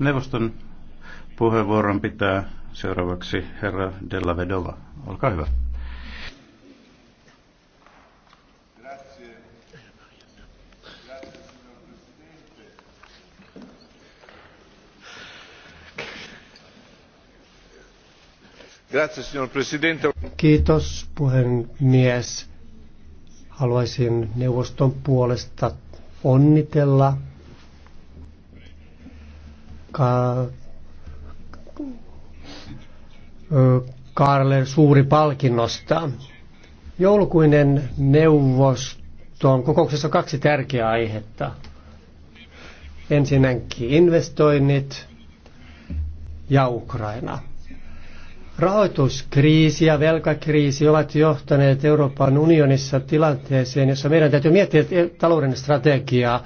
Neuvoston puheenvuoron pitää seuraavaksi herra Della Vedova. Olkaa hyvä. Kiitos puhemies. Haluaisin neuvoston puolesta onnitella ka, Karlen suuri palkinnosta. Joulukuinen neuvoston kokouksessa on kaksi tärkeää aihetta. Ensinnäkin investoinnit ja Ukraina. Rahoituskriisi ja velkakriisi ovat johtaneet Euroopan unionissa tilanteeseen, jossa meidän täytyy miettiä talouden strategiaa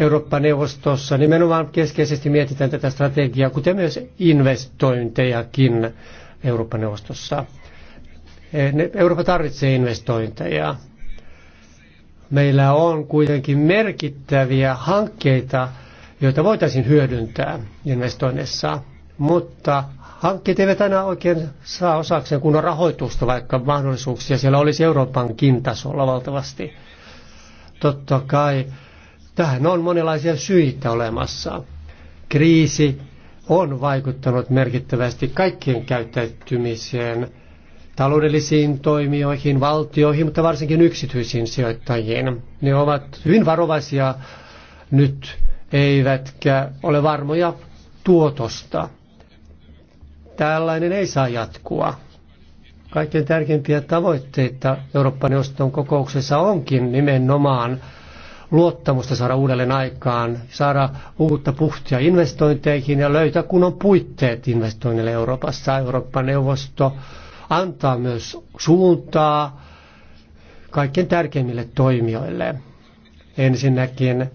Eurooppa-neuvostossa nimenomaan keskeisesti mietitään tätä strategiaa, kuten myös investointejakin Eurooppa-neuvostossa. Eh, Eurooppa tarvitsee investointeja. Meillä on kuitenkin merkittäviä hankkeita, joita voitaisiin hyödyntää investoinnissa, mutta hankkeet eivät aina oikein saa osakseen kunnon rahoitusta, vaikka mahdollisuuksia siellä olisi Euroopankin tasolla valtavasti. Totta kai Tähän on monenlaisia syitä olemassa. Kriisi on vaikuttanut merkittävästi kaikkien käyttäytymiseen, taloudellisiin toimijoihin, valtioihin, mutta varsinkin yksityisiin sijoittajiin. Ne ovat hyvin varovaisia nyt, eivätkä ole varmoja tuotosta. Tällainen ei saa jatkua. Kaikkein tärkeimpiä tavoitteita Eurooppa-neuvoston kokouksessa onkin nimenomaan luottamusta saada uudelleen aikaan, saada uutta puhtia investointeihin ja löytää kunnon puitteet investoinnille Euroopassa. Euroopan neuvosto antaa myös suuntaa kaikkein tärkeimmille toimijoille. Ensinnäkin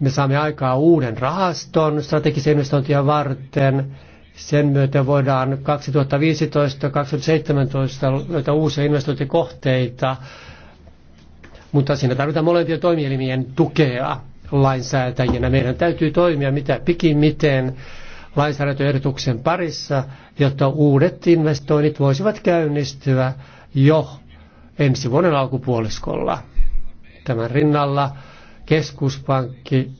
me saamme aikaa uuden rahaston strategisen investointia varten. Sen myötä voidaan 2015-2017 löytää uusia investointikohteita mutta siinä tarvitaan molempien toimielimien tukea lainsäätäjinä. Meidän täytyy toimia mitä pikimmiten lainsäädäntöehdotuksen parissa, jotta uudet investoinnit voisivat käynnistyä jo ensi vuoden alkupuoliskolla. Tämän rinnalla keskuspankki,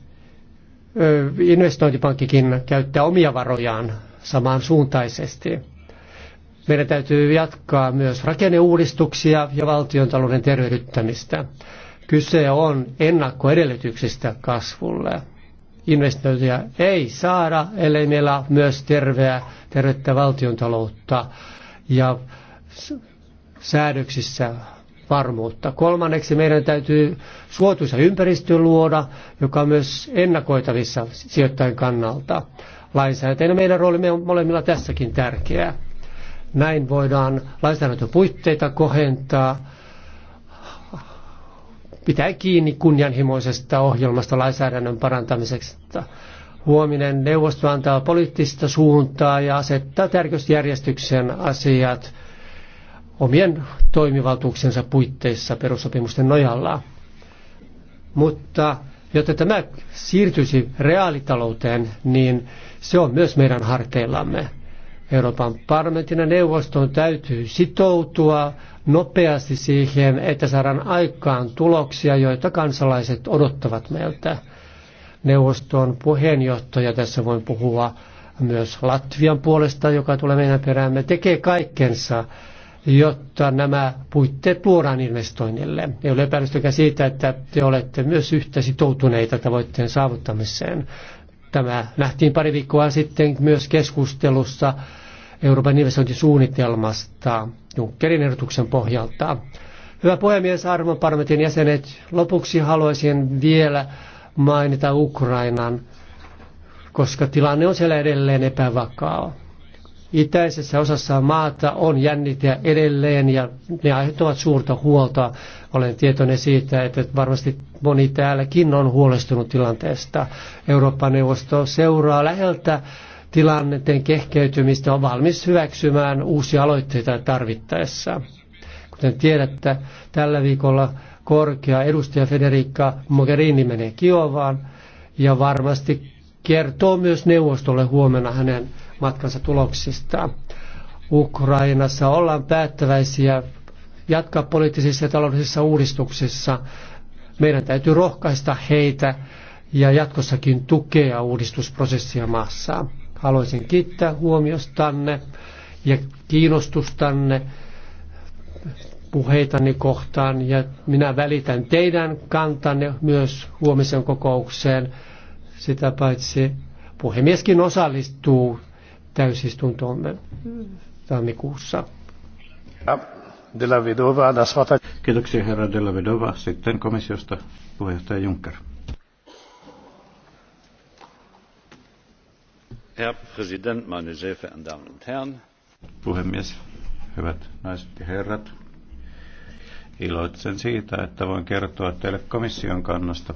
investointipankkikin käyttää omia varojaan samaan suuntaisesti. Meidän täytyy jatkaa myös rakenneuudistuksia ja valtiontalouden tervehdyttämistä. Kyse on ennakkoedellytyksistä kasvulle. Investointeja ei saada, ellei meillä myös terveä, tervettä valtiontaloutta ja säädöksissä varmuutta. Kolmanneksi meidän täytyy suotuisa ympäristö luoda, joka on myös ennakoitavissa sijoittajan kannalta. Lainsäätäjänä meidän roolimme on molemmilla tässäkin tärkeää. Näin voidaan lainsäädäntöpuitteita kohentaa, pitää kiinni kunnianhimoisesta ohjelmasta lainsäädännön parantamiseksi. Huominen neuvosto antaa poliittista suuntaa ja asettaa tärkeysjärjestyksen asiat omien toimivaltuuksensa puitteissa perussopimusten nojalla. Mutta jotta tämä siirtyisi reaalitalouteen, niin se on myös meidän harteillamme. Euroopan parlamentin ja neuvoston täytyy sitoutua nopeasti siihen, että saadaan aikaan tuloksia, joita kansalaiset odottavat meiltä. Neuvoston puheenjohtaja, tässä voin puhua myös Latvian puolesta, joka tulee meidän peräämme, tekee kaikkensa, jotta nämä puitteet luodaan investoinnille. Ei ole epäilystäkään siitä, että te olette myös yhtä sitoutuneita tavoitteen saavuttamiseen. Tämä nähtiin pari viikkoa sitten myös keskustelussa Euroopan investointisuunnitelmasta Junckerin ehdotuksen pohjalta. Hyvä puhemies, arvon parlamentin jäsenet, lopuksi haluaisin vielä mainita Ukrainan, koska tilanne on siellä edelleen epävakaa. Itäisessä osassa maata on jännitä edelleen ja ne aiheuttavat suurta huolta. Olen tietoinen siitä, että varmasti moni täälläkin on huolestunut tilanteesta. Euroopan neuvosto seuraa läheltä tilanteen kehkeytymistä, on valmis hyväksymään uusia aloitteita tarvittaessa. Kuten tiedätte, tällä viikolla korkea edustaja Federica Mogherini menee Kiovaan ja varmasti kertoo myös neuvostolle huomenna hänen matkansa tuloksista. Ukrainassa ollaan päättäväisiä jatkaa poliittisissa ja taloudellisissa uudistuksissa. Meidän täytyy rohkaista heitä ja jatkossakin tukea uudistusprosessia maassa. Haluaisin kiittää huomiostanne ja kiinnostustanne puheitani kohtaan ja minä välitän teidän kantanne myös huomisen kokoukseen. Sitä paitsi puhemieskin osallistuu täysistuntoomme tammikuussa. Kiitoksia herra Della Vedova. Sitten komissiosta puheenjohtaja Juncker. Herr Präsident, meine sehr verehrten Damen und Herren. Puhemies, hyvät naiset ja herrat. Iloitsen siitä, että voin kertoa teille komission kannasta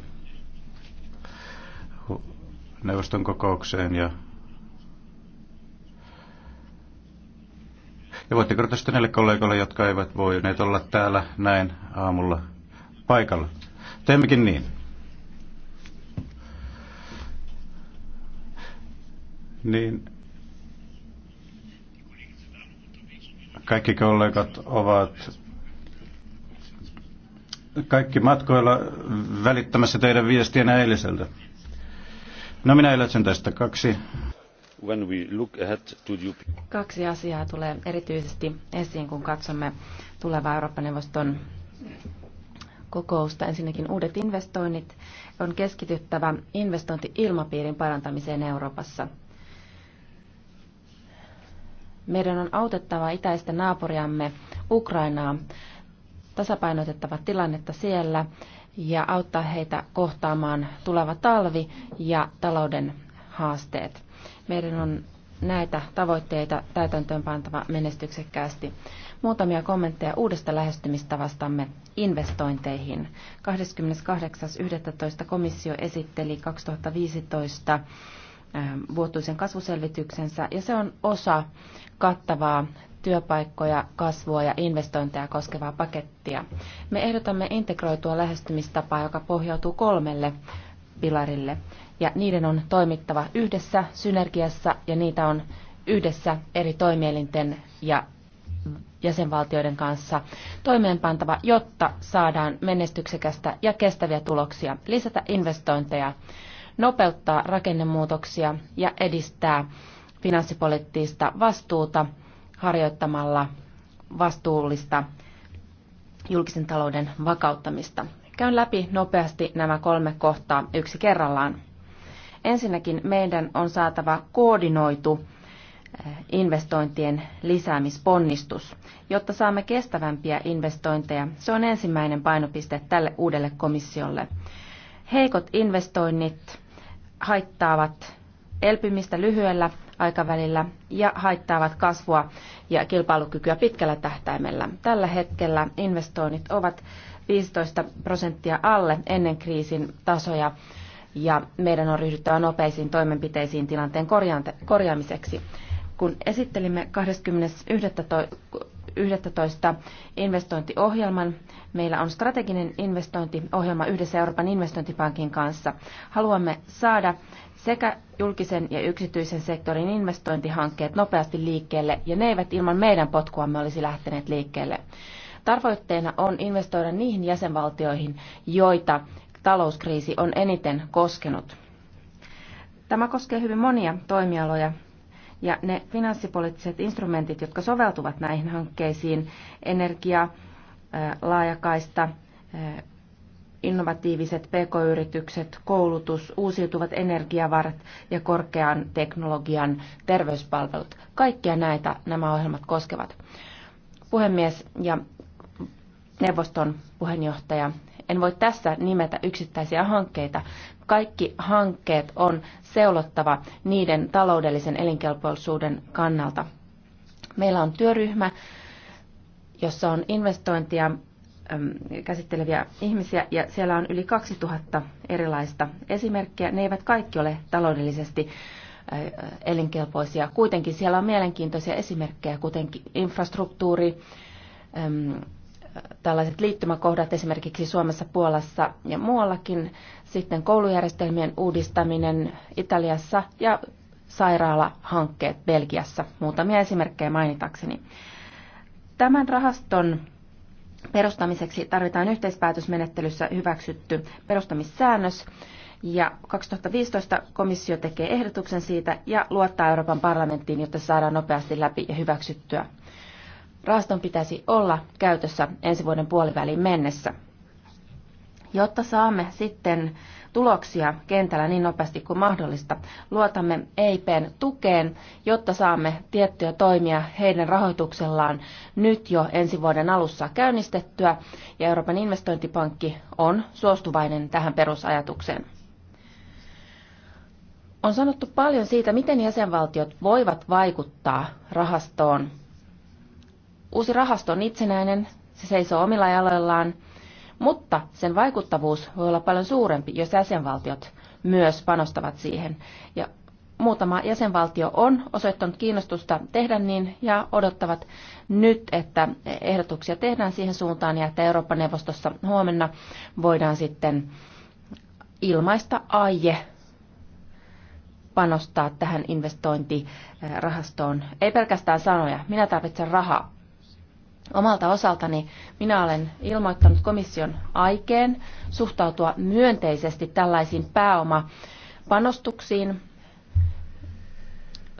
neuvoston kokoukseen ja Ja voitte kertoa sitten näille kollegoille, jotka eivät voineet olla täällä näin aamulla paikalla. Teemmekin niin. Niin kaikki kollegat ovat kaikki matkoilla välittämässä teidän viestiä eiliseltä. No minä ilätsen tästä kaksi when we look ahead to the... Kaksi asiaa tulee erityisesti esiin, kun katsomme tulevaa Eurooppa-neuvoston kokousta. Ensinnäkin uudet investoinnit on keskityttävä investointi-ilmapiirin parantamiseen Euroopassa. Meidän on autettava itäistä naapuriamme Ukrainaa, tasapainotettava tilannetta siellä ja auttaa heitä kohtaamaan tuleva talvi ja talouden haasteet. Meidän on näitä tavoitteita täytäntöönpantava menestyksekkäästi. Muutamia kommentteja uudesta lähestymistavastamme investointeihin. 28.11. komissio esitteli 2015 ähm, vuotuisen kasvuselvityksensä ja se on osa kattavaa työpaikkoja, kasvua ja investointeja koskevaa pakettia. Me ehdotamme integroitua lähestymistapaa, joka pohjautuu kolmelle pilarille ja niiden on toimittava yhdessä synergiassa ja niitä on yhdessä eri toimielinten ja jäsenvaltioiden kanssa toimeenpantava, jotta saadaan menestyksekästä ja kestäviä tuloksia, lisätä investointeja, nopeuttaa rakennemuutoksia ja edistää finanssipoliittista vastuuta harjoittamalla vastuullista julkisen talouden vakauttamista. Käyn läpi nopeasti nämä kolme kohtaa yksi kerrallaan. Ensinnäkin meidän on saatava koordinoitu eh, investointien lisäämisponnistus, jotta saamme kestävämpiä investointeja. Se on ensimmäinen painopiste tälle uudelle komissiolle. Heikot investoinnit haittaavat elpymistä lyhyellä aikavälillä ja haittaavat kasvua ja kilpailukykyä pitkällä tähtäimellä. Tällä hetkellä investoinnit ovat 15 prosenttia alle ennen kriisin tasoja ja meidän on ryhdyttävä nopeisiin toimenpiteisiin tilanteen korjaamiseksi. Kun esittelimme 20.11. investointiohjelman, meillä on strateginen investointiohjelma yhdessä Euroopan investointipankin kanssa. Haluamme saada sekä julkisen ja yksityisen sektorin investointihankkeet nopeasti liikkeelle, ja ne eivät ilman meidän potkuamme olisi lähteneet liikkeelle. Tarvoitteena on investoida niihin jäsenvaltioihin, joita talouskriisi on eniten koskenut. Tämä koskee hyvin monia toimialoja, ja ne finanssipoliittiset instrumentit, jotka soveltuvat näihin hankkeisiin, energia, laajakaista, innovatiiviset pk-yritykset, koulutus, uusiutuvat energiavarat ja korkean teknologian terveyspalvelut. Kaikkia näitä nämä ohjelmat koskevat. Puhemies ja neuvoston puheenjohtaja en voi tässä nimetä yksittäisiä hankkeita. Kaikki hankkeet on seulottava niiden taloudellisen elinkelpoisuuden kannalta. Meillä on työryhmä, jossa on investointia käsitteleviä ihmisiä ja siellä on yli 2000 erilaista esimerkkiä. Ne eivät kaikki ole taloudellisesti elinkelpoisia. Kuitenkin siellä on mielenkiintoisia esimerkkejä, kuten infrastruktuuri, tällaiset liittymäkohdat esimerkiksi Suomessa, Puolassa ja muuallakin. Sitten koulujärjestelmien uudistaminen Italiassa ja sairaalahankkeet Belgiassa. Muutamia esimerkkejä mainitakseni. Tämän rahaston perustamiseksi tarvitaan yhteispäätösmenettelyssä hyväksytty perustamissäännös. Ja 2015 komissio tekee ehdotuksen siitä ja luottaa Euroopan parlamenttiin, jotta saadaan nopeasti läpi ja hyväksyttyä Rahaston pitäisi olla käytössä ensi vuoden puoliväliin mennessä. Jotta saamme sitten tuloksia kentällä niin nopeasti kuin mahdollista, luotamme EIPn tukeen, jotta saamme tiettyjä toimia heidän rahoituksellaan nyt jo ensi vuoden alussa käynnistettyä, ja Euroopan investointipankki on suostuvainen tähän perusajatukseen. On sanottu paljon siitä, miten jäsenvaltiot voivat vaikuttaa rahastoon Uusi rahasto on itsenäinen, se seisoo omilla jaloillaan, mutta sen vaikuttavuus voi olla paljon suurempi, jos jäsenvaltiot myös panostavat siihen. Ja muutama jäsenvaltio on osoittanut kiinnostusta tehdä niin ja odottavat nyt, että ehdotuksia tehdään siihen suuntaan ja että Euroopan neuvostossa huomenna voidaan sitten ilmaista aie panostaa tähän investointirahastoon. Ei pelkästään sanoja, minä tarvitsen rahaa. Omalta osaltani minä olen ilmoittanut komission aikeen suhtautua myönteisesti tällaisiin pääomapanostuksiin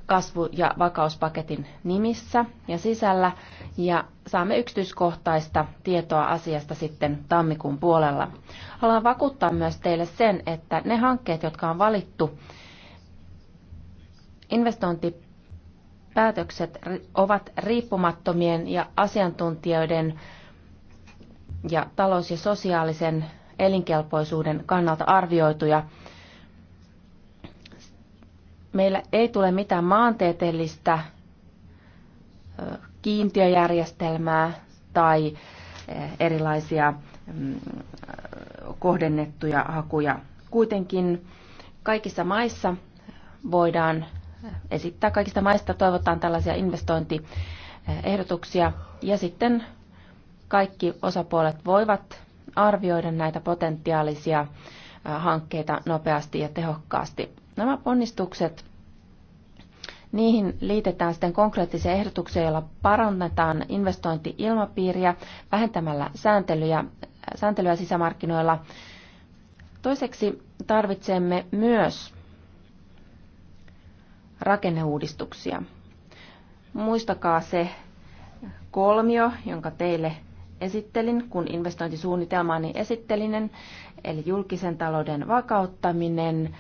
kasvu- ja vakauspaketin nimissä ja sisällä, ja saamme yksityiskohtaista tietoa asiasta sitten tammikuun puolella. Haluan vakuuttaa myös teille sen, että ne hankkeet, jotka on valittu investointi päätökset ovat riippumattomien ja asiantuntijoiden ja talous- ja sosiaalisen elinkelpoisuuden kannalta arvioituja. Meillä ei tule mitään maantieteellistä kiintiöjärjestelmää tai erilaisia mm, kohdennettuja hakuja. Kuitenkin kaikissa maissa voidaan esittää kaikista maista. Toivotaan tällaisia investointiehdotuksia. Ja sitten kaikki osapuolet voivat arvioida näitä potentiaalisia äh, hankkeita nopeasti ja tehokkaasti. Nämä ponnistukset, niihin liitetään sitten konkreettisia ehdotuksia, joilla parannetaan investointi-ilmapiiriä vähentämällä sääntelyä, sääntelyä sisämarkkinoilla. Toiseksi tarvitsemme myös rakenneuudistuksia. Muistakaa se kolmio, jonka teille esittelin, kun investointisuunnitelmaani esittelinen, eli julkisen talouden vakauttaminen,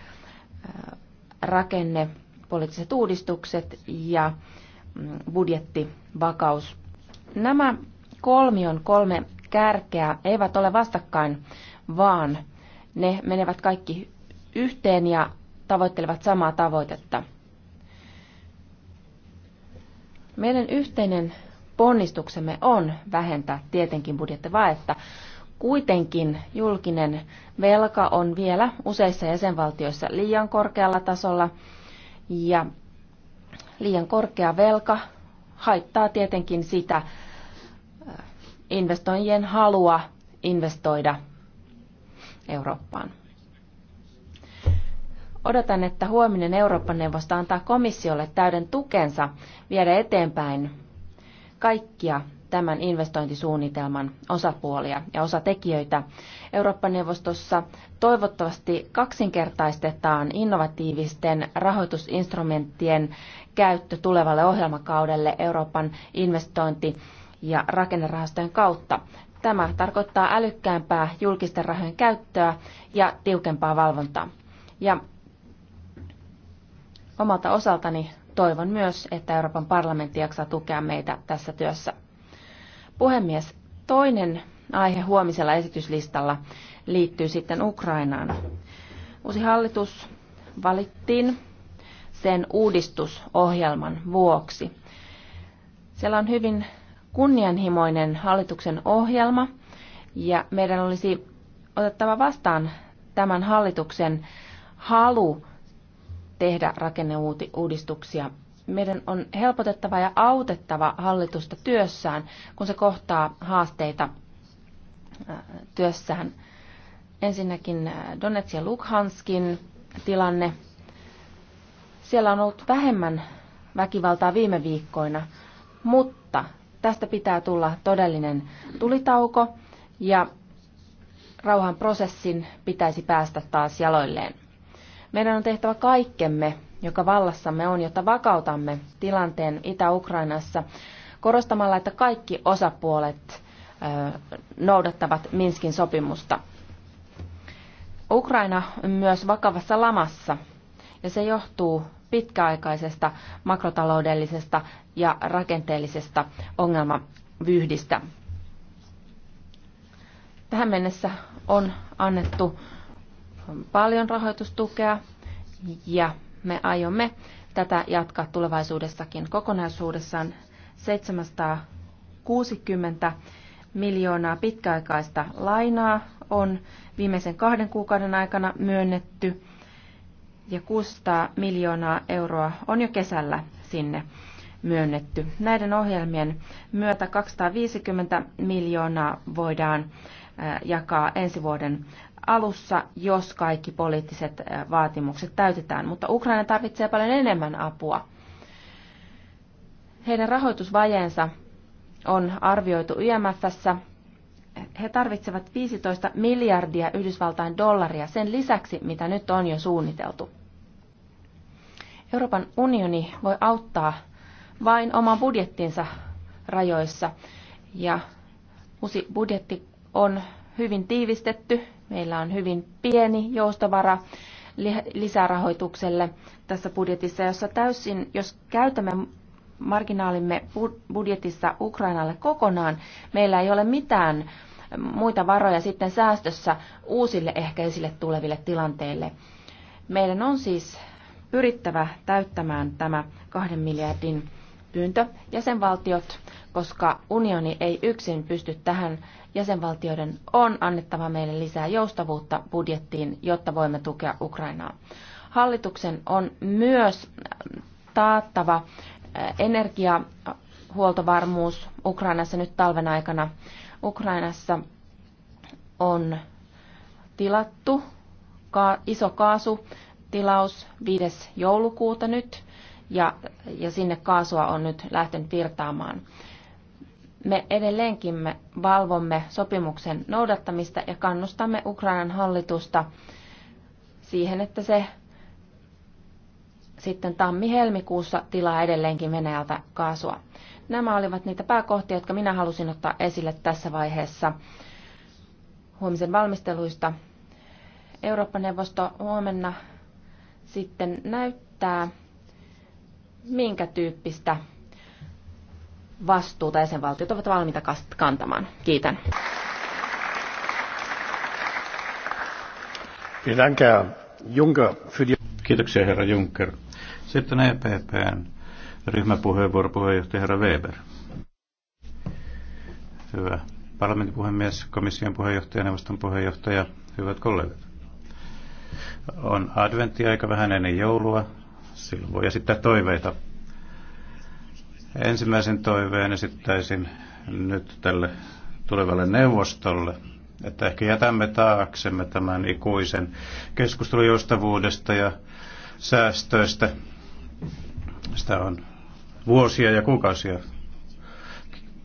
äh, rakenne, poliittiset uudistukset ja mm, budjettivakaus. Nämä kolmion kolme kärkeä eivät ole vastakkain, vaan ne menevät kaikki yhteen ja tavoittelevat samaa tavoitetta. Meidän yhteinen ponnistuksemme on vähentää tietenkin budjettivaetta. Kuitenkin julkinen velka on vielä useissa jäsenvaltioissa liian korkealla tasolla ja liian korkea velka haittaa tietenkin sitä äh, investoijien halua investoida Eurooppaan. Odotan, että huominen Euroopan neuvosto antaa komissiolle täyden tukensa viedä eteenpäin kaikkia tämän investointisuunnitelman osapuolia ja osatekijöitä. Eurooppa-neuvostossa toivottavasti kaksinkertaistetaan innovatiivisten rahoitusinstrumenttien käyttö tulevalle ohjelmakaudelle Euroopan investointi- ja rakennerahastojen kautta. Tämä tarkoittaa älykkäämpää julkisten rahojen käyttöä ja tiukempaa valvontaa. Ja Omalta osaltani toivon myös, että Euroopan parlamentti jaksaa tukea meitä tässä työssä. Puhemies, toinen aihe huomisella esityslistalla liittyy sitten Ukrainaan. Uusi hallitus valittiin sen uudistusohjelman vuoksi. Siellä on hyvin kunnianhimoinen hallituksen ohjelma ja meidän olisi otettava vastaan tämän hallituksen halu tehdä rakenneuudistuksia. Meidän on helpotettava ja autettava hallitusta työssään, kun se kohtaa haasteita työssään. Ensinnäkin Donetsk ja Lukhanskin tilanne. Siellä on ollut vähemmän väkivaltaa viime viikkoina, mutta tästä pitää tulla todellinen tulitauko ja rauhan prosessin pitäisi päästä taas jaloilleen. Meidän on tehtävä kaikkemme, joka vallassamme on, jotta vakautamme tilanteen Itä-Ukrainassa korostamalla, että kaikki osapuolet noudattavat Minskin sopimusta. Ukraina on myös vakavassa lamassa ja se johtuu pitkäaikaisesta makrotaloudellisesta ja rakenteellisesta ongelmavyhdistä. Tähän mennessä on annettu paljon rahoitustukea ja me aiomme tätä jatkaa tulevaisuudessakin kokonaisuudessaan 760 miljoonaa pitkäaikaista lainaa on viimeisen kahden kuukauden aikana myönnetty ja 600 miljoonaa euroa on jo kesällä sinne myönnetty. Näiden ohjelmien myötä 250 miljoonaa voidaan jakaa ensi vuoden alussa, jos kaikki poliittiset vaatimukset täytetään, mutta Ukraina tarvitsee paljon enemmän apua. Heidän rahoitusvajeensa on arvioitu YMFssä. He tarvitsevat 15 miljardia Yhdysvaltain dollaria sen lisäksi, mitä nyt on jo suunniteltu. Euroopan unioni voi auttaa vain oman budjettinsa rajoissa ja uusi budjetti on hyvin tiivistetty. Meillä on hyvin pieni joustovara lisärahoitukselle tässä budjetissa, jossa täysin, jos käytämme marginaalimme budjetissa Ukrainalle kokonaan, meillä ei ole mitään muita varoja sitten säästössä uusille ehkä esille tuleville tilanteille. Meidän on siis pyrittävä täyttämään tämä kahden miljardin pyyntö. Jäsenvaltiot, koska unioni ei yksin pysty tähän, jäsenvaltioiden on annettava meille lisää joustavuutta budjettiin, jotta voimme tukea Ukrainaa. Hallituksen on myös äh, taattava äh, energiahuoltovarmuus Ukrainassa nyt talven aikana. Ukrainassa on tilattu iso kaasutilaus 5. joulukuuta nyt ja, ja sinne kaasua on nyt lähtenyt virtaamaan. Me edelleenkin me valvomme sopimuksen noudattamista ja kannustamme Ukrainan hallitusta siihen, että se sitten tammi-helmikuussa tilaa edelleenkin Venäjältä kaasua. Nämä olivat niitä pääkohtia, jotka minä halusin ottaa esille tässä vaiheessa huomisen valmisteluista. Eurooppa-neuvosto huomenna sitten näyttää, minkä tyyppistä vastuuta jäsenvaltiot ovat valmiita kantamaan. Kiitän. Kiitoksia herra Juncker. Sitten EPPn ryhmäpuheenvuoro puheenjohtaja herra Weber. Hyvä. Parlamentin puhemies, komission puheenjohtaja, neuvoston puheenjohtaja, hyvät kollegat. On adventtiaika vähän ennen joulua, Silloin voi esittää toiveita. Ensimmäisen toiveen esittäisin nyt tälle tulevalle neuvostolle, että ehkä jätämme taaksemme tämän ikuisen keskustelun joustavuudesta ja säästöistä. Sitä on vuosia ja kuukausia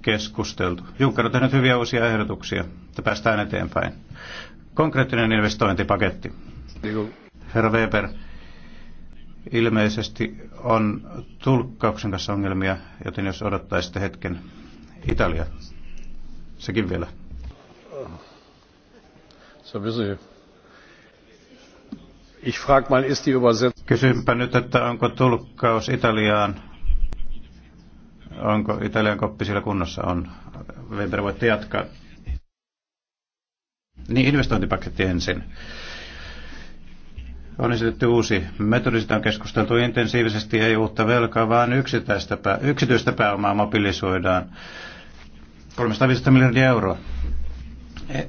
keskusteltu. Juncker on tehnyt hyviä uusia ehdotuksia, että päästään eteenpäin. Konkreettinen investointipaketti. Niin Herra Weber, Ilmeisesti on tulkkauksen kanssa ongelmia, joten jos odottaisitte hetken. Italia. Sekin vielä. Ich frag mal, ist die Übersetzung... Kysynpä nyt, että onko tulkkaus Italiaan, onko Italian koppi sillä kunnossa on. Weber, voitte jatkaa. Niin, investointipaketti ensin on esitetty uusi metodi, sitä on keskusteltu intensiivisesti, ei uutta velkaa, vaan yksityistä, pää, yksityistä pääomaa mobilisoidaan. 350 miljardia euroa. E-,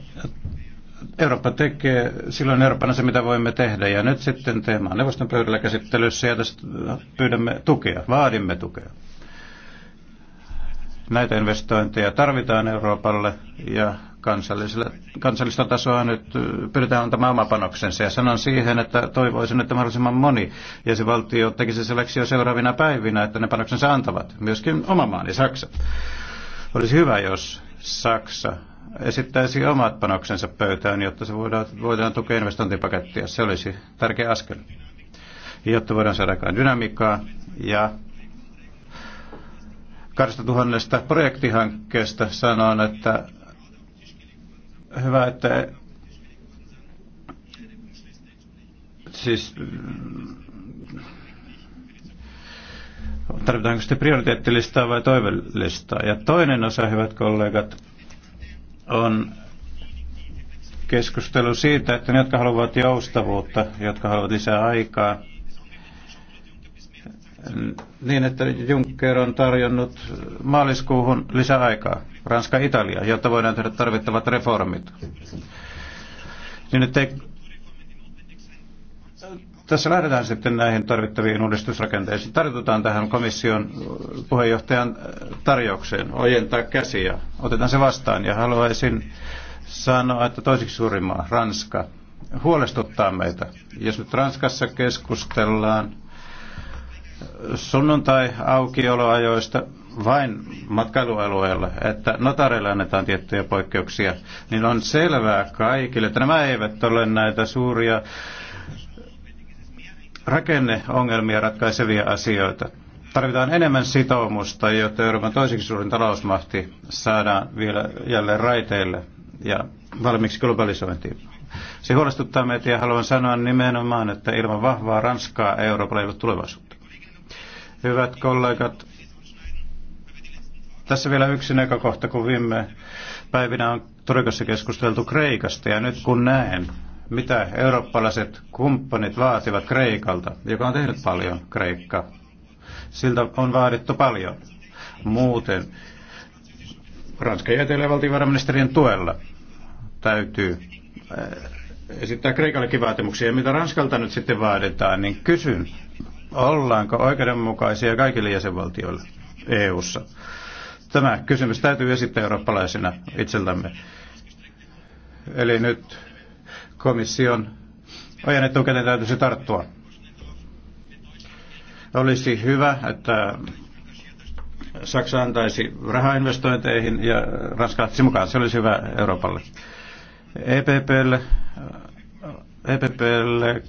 Eurooppa tekee silloin Eurooppana se, mitä voimme tehdä. Ja nyt sitten teema on neuvoston pöydällä käsittelyssä ja tästä pyydämme tukea, vaadimme tukea. Näitä investointeja tarvitaan Euroopalle ja kansallista tasoa nyt pyritään antamaan oma panoksensa. Ja sanon siihen, että toivoisin, että mahdollisimman moni jäsenvaltio tekisi selväksi jo seuraavina päivinä, että ne panoksensa antavat, myöskin oma maani Saksa. Olisi hyvä, jos Saksa esittäisi omat panoksensa pöytään, jotta se voidaan, voidaan tukea investointipakettia. Se olisi tärkeä askel, jotta voidaan saada aikaan dynamiikkaa ja 2000 projektihankkeesta sanon, että hyvä, että siis tarvitaanko sitten prioriteettilistaa vai toivelistaa. Ja toinen osa, hyvät kollegat, on keskustelu siitä, että ne, jotka haluavat joustavuutta, jotka haluavat lisää aikaa, niin että Juncker on tarjonnut maaliskuuhun lisäaikaa. Ranska, Italia, jotta voidaan tehdä tarvittavat reformit. Niin, ettei... Tässä lähdetään sitten näihin tarvittaviin uudistusrakenteisiin. Tartutaan tähän komission puheenjohtajan äh, tarjoukseen ojentaa käsiä. Otetaan se vastaan ja haluaisin sanoa, että toiseksi suurin maa, Ranska, huolestuttaa meitä. Jos nyt Ranskassa keskustellaan äh, sunnuntai-aukioloajoista, vain matkailualueella, että notareille annetaan tiettyjä poikkeuksia, niin on selvää kaikille, että nämä eivät ole näitä suuria rakenneongelmia ratkaisevia asioita. Tarvitaan enemmän sitoumusta, jotta Euroopan toiseksi suurin talousmahti saadaan vielä jälleen raiteille ja valmiiksi globalisointiin. Se huolestuttaa meitä ja haluan sanoa nimenomaan, että ilman vahvaa Ranskaa Euroopalla ei ole tulevaisuutta. Hyvät kollegat, tässä vielä yksi näkökohta, kun viime päivinä on Turkassa keskusteltu Kreikasta ja nyt kun näen, mitä eurooppalaiset kumppanit vaativat Kreikalta, joka on tehnyt paljon Kreikka. Siltä on vaadittu paljon. Muuten Ranskan ja Etelän tuella täytyy äh, esittää Kreikallekin vaatimuksia. mitä Ranskalta nyt sitten vaaditaan, niin kysyn, ollaanko oikeudenmukaisia kaikille jäsenvaltioille EU:ssa? ssa Tämä kysymys täytyy esittää eurooppalaisina itseltämme. Eli nyt komission ajan etukäteen täytyisi tarttua. Olisi hyvä, että Saksa antaisi rahaa investointeihin ja Ranska lähtisi mukaan. Se olisi hyvä Euroopalle. EPPlle, EPPlle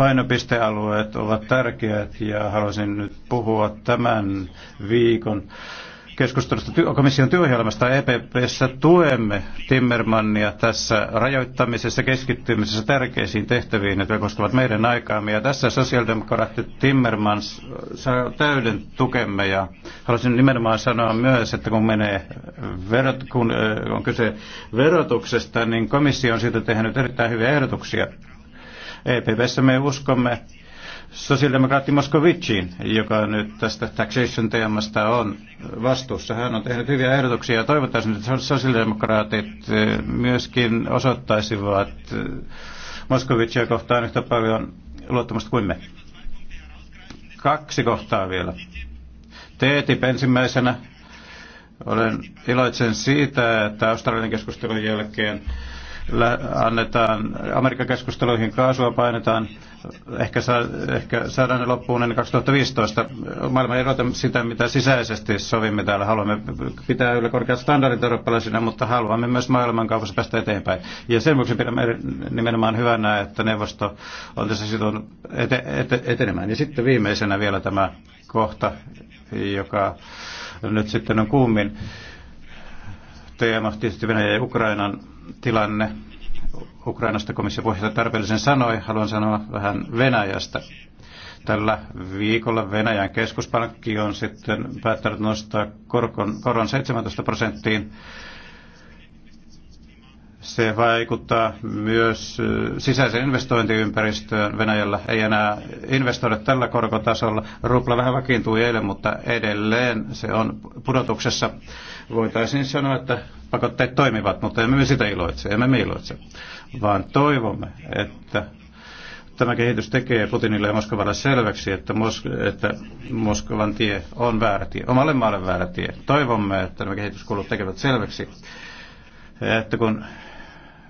painopistealueet ovat tärkeät ja haluaisin nyt puhua tämän viikon keskustelusta komission työohjelmasta EPPssä tuemme Timmermannia tässä rajoittamisessa, keskittymisessä tärkeisiin tehtäviin, jotka koskevat meidän aikaamme. Ja tässä sosiaalidemokraatti Timmermans saa täyden tukemme ja haluaisin nimenomaan sanoa myös, että kun, menee verot, kun äh, on kyse verotuksesta, niin komissio on siitä tehnyt erittäin hyviä ehdotuksia EPVssä me uskomme sosiaalidemokraatti Moskovicin, joka nyt tästä taxation-teemasta on vastuussa. Hän on tehnyt hyviä ehdotuksia ja toivottavasti, että sosiaalidemokraatit e, myöskin osoittaisivat e, Moskovicia kohtaan yhtä paljon luottamusta kuin me. Kaksi kohtaa vielä. TTIP e ensimmäisenä. Olen iloitsen siitä, että Australian keskustelun jälkeen annetaan Amerikan keskusteluihin kaasua painetaan. Ehkä, saa, ehkä saadaan ne loppuun ennen 2015. Maailma ei erota sitä, mitä sisäisesti sovimme täällä. Haluamme pitää yllä korkeat standardit eurooppalaisina, mutta haluamme myös maailmankaupassa päästä eteenpäin. Ja sen vuoksi pidämme nimenomaan hyvänä, että neuvosto on tässä sitoutunut ete, ete, etenemään. Ja sitten viimeisenä vielä tämä kohta, joka nyt sitten on kuumin teema, tietysti Venäjän ja Ukrainan tilanne. Ukrainasta komission puheenjohtaja tarpeellisen sanoi. Haluan sanoa vähän Venäjästä. Tällä viikolla Venäjän keskuspankki on sitten päättänyt nostaa korkon, koron 17 prosenttiin se vaikuttaa myös sisäiseen investointiympäristöön Venäjällä. Ei enää investoida tällä korkotasolla. Rupla vähän vakiintui eilen, mutta edelleen se on pudotuksessa. Voitaisiin sanoa, että pakotteet toimivat, mutta emme me sitä iloitse, emme me iloitse, vaan toivomme, että tämä kehitys tekee Putinille ja Moskovalle selväksi, että, Mos- että Moskovan tie on väärä tie, omalle maalle väärä tie. Toivomme, että nämä kehityskulut tekevät selväksi, että kun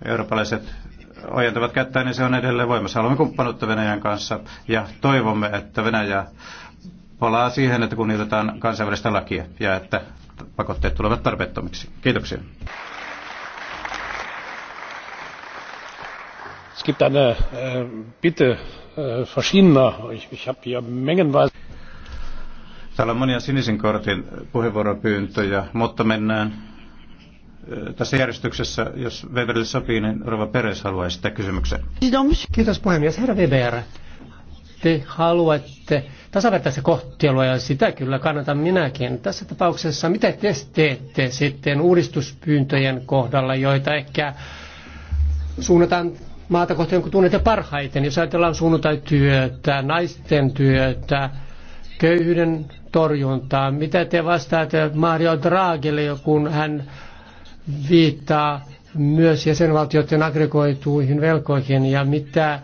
eurooppalaiset ojentavat kättä, niin se on edelleen voimassa. Olemme kumppanuutta Venäjän kanssa ja toivomme, että Venäjä palaa siihen, että kunnioitetaan kansainvälistä lakia ja että pakotteet tulevat tarpeettomiksi. Kiitoksia. Es gibt eine äh, Bitte äh, verschiedener, ich, ich habe hier mengenweise. Täällä on monia sinisen kortin puheenvuoropyyntöjä, mutta mennään tässä järjestyksessä, jos Weberille sopii, niin Rova Peres haluaa esittää kysymyksen. Kiitos puhemies. Herra Weber, te haluatte tasavertaista kohtelua ja sitä kyllä kannatan minäkin. Tässä tapauksessa mitä te teette sitten uudistuspyyntöjen kohdalla, joita ehkä suunnataan maata kohti, jonka tunnette parhaiten. Jos ajatellaan suunnata työtä, naisten työtä, köyhyyden torjuntaa, mitä te vastaatte Mario Draghille, kun hän viittaa myös jäsenvaltioiden agregoituihin velkoihin ja mitä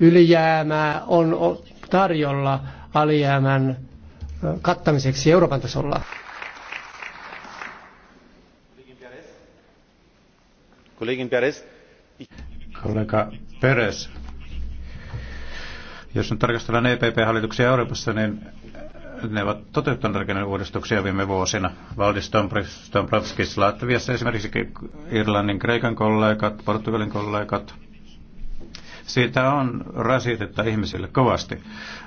ylijäämää on tarjolla alijäämän kattamiseksi Euroopan tasolla. Kollega Peres, jos nyt tarkastellaan EPP-hallituksia Euroopassa, niin ne ovat toteuttaneet rakenneuudistuksia viime vuosina. Valdis Dombrovskis Latviassa esimerkiksi Irlannin, Kreikan kollegat, Portugalin kollegat. Siitä on rasitetta ihmisille kovasti.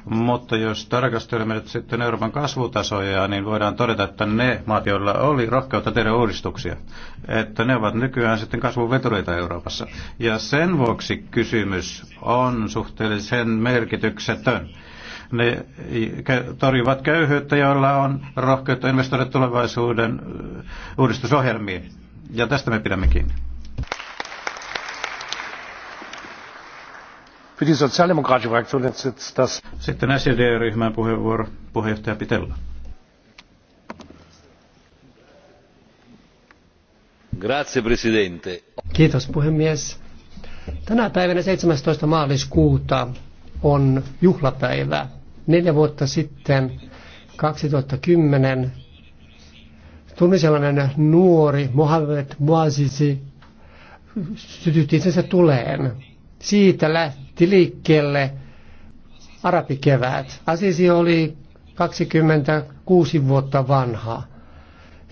Mutta jos tarkastelemme nyt sitten Euroopan kasvutasoja, niin voidaan todeta, että ne maat, joilla oli rohkeutta tehdä uudistuksia, että ne ovat nykyään sitten kasvun Euroopassa. Ja sen vuoksi kysymys on suhteellisen merkityksetön ne torjuvat köyhyyttä, joilla on rohkeutta investoida tulevaisuuden uudistusohjelmiin. Ja tästä me pidämme kiinni. Sitten SED ryhmän puheenvuoro puheenjohtaja Pitella. Grazie, presidente. Kiitos puhemies. Tänä päivänä 17. maaliskuuta on juhlapäivä. Neljä vuotta sitten, 2010, tuli sellainen nuori Mohamed Muazizi, sytytti itsensä tuleen. Siitä lähti liikkeelle arabikevät. Asisi oli 26 vuotta vanha.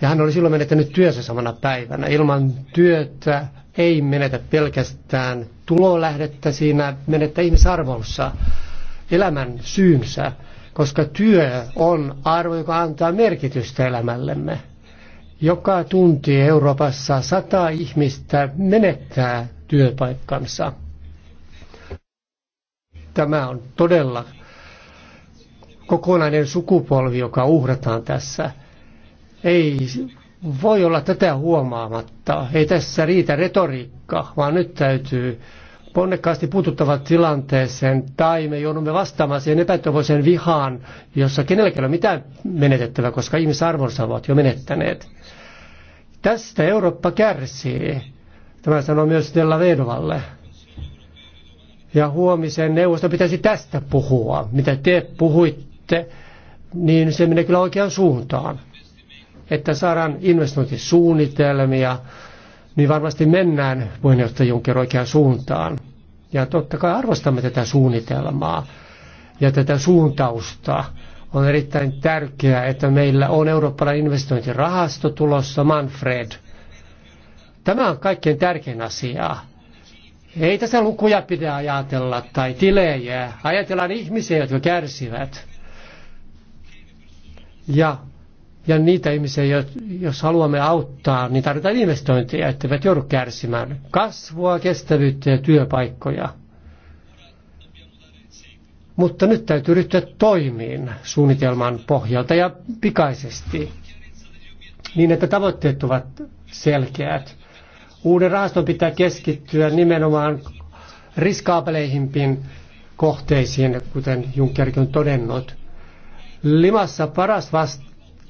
Ja hän oli silloin menettänyt työnsä samana päivänä. Ilman työtä ei menetä pelkästään tulolähdettä siinä, menettä ihmisarvossa elämän syynsä, koska työ on arvo, joka antaa merkitystä elämällemme. Joka tunti Euroopassa sata ihmistä menettää työpaikkansa. Tämä on todella kokonainen sukupolvi, joka uhrataan tässä. Ei voi olla tätä huomaamatta. Ei tässä riitä retoriikka, vaan nyt täytyy ponnekkaasti puututtavat tilanteeseen tai me joudumme vastaamaan siihen epätoivoiseen vihaan, jossa kenelläkään ei ole mitään menetettävä, koska ihmisarvonsa ovat jo menettäneet. Tästä Eurooppa kärsii. Tämä sanoo myös Della Vedovalle. Ja huomisen neuvosto pitäisi tästä puhua. Mitä te puhuitte, niin se menee kyllä oikeaan suuntaan. Että saadaan investointisuunnitelmia, niin varmasti mennään puheenjohtaja Juncker oikeaan suuntaan. Ja totta kai arvostamme tätä suunnitelmaa ja tätä suuntausta. On erittäin tärkeää, että meillä on Eurooppalainen investointirahasto tulossa, Manfred. Tämä on kaikkein tärkein asia. Ei tässä lukuja pidä ajatella tai tilejä. Ajatellaan ihmisiä, jotka kärsivät. Ja ja niitä ihmisiä, jos haluamme auttaa, niin tarvitaan investointeja, etteivät joudu kärsimään. Kasvua, kestävyyttä ja työpaikkoja. Mutta nyt täytyy ryhtyä toimiin suunnitelman pohjalta ja pikaisesti, niin että tavoitteet ovat selkeät. Uuden rahaston pitää keskittyä nimenomaan riskaapeleihimpiin kohteisiin, kuten Junckerkin on todennut. Limassa paras vasta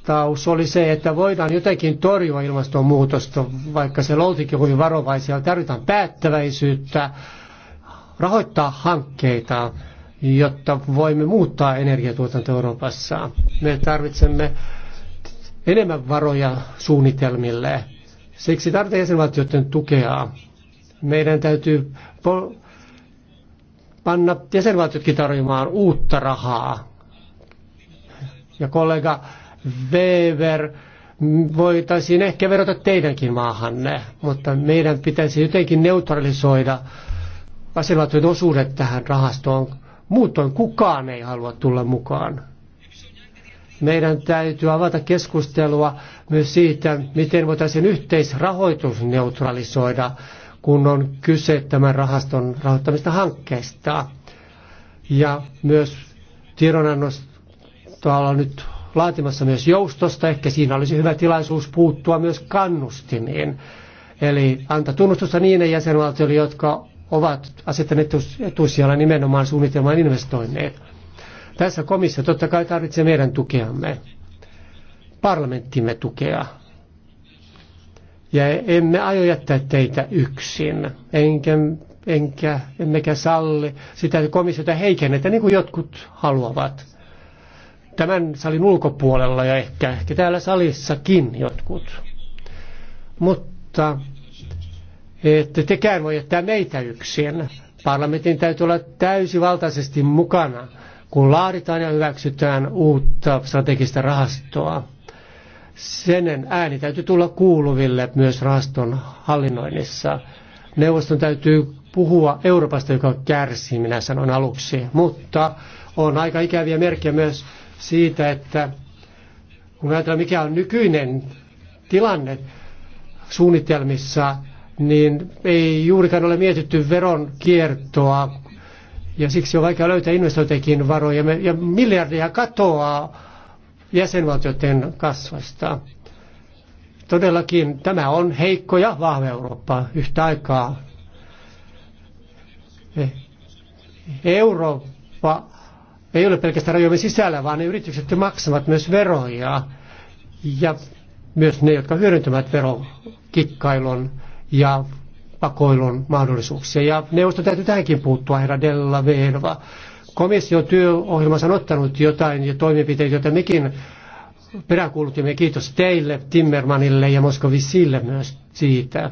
vastaus oli se, että voidaan jotenkin torjua ilmastonmuutosta, vaikka se loutikin hyvin varovaisia. Tarvitaan päättäväisyyttä, rahoittaa hankkeita, jotta voimme muuttaa energiatuotanto Euroopassa. Me tarvitsemme enemmän varoja suunnitelmille. Siksi tarvitaan jäsenvaltioiden tukea. Meidän täytyy panna jäsenvaltiotkin tarjoamaan uutta rahaa. Ja kollega Weber, voitaisiin ehkä verota teidänkin maahanne, mutta meidän pitäisi jotenkin neutralisoida vasemmatojen osuudet tähän rahastoon. Muutoin kukaan ei halua tulla mukaan. Meidän täytyy avata keskustelua myös siitä, miten voitaisiin yhteisrahoitus neutralisoida, kun on kyse tämän rahaston rahoittamista hankkeista. Ja myös tiedonannosta on nyt laatimassa myös joustosta. Ehkä siinä olisi hyvä tilaisuus puuttua myös kannustimiin. Eli anta tunnustusta niille jäsenvaltioille, jotka ovat asettaneet etusijalla nimenomaan suunnitelman investoinneet. Tässä komissio totta kai tarvitsee meidän tukeamme, parlamenttimme tukea. Ja emme aio jättää teitä yksin, enkä, enkä, emmekä salli sitä komissiota heikennetään, niin kuin jotkut haluavat tämän salin ulkopuolella ja ehkä, ehkä täällä salissakin jotkut. Mutta ette tekään voi jättää meitä yksin. Parlamentin täytyy olla täysivaltaisesti mukana, kun laaditaan ja hyväksytään uutta strategista rahastoa. Sen ääni täytyy tulla kuuluville myös rahaston hallinnoinnissa. Neuvoston täytyy puhua Euroopasta, joka kärsii, minä sanon aluksi. Mutta on aika ikäviä merkkejä myös siitä, että kun ajatellaan mikä on nykyinen tilanne suunnitelmissa, niin ei juurikaan ole mietitty veron kiertoa ja siksi on vaikea löytää investointeikin varoja ja miljardia katoaa jäsenvaltioiden kasvasta. Todellakin tämä on heikko ja vahva Eurooppa yhtä aikaa. Eh, Eurooppa ei ole pelkästään rajojen sisällä, vaan ne yritykset maksavat myös veroja ja myös ne, jotka hyödyntävät verokikkailun ja pakoilun mahdollisuuksia. Ja neuvosto täytyy tähänkin puuttua, herra Della Vedova. Komission työohjelmassa on ottanut jotain ja toimenpiteitä, joita mekin peräkuulutimme. Kiitos teille, Timmermanille ja Moskovisille myös siitä,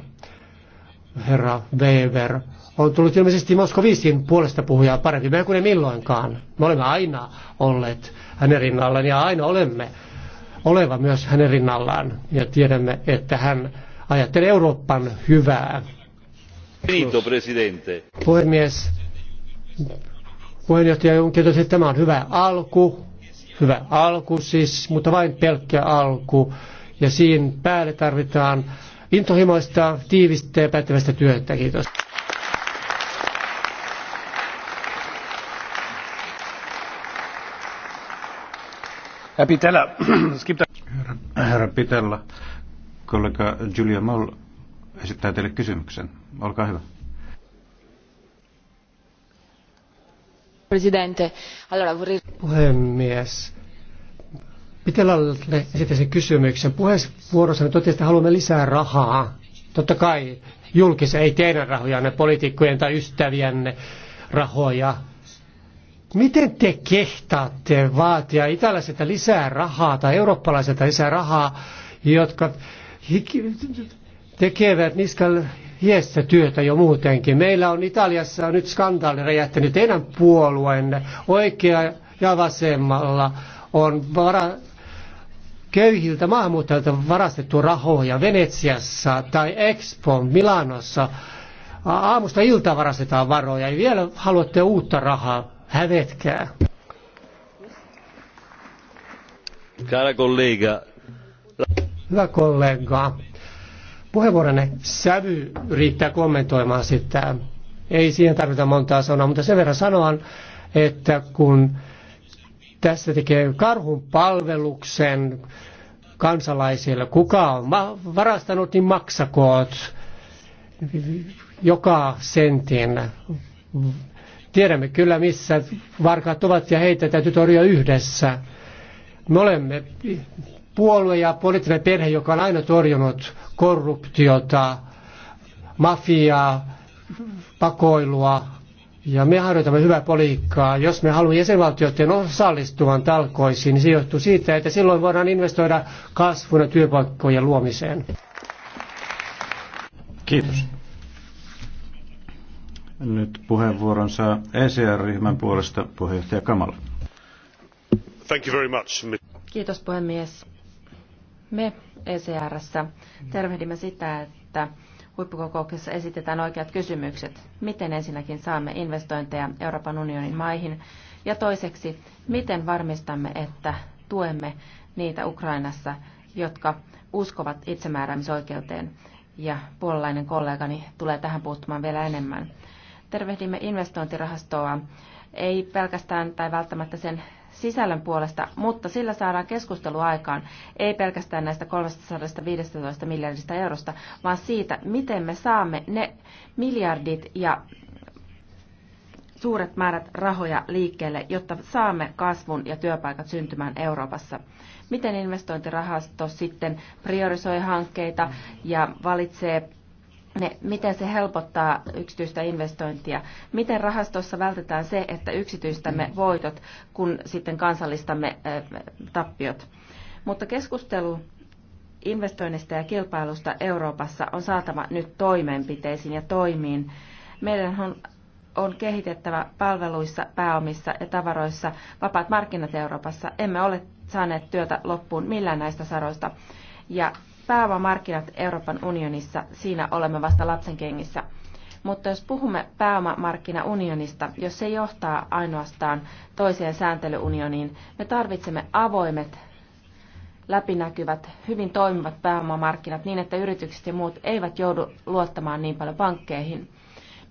herra Weber on tullut ilmeisesti Moskovisin puolesta puhujaa parempi meidän kuin milloinkaan. Me olemme aina olleet hänen rinnallaan ja aina olemme oleva myös hänen rinnallaan. Ja tiedämme, että hän ajattelee Euroopan hyvää. Finito, presidente. Puhemies, puheenjohtaja Juncker totesi, että tämä on hyvä alku, hyvä alku siis, mutta vain pelkkä alku. Ja siinä päälle tarvitaan intohimoista, tiivistä ja päättävästä työtä. Kiitos. Herra Pitellä, kollega Julia Moll esittää teille kysymyksen. Olkaa hyvä. Presidente, allora vorrei... Puhemies, Pitelalle esittäisin kysymyksen. Puheenvuorossanne totesi, että haluamme lisää rahaa. Totta kai julkisen, ei teidän rahojanne, poliitikkojen tai ystävienne rahoja Miten te kehtaatte vaatia italaisilta lisää rahaa tai eurooppalaiselta lisää rahaa, jotka tekevät niskalla hiestä työtä jo muutenkin. Meillä on Italiassa nyt skandaali räjähtänyt teidän puolueenne. Oikea ja vasemmalla on vara, köyhiltä maahanmuuttajilta varastettu rahoja Venetsiassa tai Expo Milanossa. Aamusta ilta varastetaan varoja ja vielä haluatte uutta rahaa. Hävetkää. Cara kollega. Hyvä kollega. Puheenvuoronne sävy riittää kommentoimaan sitä. Ei siihen tarvita montaa sanaa, mutta sen verran sanoan, että kun tässä tekee karhun palveluksen kansalaisille, kuka on varastanut, niin maksakoot joka sentin Tiedämme kyllä, missä varkaat ovat ja heitä täytyy torjua yhdessä. Me olemme puolue ja poliittinen perhe, joka on aina torjunut korruptiota, mafiaa, pakoilua. Ja me harjoitamme hyvää politiikkaa. Jos me haluamme jäsenvaltioiden osallistuvan talkoisiin, niin se johtuu siitä, että silloin voidaan investoida kasvun ja työpaikkojen luomiseen. Kiitos. Nyt puheenvuoron saa ECR-ryhmän puolesta puheenjohtaja Kamal. Thank you very much. Kiitos puhemies. Me ECRssä tervehdimme sitä, että huippukokouksessa esitetään oikeat kysymykset. Miten ensinnäkin saamme investointeja Euroopan unionin maihin? Ja toiseksi, miten varmistamme, että tuemme niitä Ukrainassa, jotka uskovat itsemääräämisoikeuteen? Ja puolalainen kollegani tulee tähän puuttumaan vielä enemmän tervehdimme investointirahastoa ei pelkästään tai välttämättä sen sisällön puolesta, mutta sillä saadaan keskustelu aikaan, ei pelkästään näistä 315 miljardista eurosta, vaan siitä, miten me saamme ne miljardit ja suuret määrät rahoja liikkeelle, jotta saamme kasvun ja työpaikat syntymään Euroopassa. Miten investointirahasto sitten priorisoi hankkeita ja valitsee ne, miten se helpottaa yksityistä investointia, miten rahastossa vältetään se, että yksityistämme mm. voitot, kun sitten kansallistamme tappiot. Mutta keskustelu investoinnista ja kilpailusta Euroopassa on saatava nyt toimenpiteisiin ja toimiin. Meidän on, on kehitettävä palveluissa, pääomissa ja tavaroissa vapaat markkinat Euroopassa. Emme ole saaneet työtä loppuun millään näistä saroista. Ja pääomamarkkinat Euroopan unionissa, siinä olemme vasta lapsenkengissä. Mutta jos puhumme pääomamarkkinaunionista, jos se johtaa ainoastaan toiseen sääntelyunioniin, me tarvitsemme avoimet, läpinäkyvät, hyvin toimivat pääomamarkkinat niin, että yritykset ja muut eivät joudu luottamaan niin paljon pankkeihin.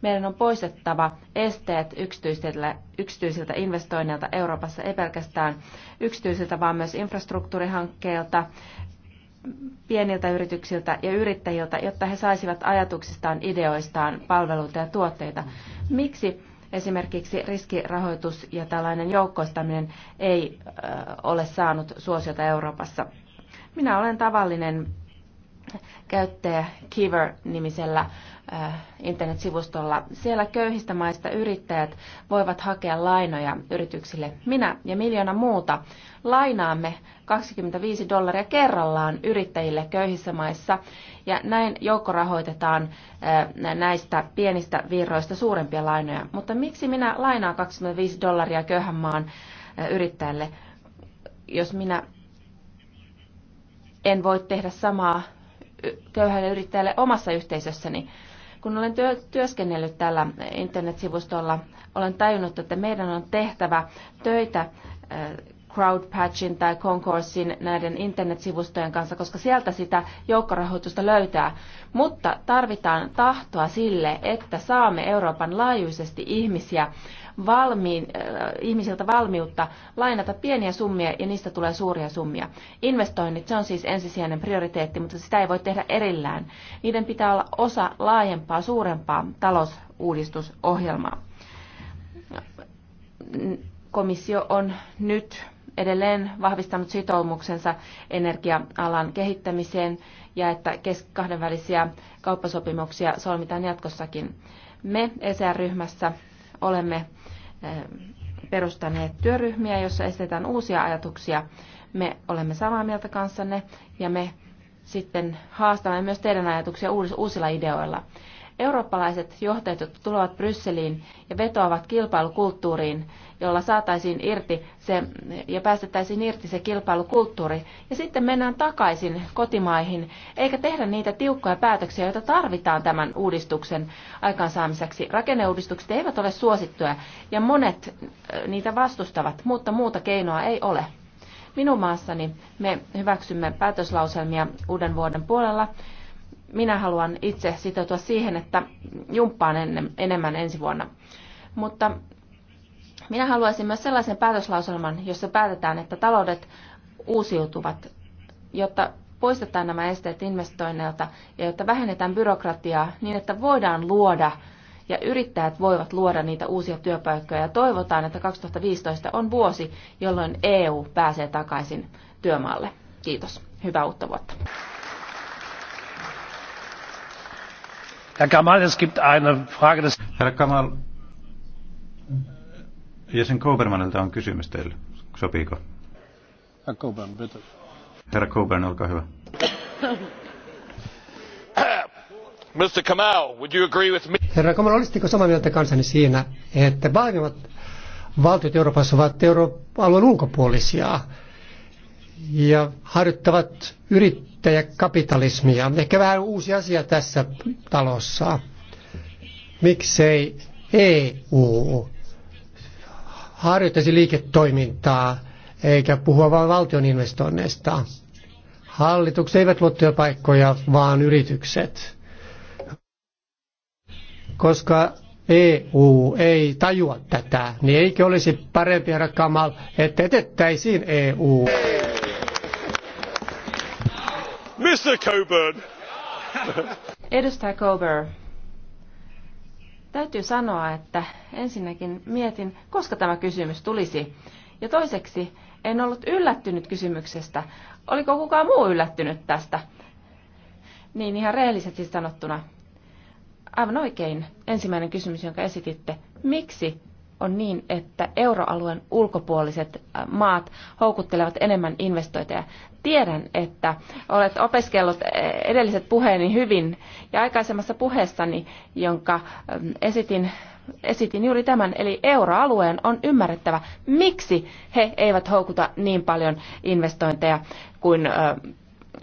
Meidän on poistettava esteet yksityisiltä, yksityisiltä investoinneilta Euroopassa, ei pelkästään yksityisiltä, vaan myös infrastruktuurihankkeilta, pieniltä yrityksiltä ja yrittäjiltä, jotta he saisivat ajatuksistaan, ideoistaan palveluita ja tuotteita. Miksi esimerkiksi riskirahoitus ja tällainen joukkoistaminen ei ole saanut suosiota Euroopassa? Minä olen tavallinen käyttäjä Kiver-nimisellä Äh, internetsivustolla. Siellä köyhistä maista yrittäjät voivat hakea lainoja yrityksille. Minä ja miljoona muuta lainaamme 25 dollaria kerrallaan yrittäjille köyhissä maissa ja näin joukkorahoitetaan äh, näistä pienistä virroista suurempia lainoja. Mutta miksi minä lainaan 25 dollaria köyhän maan äh, yrittäjälle, jos minä en voi tehdä samaa köyhälle yrittäjälle omassa yhteisössäni? Kun olen työ, työskennellyt tällä internetsivustolla, olen tajunnut, että meidän on tehtävä töitä äh, Crowdpatchin tai Concoursin näiden internetsivustojen kanssa, koska sieltä sitä joukkorahoitusta löytää. Mutta tarvitaan tahtoa sille, että saamme Euroopan laajuisesti ihmisiä valmiin, äh, ihmisiltä valmiutta lainata pieniä summia ja niistä tulee suuria summia. Investoinnit, se on siis ensisijainen prioriteetti, mutta sitä ei voi tehdä erillään. Niiden pitää olla osa laajempaa, suurempaa talousuudistusohjelmaa. Komissio on nyt edelleen vahvistanut sitoumuksensa energia-alan kehittämiseen ja että kahdenvälisiä kauppasopimuksia solmitaan jatkossakin. Me ECR-ryhmässä olemme Eh, perustaneet työryhmiä, jossa esitetään uusia ajatuksia. Me olemme samaa mieltä kanssanne ja me sitten haastamme myös teidän ajatuksia uusilla ideoilla. Eurooppalaiset johtajat, jotka tulevat Brysseliin ja vetoavat kilpailukulttuuriin, jolla saataisiin irti se, ja päästettäisiin irti se kilpailukulttuuri. Ja sitten mennään takaisin kotimaihin, eikä tehdä niitä tiukkoja päätöksiä, joita tarvitaan tämän uudistuksen aikaansaamiseksi. Rakenneuudistukset eivät ole suosittuja, ja monet äh, niitä vastustavat, mutta muuta keinoa ei ole. Minun maassani me hyväksymme päätöslauselmia uuden vuoden puolella, minä haluan itse sitoutua siihen, että jumppaan enemmän ensi vuonna. Mutta minä haluaisin myös sellaisen päätöslauselman, jossa päätetään, että taloudet uusiutuvat, jotta poistetaan nämä esteet investoinneilta ja jotta vähennetään byrokratiaa niin, että voidaan luoda ja yrittäjät voivat luoda niitä uusia työpaikkoja. Ja toivotaan, että 2015 on vuosi, jolloin EU pääsee takaisin työmaalle. Kiitos. Hyvää uutta vuotta. Herr Kamal, es gibt eine Frage des... Herra Kamal, jäsen Kobermanilta on kysymys teille. Sopiiko? Herra Coburn, bitte. Herra Coburn, olkaa hyvä. Mr. Kamal, would you agree with me? Herra Kamal, olisitteko samaa mieltä kanssani siinä, että vahvimmat valtiot Euroopassa ovat euroalueen ulkopuolisia ja harjoittavat yrit yrittäjäkapitalismia. Ehkä vähän uusi asia tässä talossa. Miksei EU harjoittaisi liiketoimintaa eikä puhua vain valtion investoinneista. Hallitukset eivät luo työpaikkoja, vaan yritykset. Koska EU ei tajua tätä, niin eikö olisi parempi, herra Kamal, että etettäisiin EU? Mr. Coburn. Edustaja Coburn. Täytyy sanoa, että ensinnäkin mietin, koska tämä kysymys tulisi. Ja toiseksi, en ollut yllättynyt kysymyksestä. Oliko kukaan muu yllättynyt tästä? Niin ihan rehellisesti sanottuna. Aivan oikein. Ensimmäinen kysymys, jonka esititte. Miksi on niin, että euroalueen ulkopuoliset äh, maat houkuttelevat enemmän investointeja. Tiedän, että olet opiskellut eh, edelliset puheeni hyvin ja aikaisemmassa puheessani, jonka mm, esitin, esitin juuri tämän, eli euroalueen on ymmärrettävä, miksi he eivät houkuta niin paljon investointeja kuin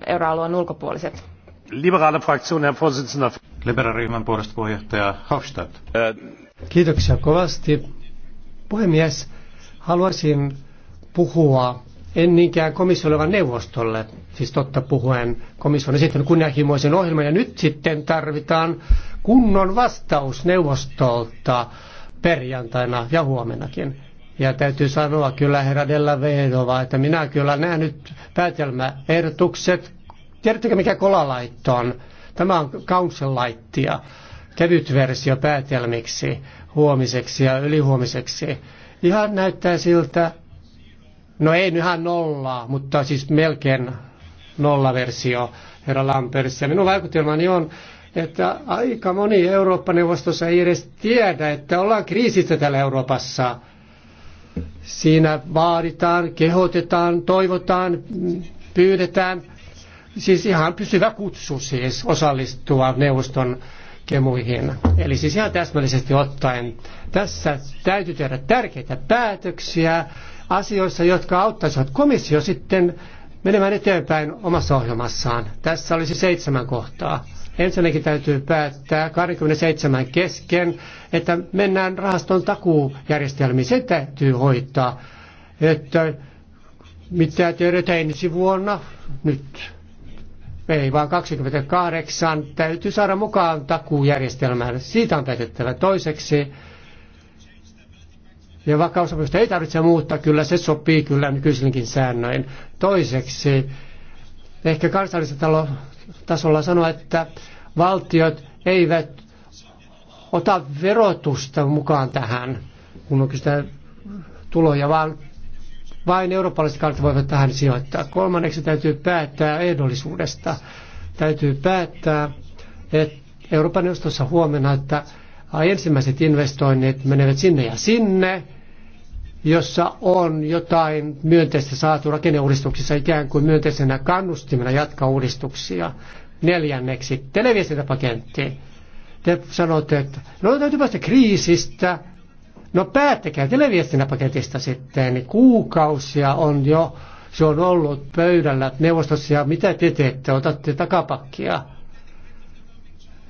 euroalueen ulkopuoliset. Liberaale fraktion, Herr Vorsitzender. Liberaaliryhmän puolesta puheenjohtaja Hofstadt. Kiitoksia kovasti. Puhemies, haluaisin puhua en niinkään komissiolle, vaan neuvostolle. Siis totta puhuen komissio on esittänyt kunnianhimoisen ohjelman ja nyt sitten tarvitaan kunnon vastaus neuvostolta perjantaina ja huomennakin. Ja täytyy sanoa kyllä herra Della Vedova, että minä kyllä näen nyt päätelmäehdotukset. Tiedättekö mikä kolalaitto on? Tämä on council laittia, kevyt versio päätelmiksi huomiseksi ja ylihuomiseksi. Ihan näyttää siltä, No ei nyhän nollaa, mutta siis melkein nollaversio herra Lampers. Ja minun vaikutelmani on, että aika moni Eurooppa-neuvostossa ei edes tiedä, että ollaan kriisissä täällä Euroopassa. Siinä vaaditaan, kehotetaan, toivotaan, pyydetään. Siis ihan pysyvä kutsu siis osallistua neuvoston kemuihin. Eli siis ihan täsmällisesti ottaen tässä täytyy tehdä tärkeitä päätöksiä asioissa, jotka auttaisivat komissio sitten menemään eteenpäin omassa ohjelmassaan. Tässä olisi seitsemän kohtaa. Ensinnäkin täytyy päättää 27 kesken, että mennään rahaston takuujärjestelmiin. Se täytyy hoitaa, että mitä tehdään ensi vuonna nyt. Ei, vaan 28 täytyy saada mukaan takuujärjestelmään. Siitä on päätettävä toiseksi ja vakausopimusta ei tarvitse muuttaa, kyllä se sopii kyllä nykyisinkin säännöin. Toiseksi, ehkä kansallisella tasolla sanoa, että valtiot eivät ota verotusta mukaan tähän, kun on kyse tuloja, vaan vain eurooppalaiset kansat voivat tähän sijoittaa. Kolmanneksi täytyy päättää ehdollisuudesta. Täytyy päättää, että Euroopan neuvostossa huomenna, että ai ensimmäiset investoinnit menevät sinne ja sinne, jossa on jotain myönteistä saatu rakenneuudistuksissa ikään kuin myönteisenä kannustimena jatkaa uudistuksia. Neljänneksi, televiestintäpaketti. Te sanotte, että no täytyy päästä kriisistä. No päättäkää televiestintäpaketista sitten. Kuukausia on jo, se on ollut pöydällä neuvostossa ja mitä te teette, otatte takapakkia.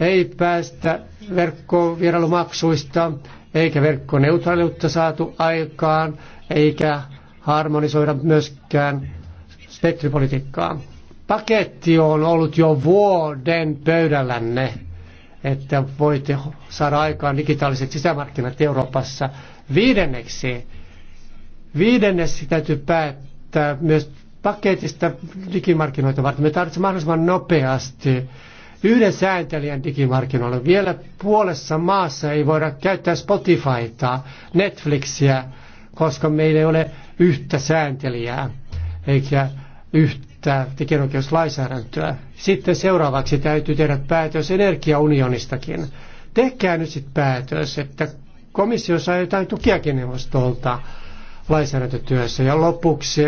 Ei päästä verkkovierailumaksuista, eikä verkkoneutraaliutta saatu aikaan, eikä harmonisoida myöskään spektripolitiikkaa. Paketti on ollut jo vuoden pöydällänne, että voitte saada aikaan digitaaliset sisämarkkinat Euroopassa. Viidenneksi, viidenneksi täytyy päättää myös paketista digimarkkinoita varten. Me tarvitsemme mahdollisimman nopeasti yhden sääntelijän digimarkkinoilla. Vielä puolessa maassa ei voida käyttää Spotifyta, Netflixiä, koska meillä ei ole yhtä sääntelijää eikä yhtä tekijänoikeuslainsäädäntöä. Sitten seuraavaksi täytyy tehdä päätös energiaunionistakin. Tehkää nyt sitten päätös, että komissio saa jotain tukiakin neuvostolta lainsäädäntötyössä. Ja lopuksi,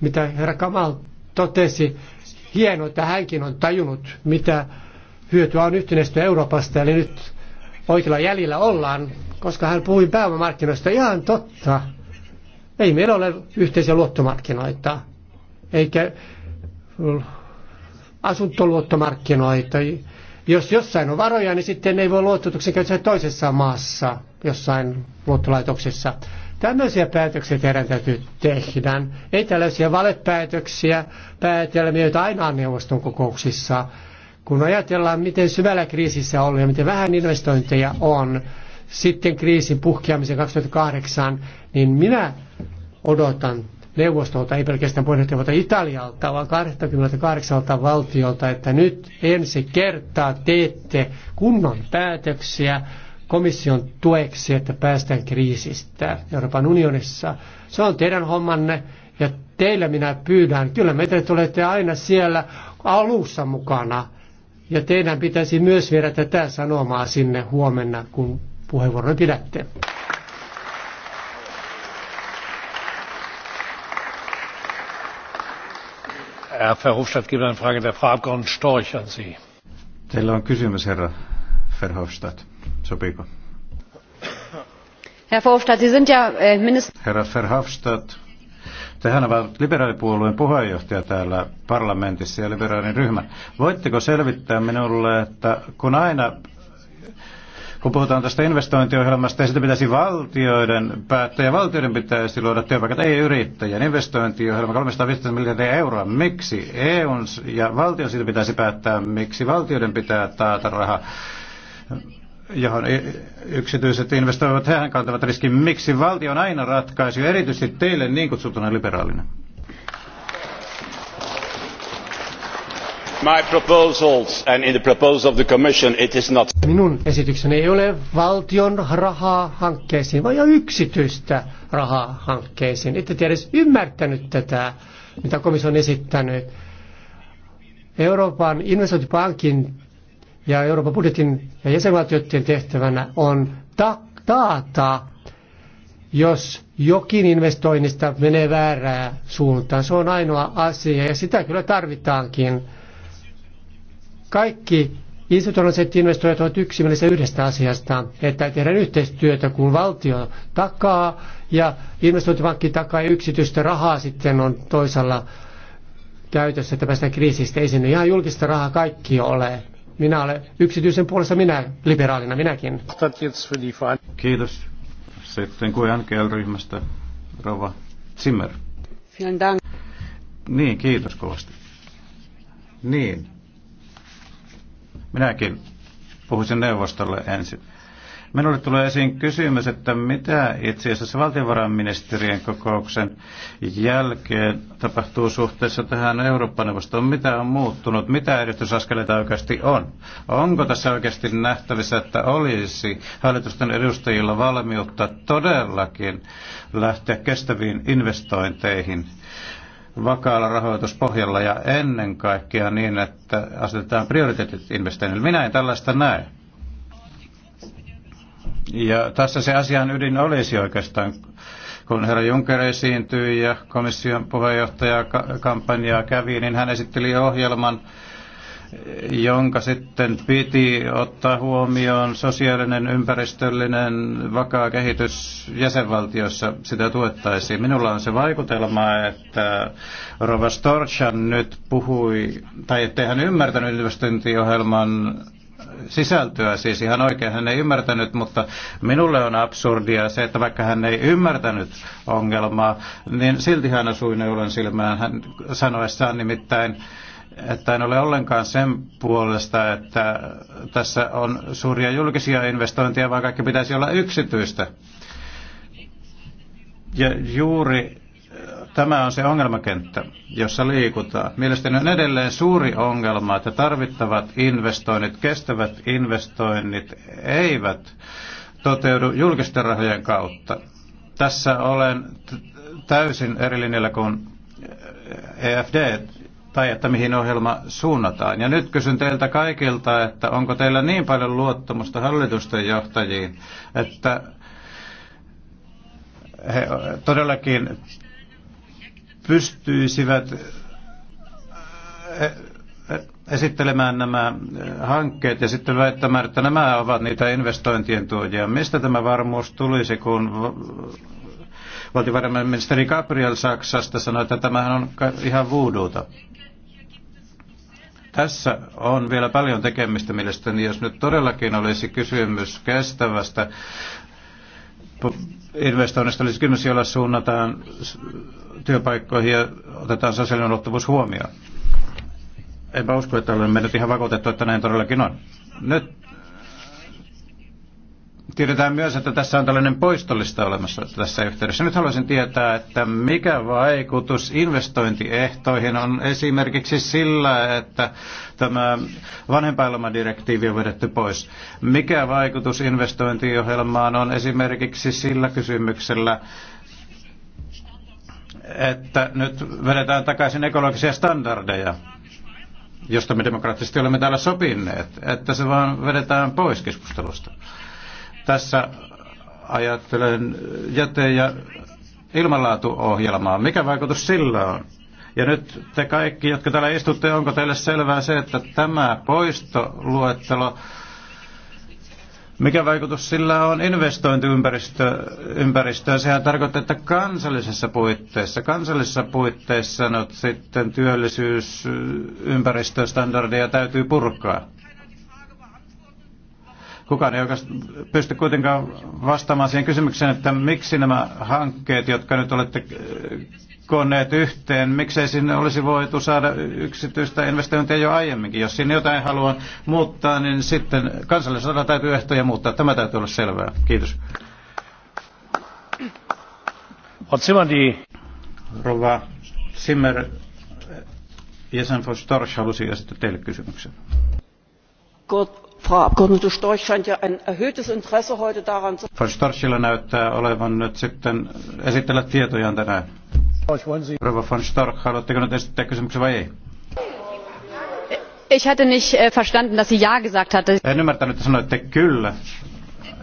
mitä herra Kamal totesi, hienoa, että hänkin on tajunnut, mitä hyötyä on yhtenäistyä Euroopasta, eli nyt oikealla jäljellä ollaan, koska hän puhui pääomamarkkinoista. Ihan totta. Ei meillä ole yhteisiä luottomarkkinoita, eikä asuntoluottomarkkinoita. Jos jossain on varoja, niin sitten ei voi luottotuksen käyttää toisessa maassa, jossain luottolaitoksessa. Tämmöisiä päätöksiä teidän täytyy tehdä. Ei tällaisia valepäätöksiä, päätelmiä, joita aina on neuvoston kokouksissa kun ajatellaan, miten syvällä kriisissä on ja miten vähän investointeja on sitten kriisin puhkeamisen 2008, niin minä odotan neuvostolta, ei pelkästään puheenjohtajavalta Italialta, vaan 28 valtiolta, että nyt ensi kertaa teette kunnon päätöksiä komission tueksi, että päästään kriisistä Euroopan unionissa. Se on teidän hommanne ja teillä minä pyydän. Kyllä me te tulette aina siellä alussa mukana. Ja teidän pitäisi myös viedä tätä sanomaa sinne huomenna, kun puheenvuoron pidätte. Herr Verhofstadt, gibt eine Frage der Frau Abgeordneten Storch an Sie. Teillä on kysymys, herra Verhofstadt. Sopiiko? Herr Verhofstadt, Sie sind ja äh, Minister... Herra Verhofstadt, Tehän ovat liberaalipuolueen puheenjohtaja täällä parlamentissa ja liberaalin ryhmä. Voitteko selvittää minulle, että kun aina kun puhutaan tästä investointiohjelmasta, ja sitä pitäisi valtioiden päättää, ja valtioiden pitäisi luoda työpaikat, ei yrittäjien. Investointiohjelma 350 miljardia euroa. Miksi EUn ja valtio siitä pitäisi päättää, miksi valtioiden pitää taata raha? johon yksityiset investoivat, hehän kantavat riskin. Miksi valtio on aina ratkaisu, erityisesti teille niin kutsutuna liberaalina? My proposals and in the proposal of the commission it is not. Minun esitykseni ei ole valtion rahaa hankkeisiin, vaan yksityistä rahaa hankkeisiin. Ette te edes ymmärtänyt tätä, mitä komissio on esittänyt. Euroopan investointipankin ja Euroopan budjetin ja jäsenvaltioiden tehtävänä on ta- taata, jos jokin investoinnista menee väärää suuntaan. Se on ainoa asia ja sitä kyllä tarvitaankin. Kaikki institutionaaliset investoijat ovat yksimielisiä yhdestä asiasta, että tehdään yhteistyötä, kun valtio takaa ja investointipankki takaa ja yksityistä rahaa sitten on toisella käytössä, että päästään kriisistä. Ei sinne ihan julkista rahaa kaikki ole. Minä olen yksityisen puolesta minä, liberaalina minäkin. Kiitos. Sitten QNGL-ryhmästä Rova Zimmer. Niin, kiitos kovasti. Niin. Minäkin puhuisin neuvostolle ensin. Minulle tulee esiin kysymys, että mitä itse asiassa valtiovarainministerien kokouksen jälkeen tapahtuu suhteessa tähän Euroopan neuvostoon Mitä on muuttunut? Mitä edistysaskeleita oikeasti on? Onko tässä oikeasti nähtävissä, että olisi hallitusten edustajilla valmiutta todellakin lähteä kestäviin investointeihin? vakaalla rahoituspohjalla ja ennen kaikkea niin, että asetetaan prioriteetit investoinnille. Minä en tällaista näe. Ja tässä se asian ydin olisi oikeastaan, kun herra Juncker esiintyi ja komission puheenjohtaja kampanjaa kävi, niin hän esitteli ohjelman, jonka sitten piti ottaa huomioon sosiaalinen, ympäristöllinen, vakaa kehitys jäsenvaltiossa, sitä tuettaisiin. Minulla on se vaikutelma, että Rova Storchan nyt puhui, tai ettei hän ymmärtänyt investointiohjelman sisältöä, siis ihan oikein hän ei ymmärtänyt, mutta minulle on absurdia se, että vaikka hän ei ymmärtänyt ongelmaa, niin silti hän asui neulan silmään. Hän sanoessaan nimittäin, että en ole ollenkaan sen puolesta, että tässä on suuria julkisia investointeja, vaan kaikki pitäisi olla yksityistä. Ja juuri Tämä on se ongelmakenttä, jossa liikutaan. Mielestäni on edelleen suuri ongelma, että tarvittavat investoinnit, kestävät investoinnit eivät toteudu julkisten rahojen kautta. Tässä olen täysin eri linjalla kuin EFD, tai että mihin ohjelma suunnataan. Ja nyt kysyn teiltä kaikilta, että onko teillä niin paljon luottamusta hallitusten johtajiin, että he todellakin pystyisivät eh, eh, esittelemään nämä eh, hankkeet ja sitten väittämään, että nämä ovat niitä investointien tuojia. Mistä tämä varmuus tulisi, kun valtiovarainministeri Gabriel Saksasta sanoi, että tämähän on ihan vuuduuta? Tässä on vielä paljon tekemistä mielestäni, jos nyt todellakin olisi kysymys kestävästä investoinnista olisi kysymys, jolla suunnataan työpaikkoihin ja otetaan sosiaalinen ulottuvuus huomioon. Enpä usko, että olen mennyt ihan vakuutettu, että näin todellakin on. Nyt Tiedetään myös, että tässä on tällainen poistolista olemassa tässä yhteydessä. Nyt haluaisin tietää, että mikä vaikutus investointiehtoihin on esimerkiksi sillä, että tämä vanhempainlomadirektiivi on vedetty pois. Mikä vaikutus investointiohjelmaan on esimerkiksi sillä kysymyksellä, että nyt vedetään takaisin ekologisia standardeja, josta me demokraattisesti olemme täällä sopineet, että se vaan vedetään pois keskustelusta. Tässä ajattelen jäte- ja ilmanlaatuohjelmaa. Mikä vaikutus sillä on? Ja nyt te kaikki, jotka täällä istutte, onko teille selvää se, että tämä poistoluettelo, mikä vaikutus sillä on investointiympäristöön? Sehän tarkoittaa, että kansallisessa puitteissa, kansallisessa puitteissa nyt sitten työllisyysympäristöstandardia täytyy purkaa. Kukaan ei oikeastaan pysty kuitenkaan vastaamaan siihen kysymykseen, että miksi nämä hankkeet, jotka nyt olette äh, koneet yhteen, miksei sinne olisi voitu saada yksityistä investointia jo aiemminkin. Jos sinne jotain haluan muuttaa, niin sitten kansallisella täytyy ehtoja muuttaa. Tämä täytyy olla selvää. Kiitos. Rova Simmer, jäsen von Storch halusi esittää teille kysymyksen. Frau Abgeordnete Storch scheint ja ein erhöhtes Interesse heute daran zu... Von Storchilla näyttää olevan nyt sitten esitellä tietojaan tänään. Rova von Storch, haluatteko nyt esittää kysymyksen vai ei? Ich hatte nicht äh, verstanden, dass sie ja gesagt hatte. En ymmärtänyt, että sanoitte kyllä.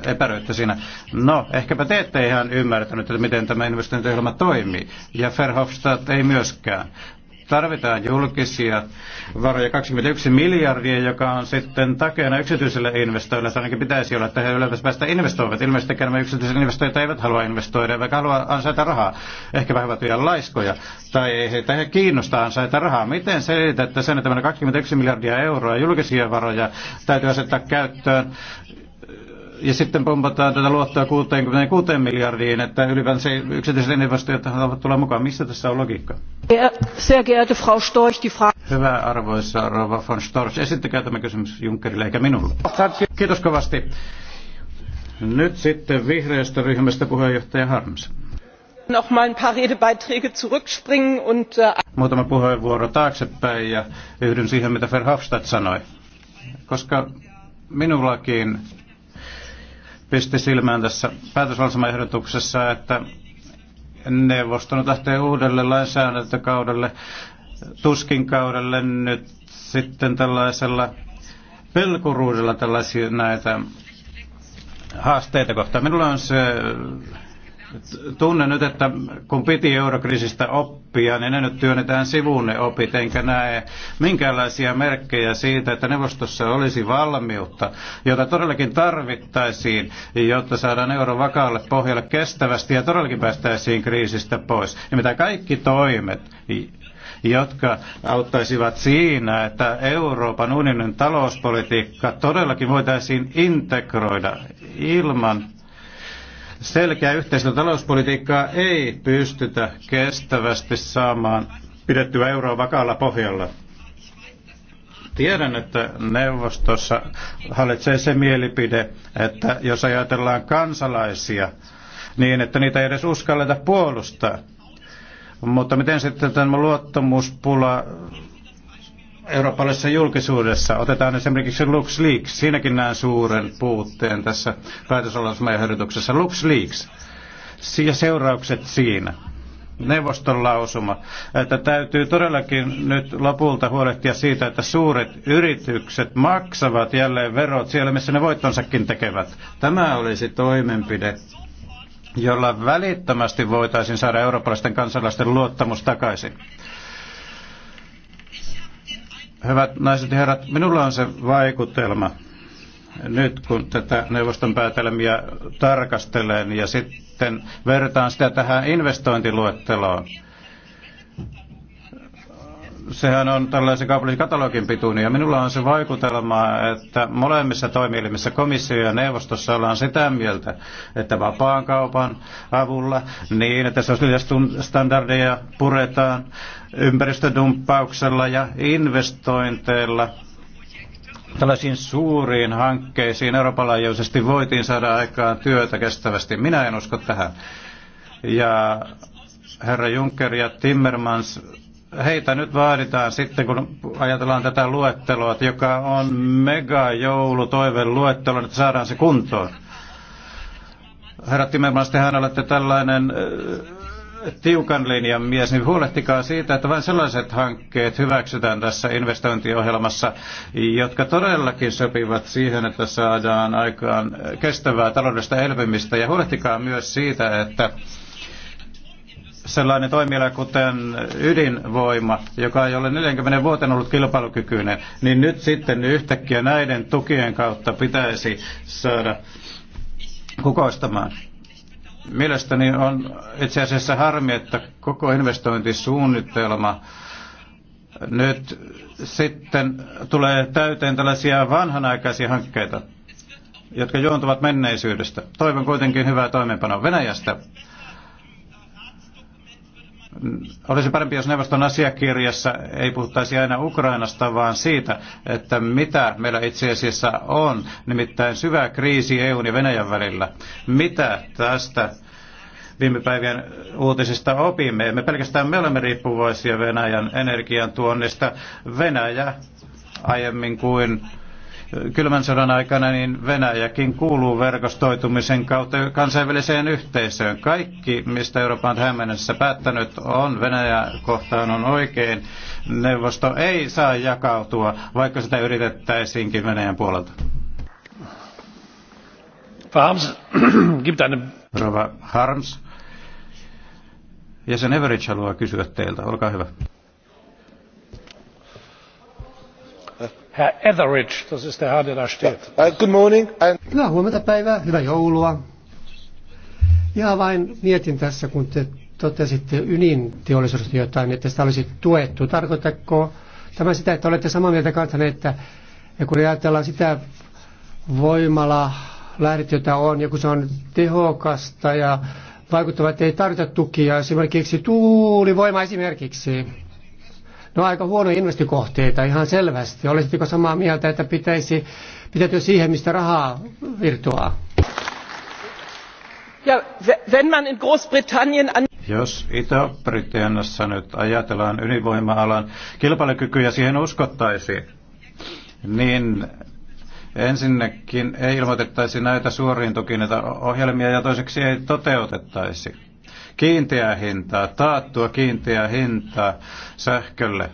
Epäröitte siinä. No, ehkäpä te ette ihan ymmärtänyt, että miten tämä investointiohjelma toimii. Ja Verhofstadt ei myöskään tarvitaan julkisia varoja 21 miljardia, joka on sitten takana yksityiselle investoinnille. Ainakin pitäisi olla, että he yleensä päästä investoivat. Ilmeisesti nämä yksityiset investoijat eivät halua investoida, eivätkä halua ansaita rahaa. Ehkä vähän ovat vielä laiskoja. Tai ei heitä he kiinnostaa ansaita rahaa. Miten että sen, että 21 miljardia euroa julkisia varoja täytyy asettaa käyttöön ja sitten pompataan tätä luottoa 66 miljardiin, että ylipäänsä yksityiset investoijat haluavat tulla mukaan. Missä tässä on logiikka? Sehr geehrte Frau Storch, die Frage... Hyvä arvoisa Rova von Storch, esittäkää tämä kysymys Junckerille eikä minulle. Kiitos kovasti. Nyt sitten vihreästä ryhmästä puheenjohtaja Harms. Noch mal ein paar Redebeiträge zurückspringen und... Äh, Muutama puheenvuoro taaksepäin ja yhdyn siihen, mitä Verhofstadt sanoi. Koska minullakin pisti silmään tässä päätöslausumaehdotuksessa, että neuvosto lähtee uudelle lainsäädäntökaudelle, tuskin kaudelle nyt sitten tällaisella pelkuruudella tällaisia näitä haasteita kohtaan. Minulla on se Tunne nyt, että kun piti eurokriisistä oppia, niin ne nyt työnnetään sivuun ne opit, enkä näe minkäänlaisia merkkejä siitä, että neuvostossa olisi valmiutta, jota todellakin tarvittaisiin, jotta saadaan euro vakaalle pohjalle kestävästi ja todellakin päästäisiin kriisistä pois. Ja mitä kaikki toimet, jotka auttaisivat siinä, että Euroopan unionin talouspolitiikka todellakin voitaisiin integroida ilman selkeää yhteistä talouspolitiikkaa ei pystytä kestävästi saamaan pidettyä euroa vakaalla pohjalla. Tiedän, että neuvostossa hallitsee se mielipide, että jos ajatellaan kansalaisia, niin että niitä ei edes uskalleta puolustaa. Mutta miten sitten tämä luottamuspula eurooppalaisessa julkisuudessa. Otetaan esimerkiksi LuxLeaks. Siinäkin näen suuren puutteen tässä lux LuxLeaks ja seuraukset siinä. Neuvoston lausuma, että täytyy todellakin nyt lopulta huolehtia siitä, että suuret yritykset maksavat jälleen verot siellä, missä ne voittonsakin tekevät. Tämä olisi toimenpide, jolla välittömästi voitaisiin saada eurooppalaisten kansalaisten luottamus takaisin. Hyvät naiset ja herrat, minulla on se vaikutelma nyt, kun tätä neuvoston päätelmiä tarkastelen ja sitten vertaan sitä tähän investointiluetteloon, sehän on tällaisen kaupallisen katalogin pituinen, ja minulla on se vaikutelma, että molemmissa toimielimissä, komissio ja neuvostossa, ollaan sitä mieltä, että vapaan kaupan avulla, niin että sosiaalisia standardeja puretaan ympäristödumppauksella ja investointeilla, tällaisiin suuriin hankkeisiin Euroopan laajuisesti voitiin saada aikaan työtä kestävästi. Minä en usko tähän. Ja herra Juncker ja Timmermans heitä nyt vaaditaan sitten, kun ajatellaan tätä luetteloa, joka on mega megajoulutoiveen luettelo, että saadaan se kuntoon. Herra Timmermans, tehän olette tällainen äh, tiukan linjan mies, niin huolehtikaa siitä, että vain sellaiset hankkeet hyväksytään tässä investointiohjelmassa, jotka todellakin sopivat siihen, että saadaan aikaan kestävää taloudellista elpymistä. Ja huolehtikaa myös siitä, että sellainen toimiala kuten ydinvoima, joka ei ole 40 vuoden ollut kilpailukykyinen, niin nyt sitten yhtäkkiä näiden tukien kautta pitäisi saada kukoistamaan. Mielestäni on itse asiassa harmi, että koko investointisuunnitelma nyt sitten tulee täyteen tällaisia vanhanaikaisia hankkeita, jotka juontuvat menneisyydestä. Toivon kuitenkin hyvää toimeenpanoa Venäjästä. Olisi parempi, jos neuvoston asiakirjassa ei puhuttaisi aina Ukrainasta, vaan siitä, että mitä meillä itse asiassa on, nimittäin syvä kriisi EUn ja Venäjän välillä. Mitä tästä viime päivien uutisista opimme? Me pelkästään me olemme riippuvaisia Venäjän energiantuonnista. Venäjä aiemmin kuin kylmän sodan aikana, niin Venäjäkin kuuluu verkostoitumisen kautta kansainväliseen yhteisöön. Kaikki, mistä Euroopan tähän mennessä päättänyt on Venäjä kohtaan on oikein. Neuvosto ei saa jakautua, vaikka sitä yritettäisiinkin Venäjän puolelta. Harms, gibt eine... Rova Harms. Jäsen Everidge haluaa kysyä teiltä. Olkaa hyvä. Herr Etheridge, das ist der Herr, der da steht. Äh, hyvää huomenta päivää, hyvää joulua. Ihan vain mietin tässä, kun te totesitte ydinteollisuudesta jotain, että sitä olisi tuettu. Tarkoitatko tämä sitä, että olette samaa mieltä kanssani, että kun ajatellaan sitä voimala lähdet, jota on, ja kun se on tehokasta ja vaikuttava, että ei tarvita tukia, esimerkiksi tuulivoima esimerkiksi No aika huonoja investointikohteita ihan selvästi. Olisitteko samaa mieltä, että pitäisi pitäytyä siihen, mistä rahaa virtuaa? Ja, wenn man in Großbritannien an jos Itä-Britanniassa nyt ajatellaan ydinvoima-alan kilpailukykyä siihen uskottaisiin, niin ensinnäkin ei ilmoitettaisi näitä suoriin tukineita ohjelmia ja toiseksi ei toteutettaisi kiinteää hintaa, taattua kiinteää hintaa sähkölle,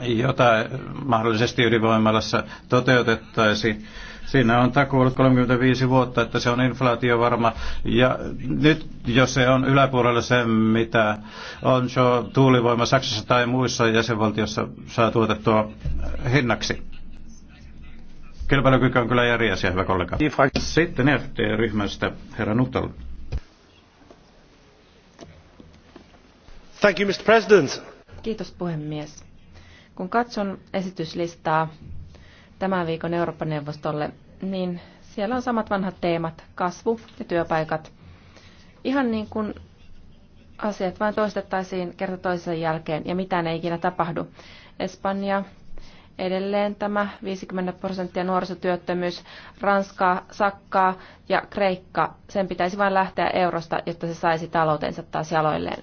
jota mahdollisesti ydinvoimalassa toteutettaisiin. Siinä on takuu ollut 35 vuotta, että se on inflaatiovarma. Ja nyt, jos se on yläpuolella se, mitä on jo tuulivoima Saksassa tai muissa jäsenvaltiossa saa tuotettua hinnaksi. Kilpailukyky on kyllä järjessä, hyvä kollega. Niin, Sitten FD-ryhmästä herra Nuttala. arvoisa Kiitos puhemies. Kun katson esityslistaa tämän viikon Eurooppa-neuvostolle, niin siellä on samat vanhat teemat, kasvu ja työpaikat. Ihan niin kuin asiat vain toistettaisiin kerta toisensa jälkeen ja mitään ei ikinä tapahdu. Espanja, edelleen tämä 50 prosenttia nuorisotyöttömyys, Ranska, Sakkaa ja Kreikka, sen pitäisi vain lähteä eurosta, jotta se saisi taloutensa taas jaloilleen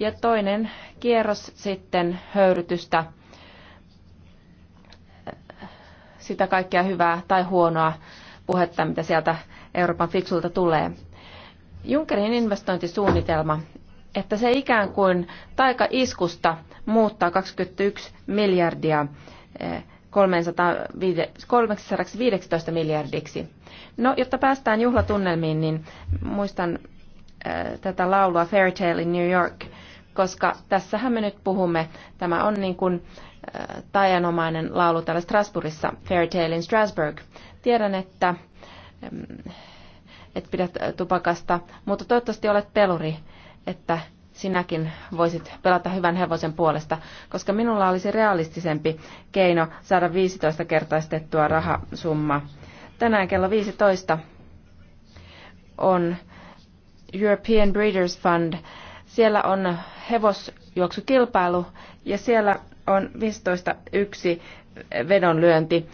ja toinen kierros sitten höyrytystä, sitä kaikkea hyvää tai huonoa puhetta, mitä sieltä Euroopan fiksulta tulee. Junckerin investointisuunnitelma, että se ikään kuin taikaiskusta muuttaa 21 miljardia 315 eh, miljardiksi. No, jotta päästään juhlatunnelmiin, niin muistan eh, tätä laulua Fairytale in New York – koska tässähän me nyt puhumme. Tämä on niin kuin äh, taianomainen laulu täällä Strasbourgissa, Tale in Strasbourg. Tiedän, että et pidä äh, tupakasta, mutta toivottavasti olet peluri, että sinäkin voisit pelata hyvän hevosen puolesta, koska minulla olisi realistisempi keino saada 15 kertaistettua rahasumma. Tänään kello 15 on European Breeders Fund siellä on hevosjuoksukilpailu ja siellä on 15.1 vedonlyönti.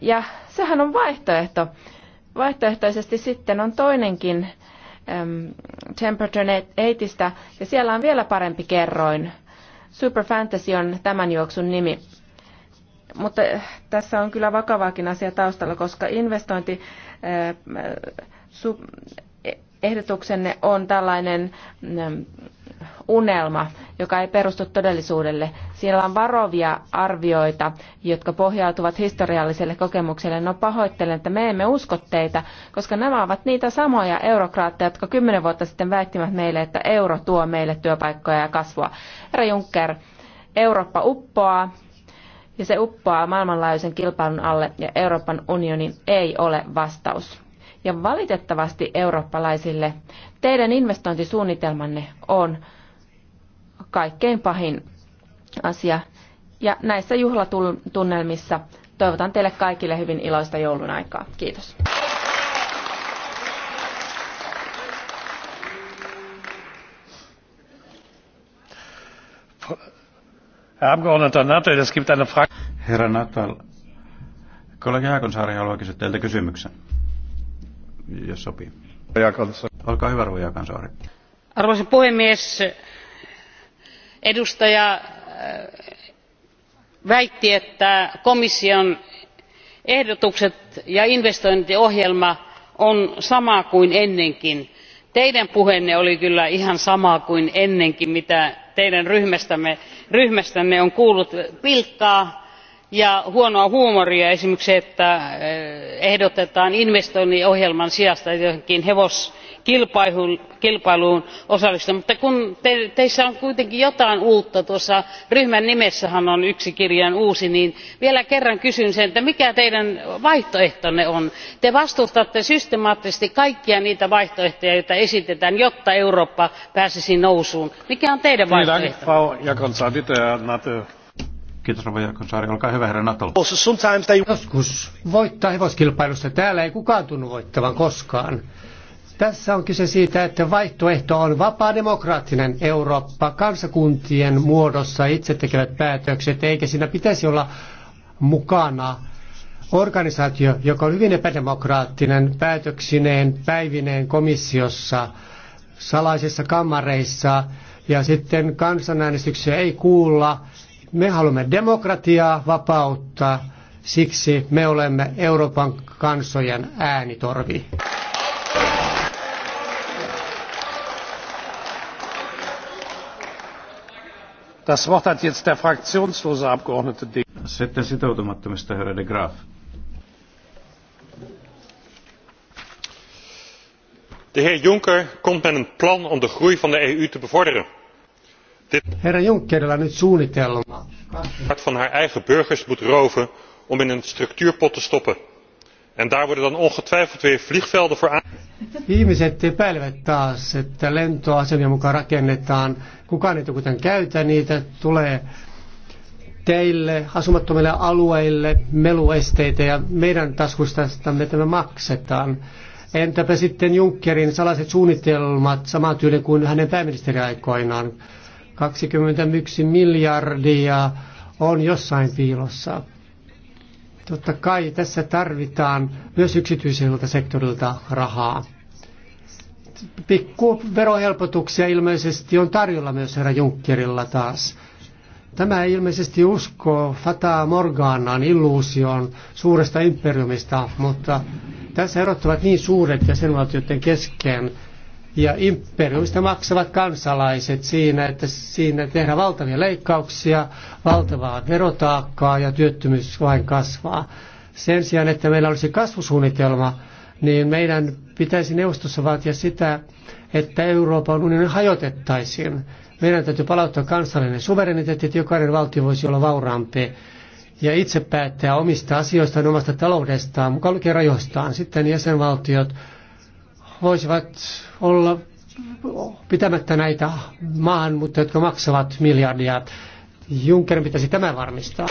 Ja sehän on vaihtoehto. Vaihtoehtoisesti sitten on toinenkin äm, Temperature 8 ja siellä on vielä parempi kerroin. Super Fantasy on tämän juoksun nimi. Mutta äh, tässä on kyllä vakavaakin asia taustalla, koska investointi äh, su, ehdotuksenne on tällainen mm, unelma, joka ei perustu todellisuudelle. Siellä on varovia arvioita, jotka pohjautuvat historialliselle kokemukselle. No pahoittelen, että me emme usko teitä, koska nämä ovat niitä samoja eurokraatteja, jotka kymmenen vuotta sitten väittivät meille, että euro tuo meille työpaikkoja ja kasvua. Herra Juncker, Eurooppa uppoaa, ja se uppoaa maailmanlaajuisen kilpailun alle ja Euroopan unioni ei ole vastaus. Ja valitettavasti eurooppalaisille teidän investointisuunnitelmanne on kaikkein pahin asia. Ja näissä juhlatunnelmissa toivotan teille kaikille hyvin iloista joulun aikaa. Kiitos. Herra Natal, kollega Haakonsaari haluaa kysyä teiltä kysymyksen jos sopii. Olkaa hyvä, Ruija Kansaari. Arvoisa puhemies, edustaja äh, väitti, että komission ehdotukset ja investointiohjelma on sama kuin ennenkin. Teidän puheenne oli kyllä ihan sama kuin ennenkin, mitä teidän ryhmästänne on kuullut pilkkaa ja huonoa huumoria esimerkiksi se että äh, ehdotetaan investointiohjelman sijasta johonkin hevoskilpailuun osallistumista mutta kun teissä on kuitenkin jotain uutta tuossa ryhmän nimessähän on yksi kirjain uusi niin vielä kerran kysyn sen että mikä teidän vaihtoehtonne on? te vastustatte systemaattisesti kaikkia niitä vaihtoehtoja joita esitetään jotta eurooppa pääsisi nousuun. mikä on teidän vaihtoehtonne? Kiitos Rova olkaa hyvä herra Natal. Joskus voittaa hevoskilpailussa, täällä ei kukaan tunnu voittavan koskaan. Tässä on kyse siitä, että vaihtoehto on vapaa demokraattinen Eurooppa kansakuntien muodossa itse tekevät päätökset, eikä siinä pitäisi olla mukana organisaatio, joka on hyvin epädemokraattinen päätöksineen, päivineen komissiossa, salaisissa kammareissa ja sitten kansanäänestyksiä ei kuulla me haluamme demokratiaa, vapautta, siksi me olemme Euroopan kansojen äänitorvi. Das Wort hat jetzt der fraktionslose Abgeordnete D. Sitten sitoutumattomista Herr de Graaf. De heer Juncker komt met een plan om de groei van de EU te bevorderen. Herra Junckerilla nyt suunnitelma. ...hart van haar eigen burgers moet roven om in een structuurpot te stoppen. En daar worden dan ongetwijfeld weer vliegvelden voor aan... Ihmiset epäilevät taas, että lentoasemia mukaan rakennetaan. Kukaan ei kuten käytä niitä, tulee teille, asumattomille alueille meluesteitä ja meidän taskustamme tämä maksetaan. Entäpä sitten Junckerin salaiset suunnitelmat saman tyylin kuin hänen pääministeriaikoinaan? 21 miljardia on jossain piilossa. Totta kai tässä tarvitaan myös yksityiseltä sektorilta rahaa. Pikku verohelpotuksia ilmeisesti on tarjolla myös herra Junckerilla taas. Tämä ei ilmeisesti usko Fata Morganaan illuusion suuresta imperiumista, mutta tässä erottuvat niin suuret jäsenvaltioiden kesken, ja imperiumista maksavat kansalaiset siinä, että siinä tehdään valtavia leikkauksia, valtavaa verotaakkaa ja työttömyys vain kasvaa. Sen sijaan, että meillä olisi kasvusuunnitelma, niin meidän pitäisi neuvostossa vaatia sitä, että Euroopan unioni hajotettaisiin. Meidän täytyy palauttaa kansallinen suvereniteetti, että jokainen valtio voisi olla vauraampi ja itse päättää omista asioistaan, omasta taloudestaan, mukaan lukien rajoistaan. Sitten jäsenvaltiot voisivat olla pitämättä näitä mutta jotka maksavat miljardia. Juncker pitäisi tämä varmistaa.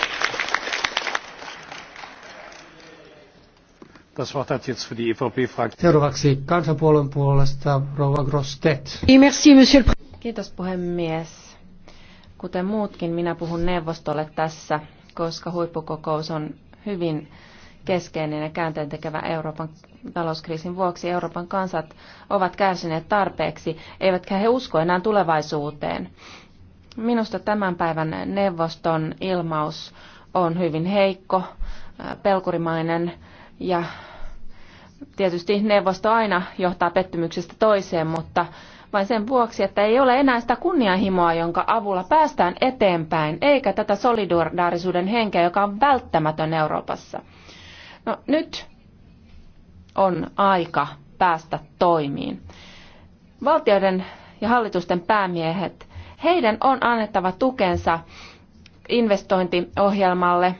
Das Wort hat jetzt für die EVP-Fraktion. Seuraavaksi kansanpuolueen puolesta Rova Grostet. Kiitos puhemies. Kuten muutkin, minä puhun neuvostolle tässä, koska huippukokous on hyvin keskeinen ja käänteentekevä Euroopan talouskriisin vuoksi. Euroopan kansat ovat kärsineet tarpeeksi, eivätkä he usko enää tulevaisuuteen. Minusta tämän päivän neuvoston ilmaus on hyvin heikko, pelkurimainen ja tietysti neuvosto aina johtaa pettymyksestä toiseen, mutta vain sen vuoksi, että ei ole enää sitä kunnianhimoa, jonka avulla päästään eteenpäin, eikä tätä solidaarisuuden henkeä, joka on välttämätön Euroopassa. No nyt on aika päästä toimiin. Valtioiden ja hallitusten päämiehet, heidän on annettava tukensa investointiohjelmalle,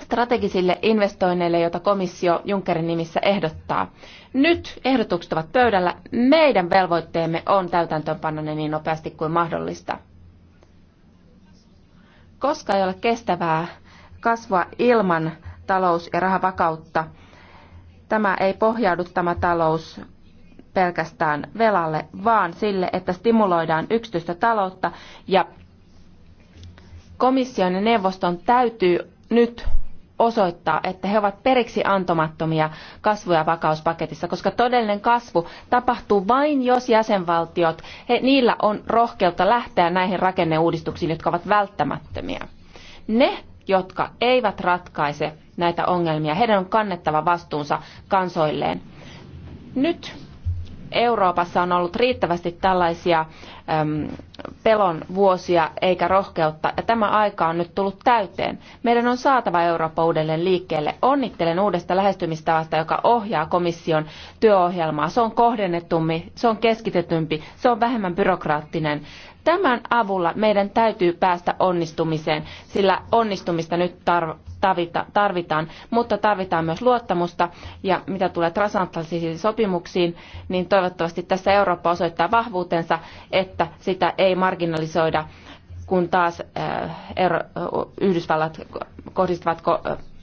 strategisille investoinneille, joita komissio Junckerin nimissä ehdottaa. Nyt ehdotukset ovat pöydällä. Meidän velvoitteemme on täytäntöönpanna ne niin nopeasti kuin mahdollista. Koska ei ole kestävää kasvua ilman talous- ja rahavakautta. Tämä ei pohjaudu tämä talous pelkästään velalle, vaan sille, että stimuloidaan yksityistä taloutta ja komission ja neuvoston täytyy nyt osoittaa, että he ovat periksi antomattomia kasvu- ja vakauspaketissa, koska todellinen kasvu tapahtuu vain, jos jäsenvaltiot, he, niillä on rohkeutta lähteä näihin rakenneuudistuksiin, jotka ovat välttämättömiä. Ne jotka eivät ratkaise näitä ongelmia. Heidän on kannettava vastuunsa kansoilleen. Nyt Euroopassa on ollut riittävästi tällaisia äm, pelon vuosia eikä rohkeutta, ja tämä aika on nyt tullut täyteen. Meidän on saatava Eurooppa uudelleen liikkeelle. Onnittelen uudesta lähestymistavasta, joka ohjaa komission työohjelmaa. Se on kohdennetumpi, se on keskitetympi, se on vähemmän byrokraattinen. Tämän avulla meidän täytyy päästä onnistumiseen, sillä onnistumista nyt tarvitaan, mutta tarvitaan myös luottamusta. Ja mitä tulee transatlanttisiin sopimuksiin, niin toivottavasti tässä Eurooppa osoittaa vahvuutensa, että sitä ei marginalisoida kun taas äh, Yhdysvallat kohdistavat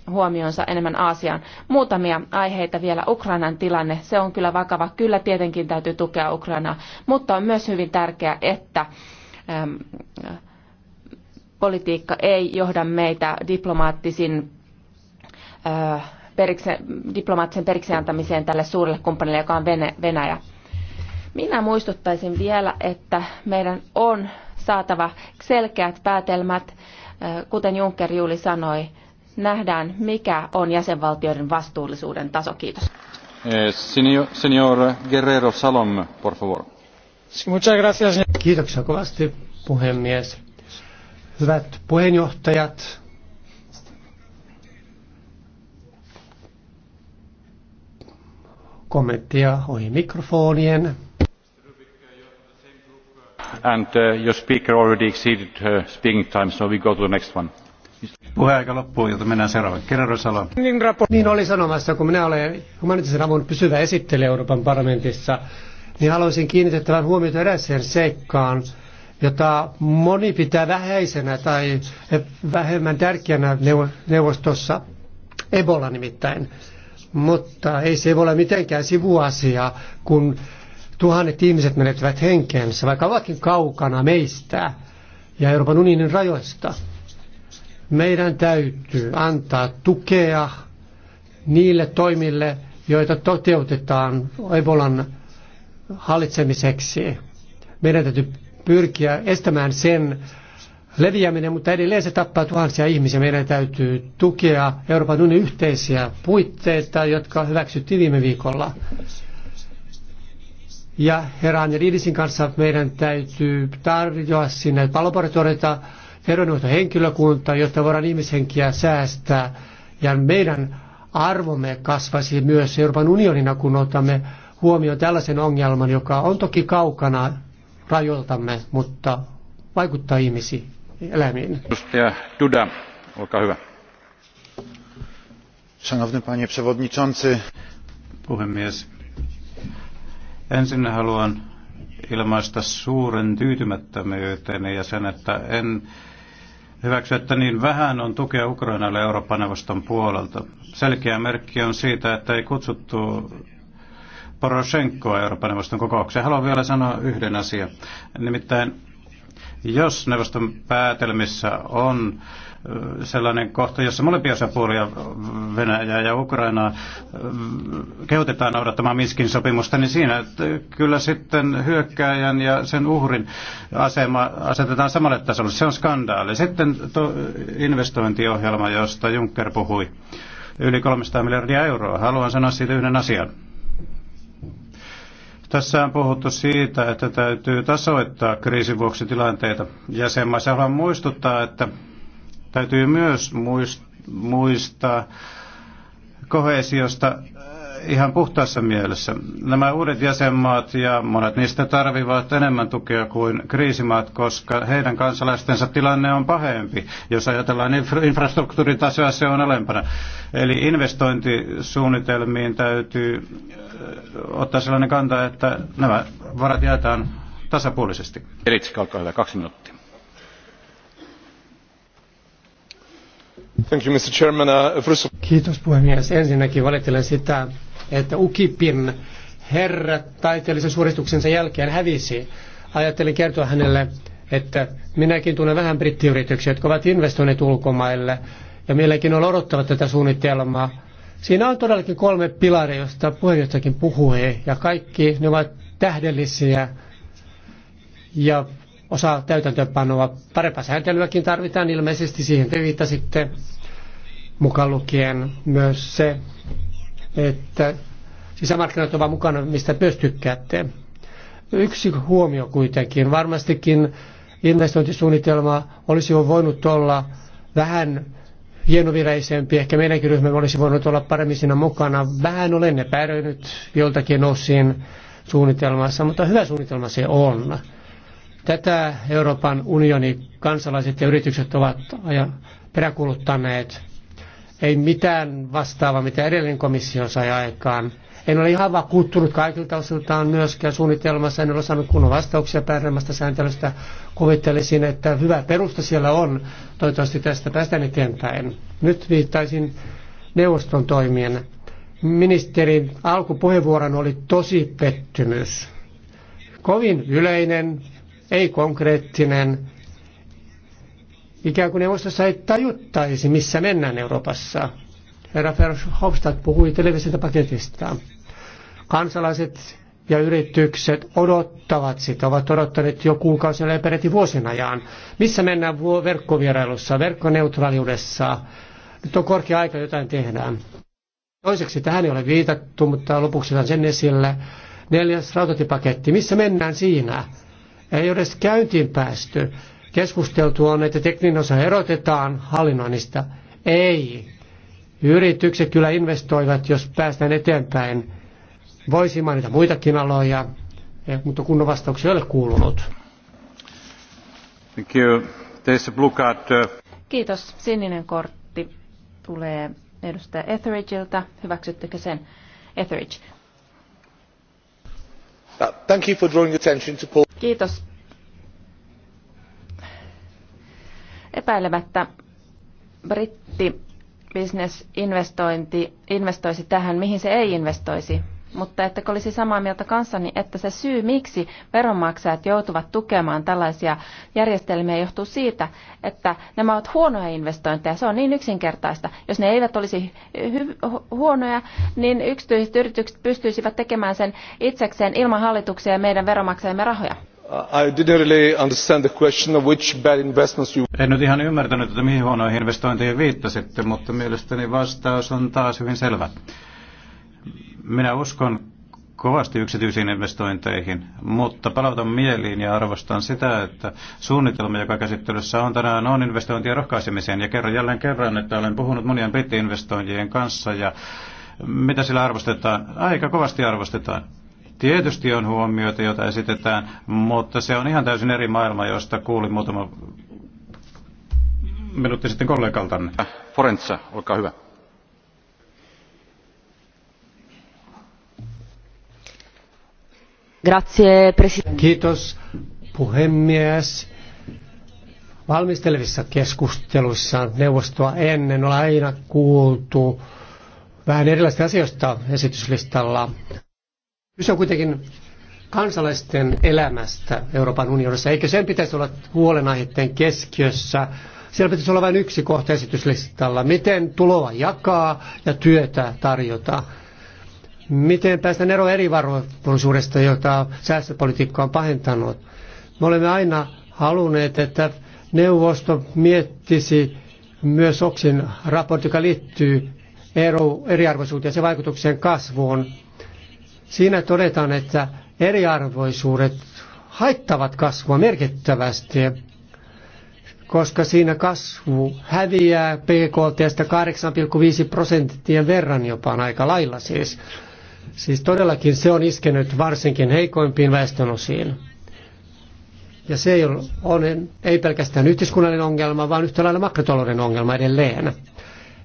huomionsa enemmän Aasiaan. Muutamia aiheita vielä. Ukrainan tilanne, se on kyllä vakava. Kyllä tietenkin täytyy tukea Ukrainaa, mutta on myös hyvin tärkeää, että ähm, politiikka ei johda meitä diplomaattisin äh, perikse, diplomaattisen periksi antamiseen tälle suurelle kumppanille, joka on Venäjä. Minä muistuttaisin vielä, että meidän on saatava selkeät päätelmät, äh, kuten Juncker juuri sanoi, nähdään, mikä on jäsenvaltioiden vastuullisuuden taso. Kiitos. Eh, senior, Guerrero Salom, por favor. Kiitoksia kovasti, puhemies. Hyvät puheenjohtajat, kommenttia ohi mikrofonien. And uh, your speaker already exceeded her speaking time, so we go to the next one. Puheaika loppuu, joten mennään seuraavaan. Kerro Salo. Niin, niin oli sanomassa, kun minä olen humanitaarisen avun pysyvä esittelijä Euroopan parlamentissa, niin haluaisin kiinnittää huomiota eräiseen seikkaan, jota moni pitää vähäisenä tai vähemmän tärkeänä neuvostossa, Ebola nimittäin. Mutta ei se ole mitenkään sivuasia, kun tuhannet ihmiset menettävät henkensä, vaikka ovatkin kaukana meistä ja Euroopan unionin rajoista. Meidän täytyy antaa tukea niille toimille, joita toteutetaan Ebolan hallitsemiseksi. Meidän täytyy pyrkiä estämään sen leviäminen, mutta edelleen se tappaa tuhansia ihmisiä. Meidän täytyy tukea Euroopan unionin yhteisiä puitteita, jotka hyväksyttiin viime viikolla. Ja ja Riidisin kanssa meidän täytyy tarjoa sinne palopartioita henkilökuntaa, jotta voidaan ihmishenkiä säästää. Ja meidän arvomme kasvaisi myös Euroopan unionina, kun otamme huomioon tällaisen ongelman, joka on toki kaukana rajoiltamme, mutta vaikuttaa ihmisiin, eläimiin. Edustaja Duda, olkaa hyvä. Szanowny panie przewodniczący. Puhemies. Ensin haluan ilmaista suuren tyytymättömyyteni ja sen, että en hyväksyä, että niin vähän on tukea Ukrainalle Euroopan neuvoston puolelta. Selkeä merkki on siitä, että ei kutsuttu Poroshenkoa Euroopan neuvoston kokoukseen. Haluan vielä sanoa yhden asian. Nimittäin, jos neuvoston päätelmissä on sellainen kohta, jossa molempia osapuolia Venäjää ja Ukrainaa kehotetaan noudattamaan Minskin sopimusta, niin siinä että kyllä sitten hyökkääjän ja sen uhrin asema asetetaan samalle tasolle. Se on skandaali. Sitten tuo investointiohjelma, josta Juncker puhui, yli 300 miljardia euroa. Haluan sanoa siitä yhden asian. Tässä on puhuttu siitä, että täytyy tasoittaa kriisin vuoksi tilanteita jäsenmaissa. Haluan muistuttaa, että Täytyy myös muistaa kohesiosta äh, ihan puhtaassa mielessä. Nämä uudet jäsenmaat ja monet niistä tarvivat enemmän tukea kuin kriisimaat, koska heidän kansalaistensa tilanne on pahempi. Jos ajatellaan infrastruktuuritasoa, se on alempana. Eli investointisuunnitelmiin täytyy äh, ottaa sellainen kanta, että nämä varat jaetaan tasapuolisesti. Eritsi, olkaa hyvä, kaksi minuuttia. Uh, Kiitos puhemies. Ensinnäkin valittelen sitä, että UKIPin herra taiteellisen suoristuksensa jälkeen hävisi. Ajattelin kertoa hänelle, että minäkin tunnen vähän brittiyrityksiä, jotka ovat investoineet ulkomaille ja mielenkiinnolla odottavat tätä suunnitelmaa. Siinä on todellakin kolme pilaria, josta puheenjohtajakin puhui, ja kaikki ne ovat tähdellisiä ja osa täytäntöönpanoa. Parempaa sääntelyäkin tarvitaan ilmeisesti, siihen te viittasitte mukaan lukien myös se, että sisämarkkinat ovat mukana, mistä myös tykkäätte. Yksi huomio kuitenkin. Varmastikin investointisuunnitelma olisi voinut olla vähän hienovireisempi. Ehkä meidänkin ryhmämme olisi voinut olla paremmin siinä mukana. Vähän olen epäröinyt joltakin osin suunnitelmassa, mutta hyvä suunnitelma se on. Tätä Euroopan unionin kansalaiset ja yritykset ovat peräkuluttaneet ei mitään vastaavaa, mitä edellinen komissio sai aikaan. En ole ihan vakuuttunut kaikilta osiltaan myöskään suunnitelmassa, en ole saanut kunnon vastauksia päätelmästä sääntelystä. Kuvittelisin, että hyvä perusta siellä on, toivottavasti tästä päästään eteenpäin. Nyt viittaisin neuvoston toimien. Ministerin alkupuheenvuoron oli tosi pettymys. Kovin yleinen, ei konkreettinen, ikään kuin neuvostossa ei tajuttaisi, missä mennään Euroopassa. Herra Verhofstadt puhui paketista Kansalaiset ja yritykset odottavat sitä, ovat odottaneet jo kuukausien ja peräti vuosien ajan. Missä mennään verkkovierailussa, verkkoneutraaliudessa? Nyt on korkea aika, jotain tehdään. Toiseksi tähän ei ole viitattu, mutta lopuksi otan sen esille. Neljäs rautatipaketti, missä mennään siinä? Ei ole edes käyntiin päästy keskusteltu on, että tekninen osa erotetaan hallinnoinnista. Ei. Yritykset kyllä investoivat, jos päästään eteenpäin. Voisi mainita muitakin aloja, eh, mutta kunnon vastauksia ei ole kuulunut. Thank you. There's a blue card. Eh. Kiitos. Sininen kortti tulee edustaja Etheridgeiltä. Hyväksyttekö sen? Etheridge. Uh, thank you for drawing attention to Paul. Kiitos Epäilemättä britti business investointi investoisi tähän, mihin se ei investoisi. Mutta että olisi samaa mieltä kanssani, että se syy, miksi veronmaksajat joutuvat tukemaan tällaisia järjestelmiä, johtuu siitä, että nämä ovat huonoja investointeja. Se on niin yksinkertaista. Jos ne eivät olisi huonoja, niin yksityiset yritykset pystyisivät tekemään sen itsekseen ilman hallituksia ja meidän veronmaksajamme rahoja. En nyt ihan ymmärtänyt, että mihin huonoihin investointeihin viittasitte, mutta mielestäni vastaus on taas hyvin selvä. Minä uskon kovasti yksityisiin investointeihin, mutta palautan mieliin ja arvostan sitä, että suunnitelma, joka käsittelyssä on tänään, on investointien rohkaisemiseen. Ja kerran jälleen kerran, että olen puhunut monien britti kanssa ja mitä sillä arvostetaan? Aika kovasti arvostetaan Tietysti on huomioita, joita esitetään, mutta se on ihan täysin eri maailma, josta kuulin muutama minuutti sitten kollegaltanne. Forenza, olkaa hyvä. Grazie, Kiitos puhemies. Valmistelevissa keskusteluissa neuvostoa ennen on aina kuultu vähän erilaisista asioista esityslistalla. Kyse on kuitenkin kansalaisten elämästä Euroopan unionissa, eikä sen pitäisi olla huolenaiheiden keskiössä. Siellä pitäisi olla vain yksi kohta esityslistalla. Miten tuloa jakaa ja työtä tarjota? Miten päästään eroon erivaroisuudesta, jota säästöpolitiikka on pahentanut? Me olemme aina halunneet, että neuvosto miettisi myös Oksin raportti, joka liittyy eriarvoisuuteen ja sen vaikutukseen kasvuun. Siinä todetaan, että eriarvoisuudet haittavat kasvua merkittävästi, koska siinä kasvu häviää PKT 8,5 prosenttien verran jopa aika lailla siis. Siis todellakin se on iskenyt varsinkin heikoimpiin väestönosiin. Ja se ei ole on, ei pelkästään yhteiskunnallinen ongelma, vaan yhtä lailla makrotalouden ongelma edelleen.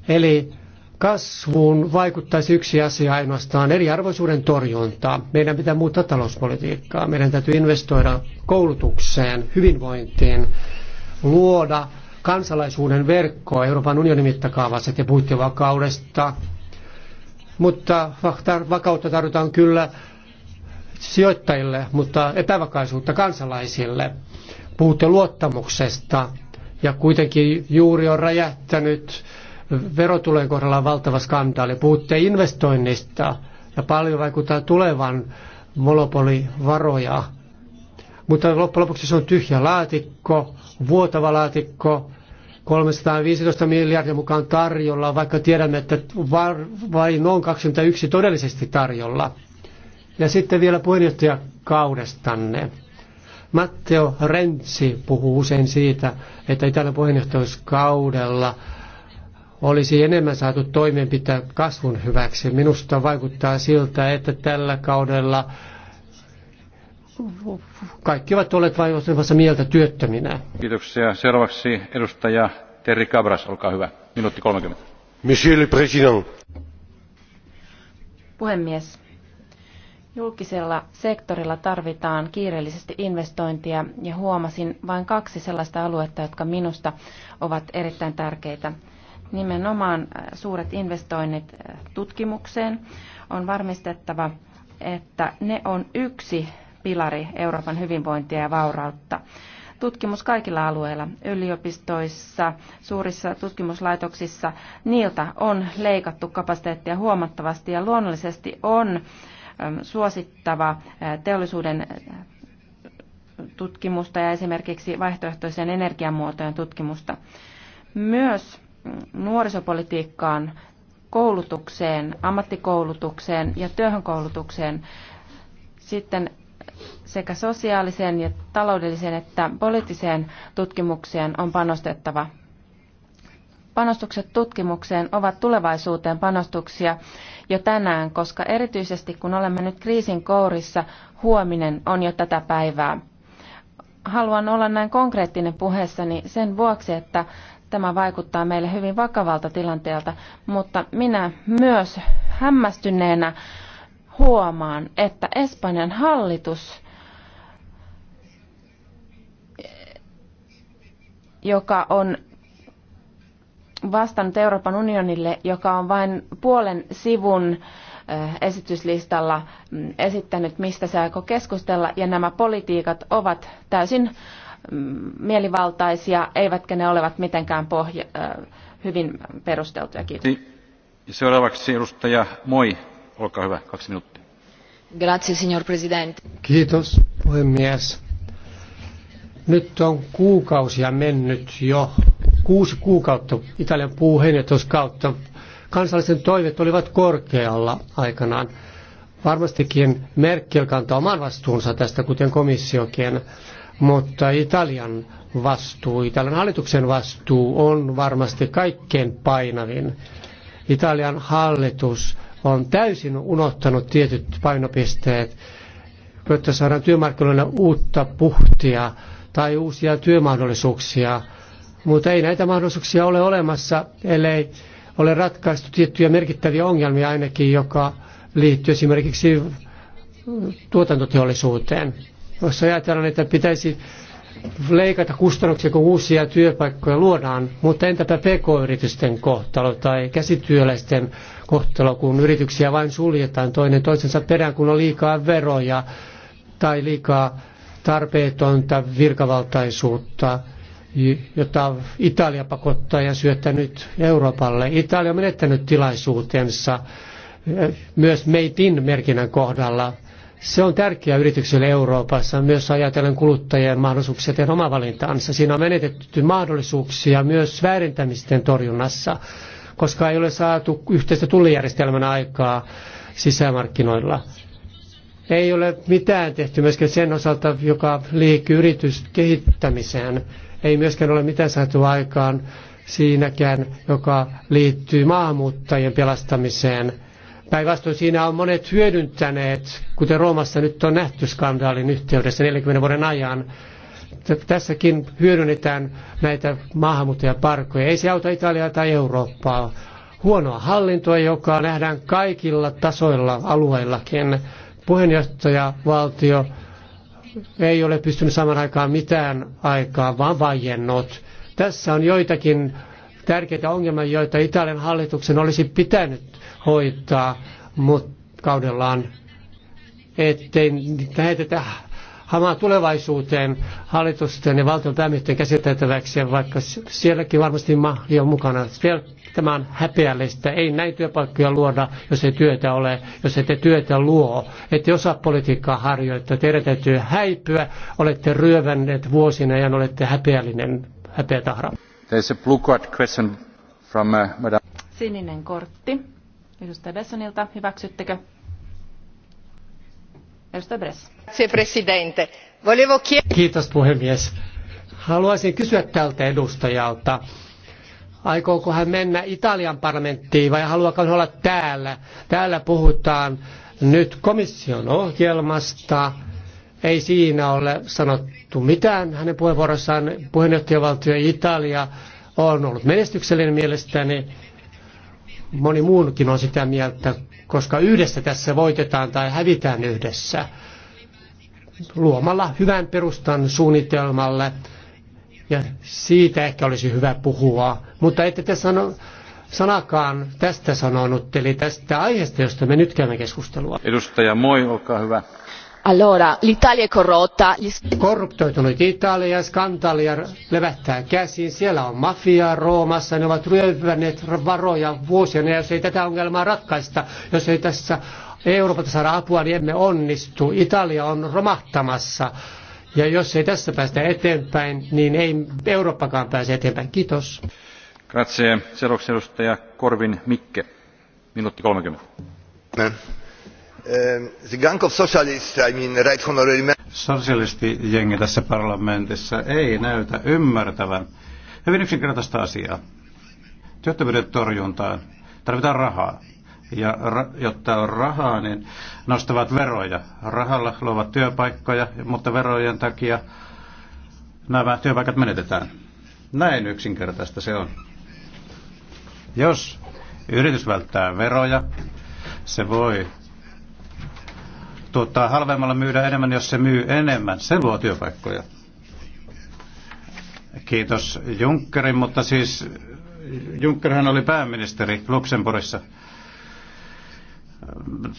Eli kasvuun vaikuttaisi yksi asia ainoastaan, eriarvoisuuden torjunta. Meidän pitää muuttaa talouspolitiikkaa. Meidän täytyy investoida koulutukseen, hyvinvointiin, luoda kansalaisuuden verkkoa Euroopan unionin mittakaavassa ja puhuitte vakaudesta. Mutta vakautta tarvitaan kyllä sijoittajille, mutta epävakaisuutta kansalaisille. Puhutte luottamuksesta ja kuitenkin juuri on räjähtänyt verotulojen kohdalla on valtava skandaali. Puhutte investoinnista ja paljon vaikuttaa tulevan monopolivaroja. Mutta loppujen lopuksi se on tyhjä laatikko, vuotava laatikko, 315 miljardia mukaan tarjolla, vaikka tiedämme, että var vain noin 21 todellisesti tarjolla. Ja sitten vielä kaudestanne. Matteo Rentsi puhuu usein siitä, että Italian puheenjohtajuuskaudella olisi enemmän saatu toimenpitää kasvun hyväksi. Minusta vaikuttaa siltä, että tällä kaudella kaikki ovat olleet vaikuttamassa mieltä työttöminä. Kiitoksia. Seuraavaksi edustaja Terri Cabras, olkaa hyvä. Minuutti 30. Monsieur le Président. Puhemies. Julkisella sektorilla tarvitaan kiireellisesti investointia ja huomasin vain kaksi sellaista aluetta, jotka minusta ovat erittäin tärkeitä nimenomaan äh, suuret investoinnit äh, tutkimukseen, on varmistettava, että ne on yksi pilari Euroopan hyvinvointia ja vaurautta. Tutkimus kaikilla alueilla, yliopistoissa, suurissa tutkimuslaitoksissa, niiltä on leikattu kapasiteettia huomattavasti ja luonnollisesti on suosittava teollisuuden tutkimusta ja esimerkiksi vaihtoehtoisen energiamuotojen tutkimusta. Myös nuorisopolitiikkaan, koulutukseen, ammattikoulutukseen ja työhönkoulutukseen, sitten sekä sosiaaliseen ja taloudelliseen että poliittiseen tutkimukseen on panostettava. Panostukset tutkimukseen ovat tulevaisuuteen panostuksia jo tänään, koska erityisesti kun olemme nyt kriisin kourissa, huominen on jo tätä päivää. Haluan olla näin konkreettinen puheessani sen vuoksi, että Tämä vaikuttaa meille hyvin vakavalta tilanteelta, mutta minä myös hämmästyneenä huomaan, että Espanjan hallitus, joka on vastannut Euroopan unionille, joka on vain puolen sivun eh, esityslistalla mm, esittänyt, mistä se aikoo keskustella, ja nämä politiikat ovat täysin mielivaltaisia, eivätkä ne olevat mitenkään pohja, hyvin perusteltuja. Kiitos. Niin. Seuraavaksi edustaja Moi, olkaa hyvä, kaksi minuuttia. Grazie, signor Presidente. Kiitos, puhemies. Nyt on kuukausia mennyt jo, kuusi kuukautta Italian puheenjohtajuuskautta. Kansallisen toiveet olivat korkealla aikanaan. Varmastikin Merkel kantaa oman vastuunsa tästä, kuten komissiokin. Mutta Italian vastuu, Italian hallituksen vastuu on varmasti kaikkein painavin. Italian hallitus on täysin unohtanut tietyt painopisteet, jotta saadaan työmarkkinoille uutta puhtia tai uusia työmahdollisuuksia. Mutta ei näitä mahdollisuuksia ole olemassa, ellei ole ratkaistu tiettyjä merkittäviä ongelmia ainakin, joka liittyy esimerkiksi tuotantoteollisuuteen. Jos ajatellaan, että pitäisi leikata kustannuksia, kun uusia työpaikkoja luodaan, mutta entäpä pk-yritysten kohtalo tai käsityöläisten kohtalo, kun yrityksiä vain suljetaan toinen toisensa perään, kun on liikaa veroja tai liikaa tarpeetonta virkavaltaisuutta, jota Italia pakottaa ja syöttää nyt Euroopalle. Italia on menettänyt tilaisuutensa myös meitin merkinnän kohdalla se on tärkeää yrityksille Euroopassa, myös ajatellen kuluttajien mahdollisuuksia tehdä oma valintaansa. Siinä on menetetty mahdollisuuksia myös väärintämisten torjunnassa, koska ei ole saatu yhteistä tullijärjestelmän aikaa sisämarkkinoilla. Ei ole mitään tehty myöskään sen osalta, joka liikkyy yrityskehittämiseen. Ei myöskään ole mitään saatu aikaan siinäkään, joka liittyy maahanmuuttajien pelastamiseen – Päinvastoin siinä on monet hyödyntäneet, kuten Roomassa nyt on nähty skandaalin yhteydessä 40 vuoden ajan. Tässäkin hyödynnetään näitä maahanmuuttajaparkkoja. Ei se auta Italiaa tai Eurooppaa. Huonoa hallintoa, joka nähdään kaikilla tasoilla alueillakin. Puheenjohtajavaltio ei ole pystynyt saman aikaan mitään aikaa, vaan vajennut. Tässä on joitakin tärkeitä ongelmia, joita Italian hallituksen olisi pitänyt hoitaa mut, kaudellaan, ettei lähetetä hamaa tulevaisuuteen hallitusten ja valtion päämiesten käsiteltäväksi, vaikka sielläkin varmasti mahli on mukana. Tämä on häpeällistä. Ei näin työpaikkoja luoda, jos ei työtä ole, jos ette työtä luo. Ette osaa politiikkaa harjoittaa. Teidän täytyy häipyä. Olette ryövänneet vuosina ja olette häpeällinen häpeätahra. There's a blue card question from, uh, Sininen kortti Edustaja Bessonilta, hyväksyttekö? Edustaja Bress. Kiitos puhemies. Haluaisin kysyä tältä edustajalta, aikooko hän mennä Italian parlamenttiin vai haluaako hän olla täällä? Täällä puhutaan nyt komission ohjelmasta. Ei siinä ole sanottu mitään hänen puheenvuorossaan. Puheenjohtajavaltio Italia on ollut menestyksellinen mielestäni moni muunkin on sitä mieltä, koska yhdessä tässä voitetaan tai hävitään yhdessä luomalla hyvän perustan suunnitelmalle. Ja siitä ehkä olisi hyvä puhua. Mutta ette te sano, sanakaan tästä sanonut, eli tästä aiheesta, josta me nyt käymme keskustelua. Edustaja Moi, olkaa hyvä. Allora, l'Italia è corrotta. Gli... Korruptoitunut Italia, skandaalia levättää käsiin. Siellä on mafia Roomassa, ne ovat ryöpänneet varoja vuosina. Jos ei tätä ongelmaa ratkaista, jos ei tässä Euroopassa saada apua, niin emme onnistu. Italia on romahtamassa. Ja jos ei tässä päästä eteenpäin, niin ei Eurooppakaan pääse eteenpäin. Kiitos. Grazie. Seuraavaksi edustaja Korvin Mikke. Minuutti 30. Näin. Ehm, Sosialistijengi tässä parlamentissa ei näytä ymmärtävän hyvin yksinkertaista asiaa. Työttömyyden torjuntaan tarvitaan rahaa. Ja ra- jotta on rahaa, niin nostavat veroja. Rahalla luovat työpaikkoja, mutta verojen takia nämä työpaikat menetetään. Näin yksinkertaista se on. Jos yritys välttää veroja, se voi tuottaa halvemmalla myydä enemmän, jos se myy enemmän. Se luo työpaikkoja. Kiitos Junckerin, mutta siis Junckerhän oli pääministeri Luxemburgissa.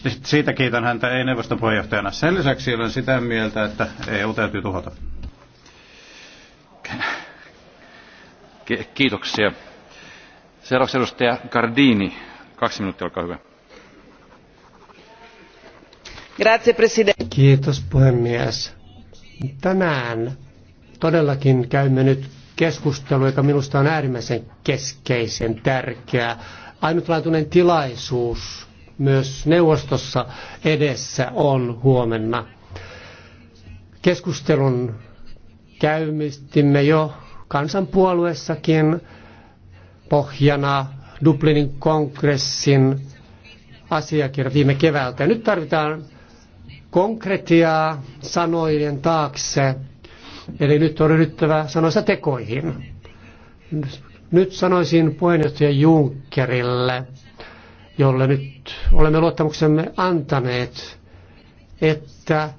Siitä kiitän häntä, ei neuvoston puheenjohtajana. Sen lisäksi olen sitä mieltä, että EU täytyy tuhota. Kiitoksia. Seuraavaksi edustaja Gardini. Kaksi minuuttia, olkaa hyvä Kiitos puhemies. Tänään todellakin käymme nyt keskustelua, joka minusta on äärimmäisen keskeisen tärkeä. Ainutlaatuinen tilaisuus myös neuvostossa edessä on huomenna. Keskustelun käymistimme jo kansanpuolueessakin pohjana Dublinin kongressin asiakirja viime keväältä. Nyt tarvitaan konkretiaa sanoilien taakse. Eli nyt on ryhdyttävä sanoissa tekoihin. Nyt sanoisin puheenjohtaja Junckerille, jolle nyt olemme luottamuksemme antaneet, että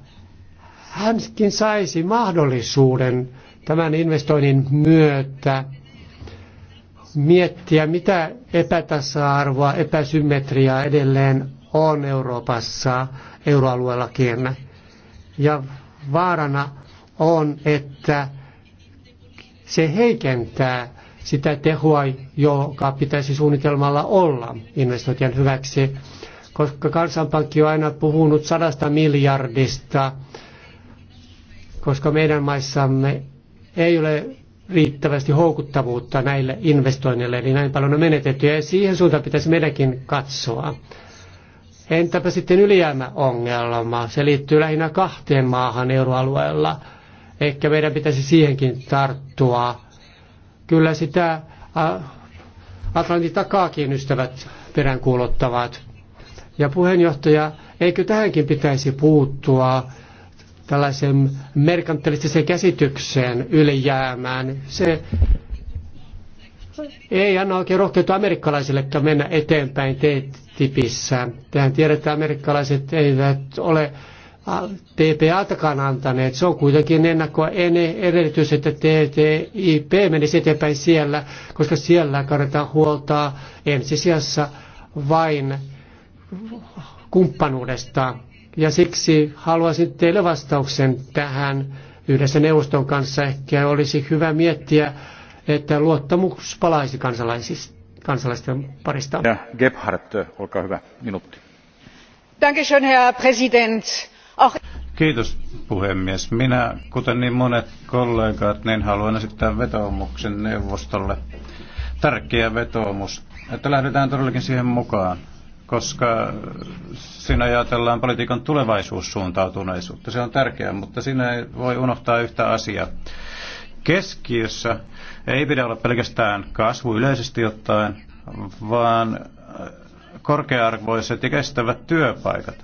hänkin saisi mahdollisuuden tämän investoinnin myötä miettiä, mitä epätasa-arvoa, epäsymmetriaa edelleen on Euroopassa, euroalueellakin. Ja vaarana on, että se heikentää sitä tehoa, joka pitäisi suunnitelmalla olla investointien hyväksi, koska kansanpankki on aina puhunut sadasta miljardista, koska meidän maissamme ei ole riittävästi houkuttavuutta näille investoinneille, eli niin näin paljon on menetetty, ja siihen suuntaan pitäisi meidänkin katsoa. Entäpä sitten ylijäämäongelma? Se liittyy lähinnä kahteen maahan euroalueella. Ehkä meidän pitäisi siihenkin tarttua. Kyllä sitä Atlantin takaakin ystävät peräänkuuluttavat. Ja puheenjohtaja, eikö tähänkin pitäisi puuttua tällaisen merkantilistisen käsitykseen ylijäämään? Se ei anna oikein rohkeutta amerikkalaisillekaan mennä eteenpäin TTIPissä. Tähän tiedetään, että amerikkalaiset eivät ole TPA-takaan antaneet. Se on kuitenkin ennakkoa edellytys, että TTIP menisi eteenpäin siellä, koska siellä kannetaan huolta ensisijassa vain kumppanuudesta. Ja siksi haluaisin teille vastauksen tähän yhdessä neuvoston kanssa. Ehkä olisi hyvä miettiä, että luottamus palaisi kansalaisten parista. Ja Gebhardt, olkaa hyvä, minuutti. Dankeschön, Herr Präsident. Auch... Kiitos puhemies. Minä, kuten niin monet kollegat, niin haluan esittää vetoomuksen neuvostolle. Tärkeä vetoomus, että lähdetään todellakin siihen mukaan, koska siinä ajatellaan politiikan tulevaisuussuuntautuneisuutta. Se on tärkeää, mutta siinä ei voi unohtaa yhtä asiaa keskiössä ei pidä olla pelkästään kasvu yleisesti ottaen, vaan korkea-arvoiset ja kestävät työpaikat.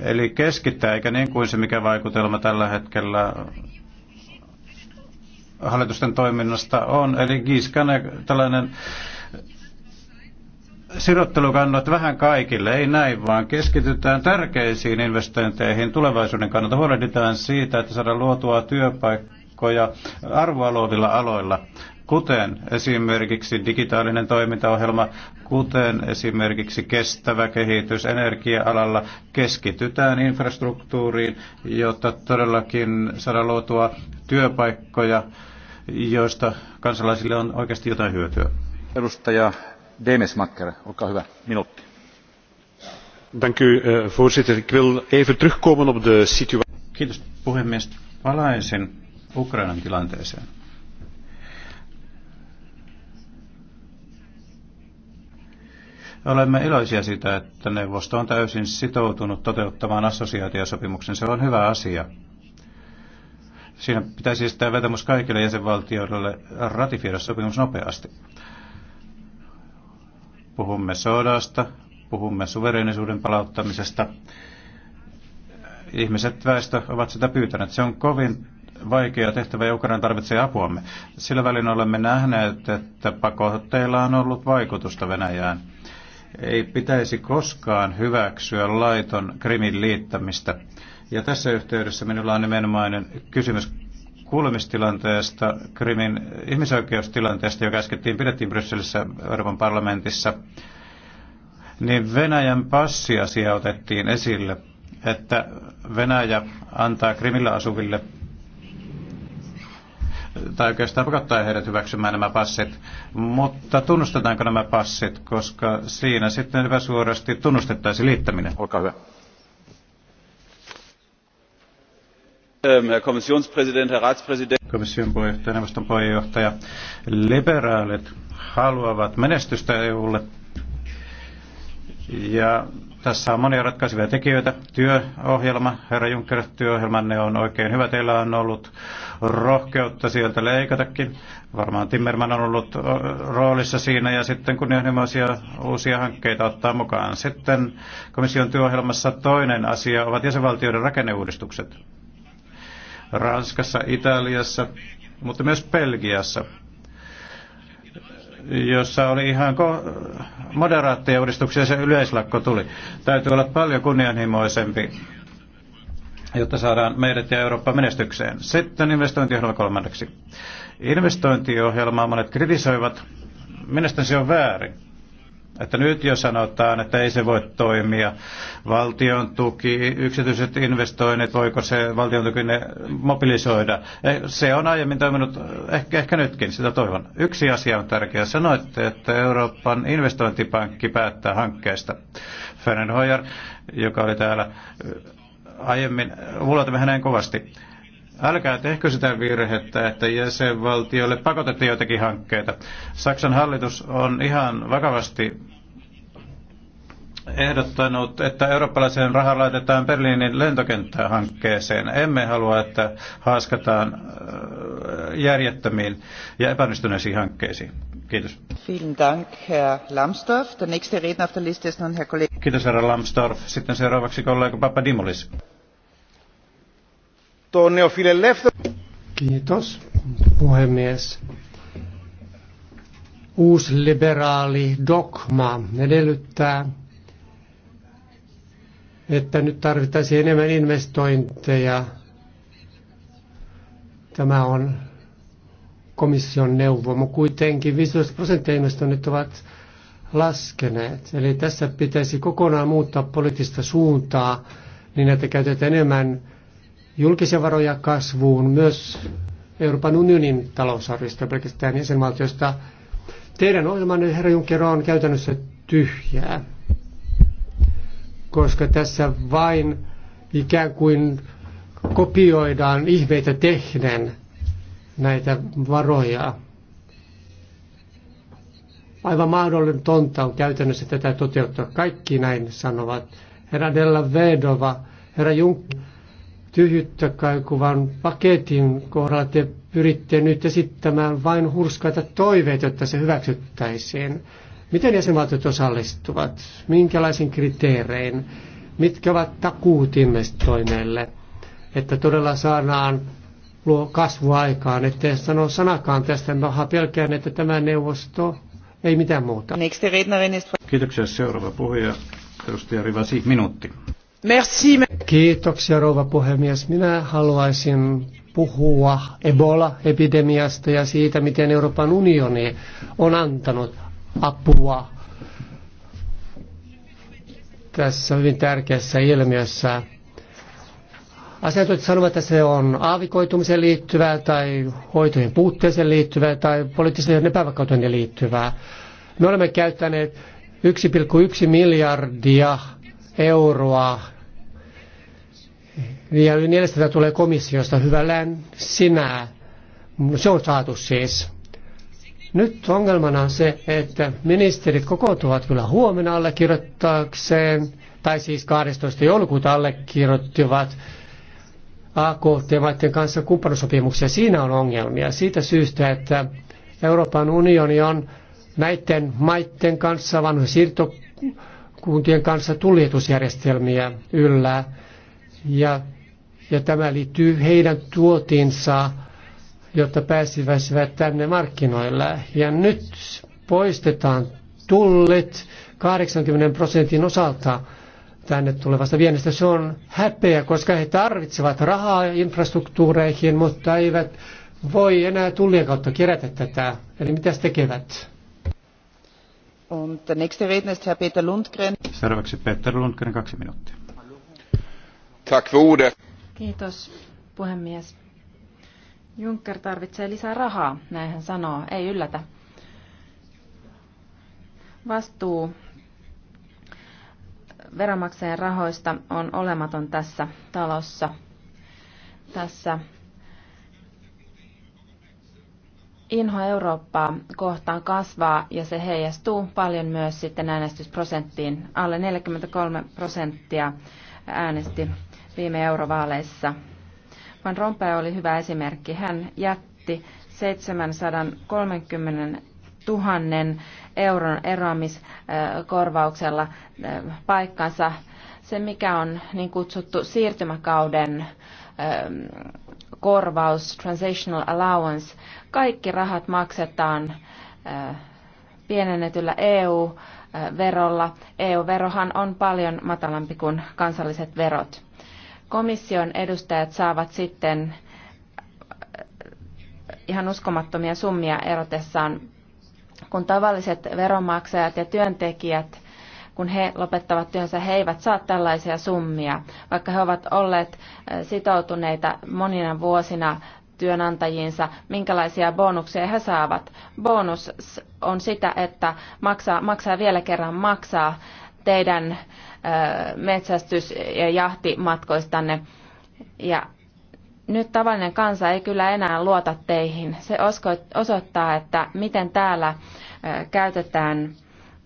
Eli keskittää, eikä niin kuin se mikä vaikutelma tällä hetkellä hallitusten toiminnasta on. Eli Giskanen, tällainen sirottelukannat vähän kaikille, ei näin, vaan keskitytään tärkeisiin investointeihin tulevaisuuden kannalta. Huolehditaan siitä, että saadaan luotua työpaikkoja arvoa luovilla aloilla, kuten esimerkiksi digitaalinen toimintaohjelma, kuten esimerkiksi kestävä kehitys energia-alalla. Keskitytään infrastruktuuriin, jotta todellakin saadaan luotua työpaikkoja, joista kansalaisille on oikeasti jotain hyötyä. Edustaja Eh, voorzitter ik wil even terugkomen op de situatie. palaisin ukrainan tilanteeseen. Olemme iloisia siitä, että neuvosto on täysin sitoutunut toteuttamaan assosiaatiosopimuksen. Se on hyvä asia. Siinä pitäisi estää vetämys kaikille jäsenvaltioille ratifioida sopimus nopeasti. Puhumme sodasta, puhumme suvereenisuuden palauttamisesta. Ihmiset, väestö ovat sitä pyytäneet. Se on kovin vaikea tehtävä ja Ukraina tarvitsee apuamme. Sillä välin olemme nähneet, että pakotteilla on ollut vaikutusta Venäjään. Ei pitäisi koskaan hyväksyä laiton krimin liittämistä. Ja tässä yhteydessä minulla on nimenomainen kysymys kuulemistilanteesta, Krimin ihmisoikeustilanteesta, joka äskettiin pidettiin Brysselissä Euroopan parlamentissa, niin Venäjän passiasia otettiin esille, että Venäjä antaa Krimillä asuville tai oikeastaan pakottaa heidät hyväksymään nämä passit. Mutta tunnustetaanko nämä passit, koska siinä sitten hyvä suorasti tunnustettaisiin liittäminen. Olkaa hyvä. Ähm, herr kommissionspräsident herr ratspräsident komission puheenjohtaja neuvoston puheenjohtaja liberaalit haluavat menestystä eulle ja tässä on monia ratkaisevia tekijöitä. Työohjelma, herra Juncker, työohjelmanne on oikein hyvä. Teillä on ollut rohkeutta sieltä leikatakin. Varmaan Timmerman on ollut roolissa siinä ja sitten kunnianhimoisia uusia hankkeita ottaa mukaan. Sitten komission työohjelmassa toinen asia ovat jäsenvaltioiden rakenneuudistukset. Ranskassa, Italiassa, mutta myös Belgiassa, jossa oli ihan ko- moderaatteja uudistuksia se yleislakko tuli. Täytyy olla paljon kunnianhimoisempi, jotta saadaan meidät ja Eurooppa menestykseen. Sitten investointiohjelma kolmanneksi. Investointiohjelmaa monet kritisoivat. Mielestäni se on väärin että nyt jo sanotaan, että ei se voi toimia. Valtion tuki, yksityiset investoinnit, voiko se valtion tuki ne mobilisoida? E, se on aiemmin toiminut, ehkä, ehkä nytkin, sitä toivon. Yksi asia on tärkeä. Sanoitte, että Euroopan investointipankki päättää hankkeesta. Fernand Hoyer, joka oli täällä aiemmin, luotamme häneen kovasti Älkää tehkö sitä virhettä, että jäsenvaltioille pakotettiin joitakin hankkeita. Saksan hallitus on ihan vakavasti ehdottanut, että eurooppalaisen rahan laitetaan Berliinin lentokenttään hankkeeseen. Emme halua, että haaskataan äh, järjettömiin ja epäonnistuneisiin hankkeisiin. Kiitos. Vielen Dank, Herr Lambsdorff. Der nächste Herr Kiitos, Herra Lambsdorff. Sitten seuraavaksi kollega Papadimolis. Tuon neofileleftä. Kiitos, puhemies. Uusliberaali dogma edellyttää, että nyt tarvittaisiin enemmän investointeja. Tämä on komission mutta Kuitenkin 15 prosenttia investoinnit ovat laskeneet. Eli tässä pitäisi kokonaan muuttaa poliittista suuntaa niin, että käytetään enemmän julkisia varoja kasvuun myös Euroopan unionin talousarvista pelkästään jäsenvaltioista. Teidän ohjelmanne, herra Juncker, on käytännössä tyhjää, koska tässä vain ikään kuin kopioidaan ihmeitä tehden näitä varoja. Aivan mahdollinen tonta on käytännössä tätä toteuttaa. Kaikki näin sanovat. Herra Della Vedova, herra Juncker, tyhjyttä kaikuvan paketin kohdalla te pyritte nyt esittämään vain hurskaita toiveita, jotta se hyväksyttäisiin. Miten jäsenvaltiot osallistuvat? Minkälaisin kriteerein? Mitkä ovat takuut investoinneille? Että todella saadaan luo kasvuaikaan, ettei sano sanakaan tästä. Mä pelkään, että tämä neuvosto ei mitään muuta. Kiitoksia. Seuraava puhuja, edustaja Rivasi, minuutti. Merci. Kiitoksia rouva puhemies. Minä haluaisin puhua Ebola-epidemiasta ja siitä, miten Euroopan unioni on antanut apua tässä hyvin tärkeässä ilmiössä. Asiantuntijat sanovat, että se on aavikoitumiseen liittyvää tai hoitojen puutteeseen liittyvää tai poliittiseen epävakauteen liittyvää. Me olemme käyttäneet 1,1 miljardia euroa. Ja yli 400 tulee komissiosta hyvällään sinä. Se on saatu siis. Nyt ongelmana on se, että ministerit kokoontuvat kyllä huomenna allekirjoittaakseen, tai siis 12. joulukuuta allekirjoittivat AKT-maiden kanssa kumppanusopimuksia. Siinä on ongelmia siitä syystä, että Euroopan unioni on näiden maiden kanssa vanhoja siirto kuntien kanssa tuljetusjärjestelmiä yllä. Ja, ja tämä liittyy heidän tuotinsa, jotta pääsivät tänne markkinoille. Ja nyt poistetaan tullit 80 prosentin osalta tänne tulevasta viennistä. Se on häpeä, koska he tarvitsevat rahaa infrastruktuureihin, mutta eivät voi enää tullien kautta kerätä tätä. Eli mitä tekevät? Seuraavaksi Peter Lundgren, kaksi minuuttia. Tack Kiitos, puhemies. Juncker tarvitsee lisää rahaa, näin hän sanoo. Ei yllätä. Vastuu veronmaksajien rahoista on olematon tässä talossa. Tässä inho Eurooppaa kohtaan kasvaa ja se heijastuu paljon myös sitten äänestysprosenttiin. Alle 43 prosenttia äänesti viime eurovaaleissa. Van Rompuy oli hyvä esimerkki. Hän jätti 730 000 euron eroamiskorvauksella äh, paikkansa. Se, mikä on niin kutsuttu siirtymäkauden ähm, korvaus, transitional allowance, kaikki rahat maksetaan äh, pienennetyllä EU-verolla. EU-verohan on paljon matalampi kuin kansalliset verot. Komission edustajat saavat sitten äh, ihan uskomattomia summia erotessaan, kun tavalliset veronmaksajat ja työntekijät kun he lopettavat työnsä, he eivät saa tällaisia summia, vaikka he ovat olleet äh, sitoutuneita monina vuosina työnantajiinsa, minkälaisia bonuksia he saavat. Bonus on sitä, että maksaa, maksaa vielä kerran maksaa teidän äh, metsästys- ja jahtimatkoistanne. Ja nyt tavallinen kansa ei kyllä enää luota teihin. Se osoittaa, että miten täällä äh, käytetään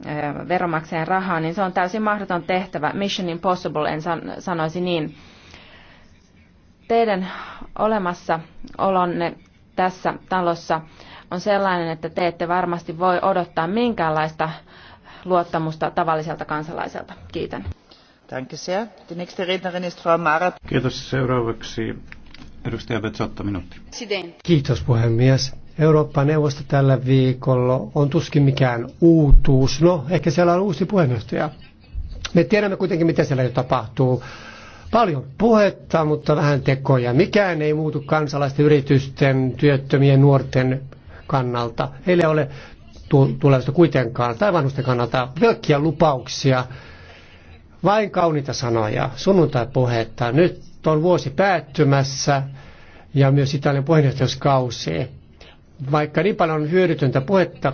Eh, veronmaksajan rahaa, niin se on täysin mahdoton tehtävä. Mission impossible, en sanoisi niin. Teidän olemassaolonne tässä talossa on sellainen, että te ette varmasti voi odottaa minkäänlaista luottamusta tavalliselta kansalaiselta. Kiitän. Kiitos. Seuraavaksi edustaja Betsotta minuutti. Kiitos puhemies. Eurooppa-neuvosto tällä viikolla on tuskin mikään uutuus. No, ehkä siellä on uusi puheenjohtaja. Me tiedämme kuitenkin, mitä siellä jo tapahtuu. Paljon puhetta, mutta vähän tekoja. Mikään ei muutu kansalaisten, yritysten, työttömien, nuorten kannalta. Heillä ei ole tulevista kuitenkaan, tai vanhusten kannalta, pelkkiä lupauksia. Vain kauniita sanoja, sunnuntai-puhetta. Nyt on vuosi päättymässä ja myös Italian puheenjohtajuuskausi vaikka niin paljon hyödytöntä puhetta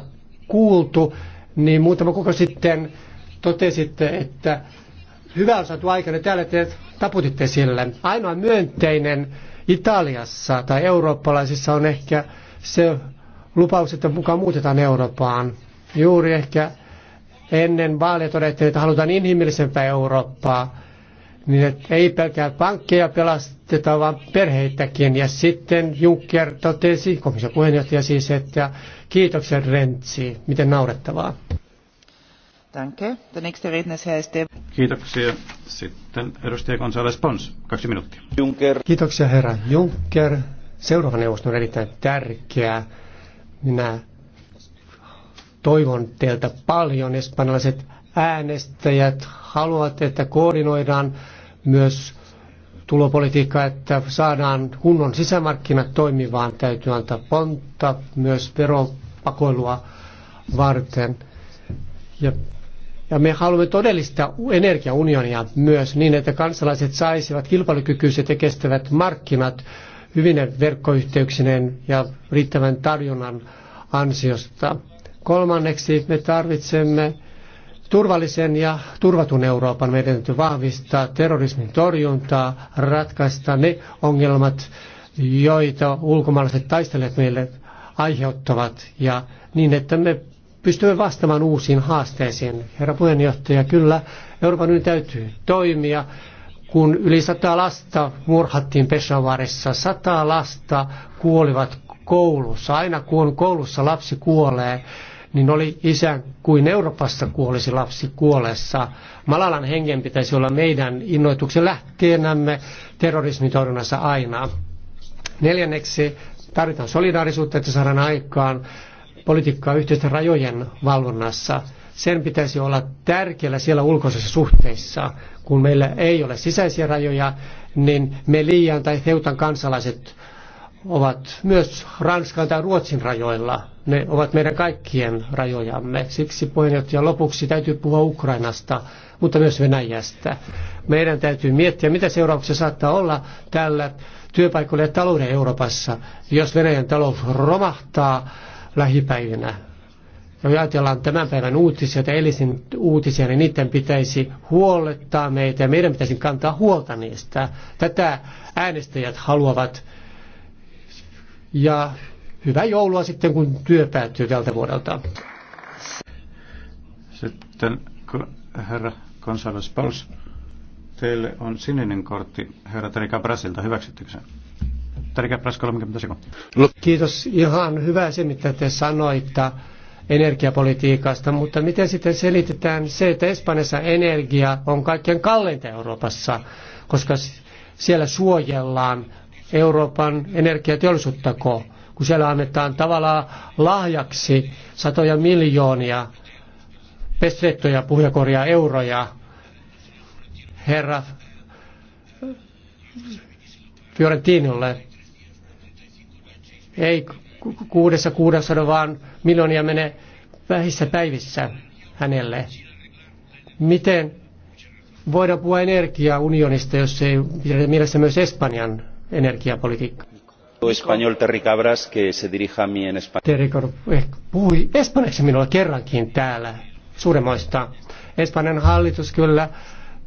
kuultu, niin muutama kuka sitten totesitte, että hyvä on saatu aikana, täällä te taputitte sille. Ainoa myönteinen Italiassa tai eurooppalaisissa on ehkä se lupaus, että mukaan muutetaan Eurooppaan. Juuri ehkä ennen vaaleja todettiin, että halutaan inhimillisempää Eurooppaa, niin että ei pelkää pankkeja pelastaa, Tätä vain perheitäkin. Ja sitten Juncker totesi, komission puheenjohtaja siis, että kiitoksen Rentsi, miten naurettavaa. Danke. Der nächste Redner ist Herr Kiitoksia. Sitten edustaja González Pons, kaksi minuuttia. Juncker. Kiitoksia herra Juncker. Seuraava neuvosto on erittäin tärkeä. Minä toivon teiltä paljon. Espanjalaiset äänestäjät haluavat, että koordinoidaan myös tulopolitiikka, että saadaan kunnon sisämarkkinat toimivaan, täytyy antaa pontta myös veropakoilua varten. Ja, ja me haluamme todellista energiaunionia myös niin, että kansalaiset saisivat kilpailukykyiset ja kestävät markkinat hyvinen verkkoyhteyksineen ja riittävän tarjonnan ansiosta. Kolmanneksi me tarvitsemme turvallisen ja turvatun Euroopan meidän täytyy vahvistaa terrorismin torjuntaa, ratkaista ne ongelmat, joita ulkomaalaiset taistelijat meille aiheuttavat ja niin, että me pystymme vastaamaan uusiin haasteisiin. Herra puheenjohtaja, kyllä Euroopan nyt täytyy toimia. Kun yli sata lasta murhattiin Peshawarissa, sata lasta kuolivat koulussa. Aina kun koulussa lapsi kuolee, niin oli isä kuin Euroopassa kuolisi lapsi kuolessa. Malalan hengen pitäisi olla meidän innoituksen lähteenämme terrorismitorjunnassa aina. Neljänneksi tarvitaan solidaarisuutta, että saadaan aikaan politiikkaa yhteisten rajojen valvonnassa. Sen pitäisi olla tärkeällä siellä ulkoisissa suhteissa. Kun meillä ei ole sisäisiä rajoja, niin me liian tai Teutan kansalaiset ovat myös Ranskan tai Ruotsin rajoilla. Ne ovat meidän kaikkien rajojamme. Siksi puheenjohtaja lopuksi täytyy puhua Ukrainasta, mutta myös Venäjästä. Meidän täytyy miettiä, mitä seurauksia saattaa olla tällä työpaikoille ja talouden Euroopassa, jos Venäjän talous romahtaa lähipäivinä. Ja me ajatellaan tämän päivän uutisia tai elisin uutisia, niin niiden pitäisi huolettaa meitä ja meidän pitäisi kantaa huolta niistä. Tätä äänestäjät haluavat ja hyvää joulua sitten, kun työ päättyy tältä vuodelta. Sitten herra Gonzalez Pauls, teille on sininen kortti herra Terika Brasilta. Hyväksyttekö sen? Terika Bras, 30 sekuntia. Kiitos. Ihan hyvä se, mitä te sanoitte energiapolitiikasta, mutta miten sitten selitetään se, että Espanjassa energia on kaikkein kalleinta Euroopassa, koska siellä suojellaan Euroopan energiateollisuuttako, kun siellä annetaan tavallaan lahjaksi satoja miljoonia pestrettoja puhjakoria euroja. Herra Fiorentinolle ei kuudessa kuudessa, vaan miljoonia mene vähissä päivissä hänelle. Miten voidaan puhua energiaunionista, jos ei pidetä mielessä myös Espanjan energiapolitiikkaa. Espanjol Terry Cabras, que se dirija mi en España. Terry eh, puhui espanjaksi minulla kerrankin täällä suuremmoista. Espanjan hallitus kyllä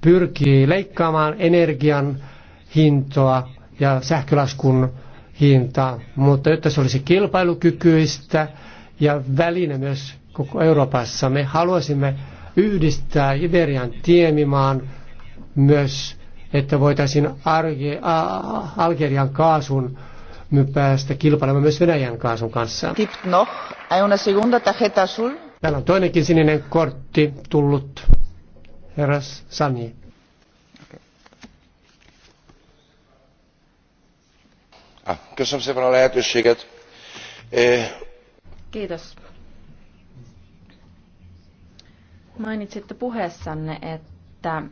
pyrkii leikkaamaan energian hintoa ja sähkölaskun hintaa, mutta jotta se olisi kilpailukykyistä ja väline myös koko Euroopassa, me haluaisimme yhdistää Iberian tiemimaan myös että voitaisiin Algerian kaasun päästä kilpailemaan myös Venäjän kaasun kanssa. No, Täällä on toinenkin sininen kortti tullut, herras Sani. Ah, köszönöm eh, Kiitos. Mainitsitte puheessanne, että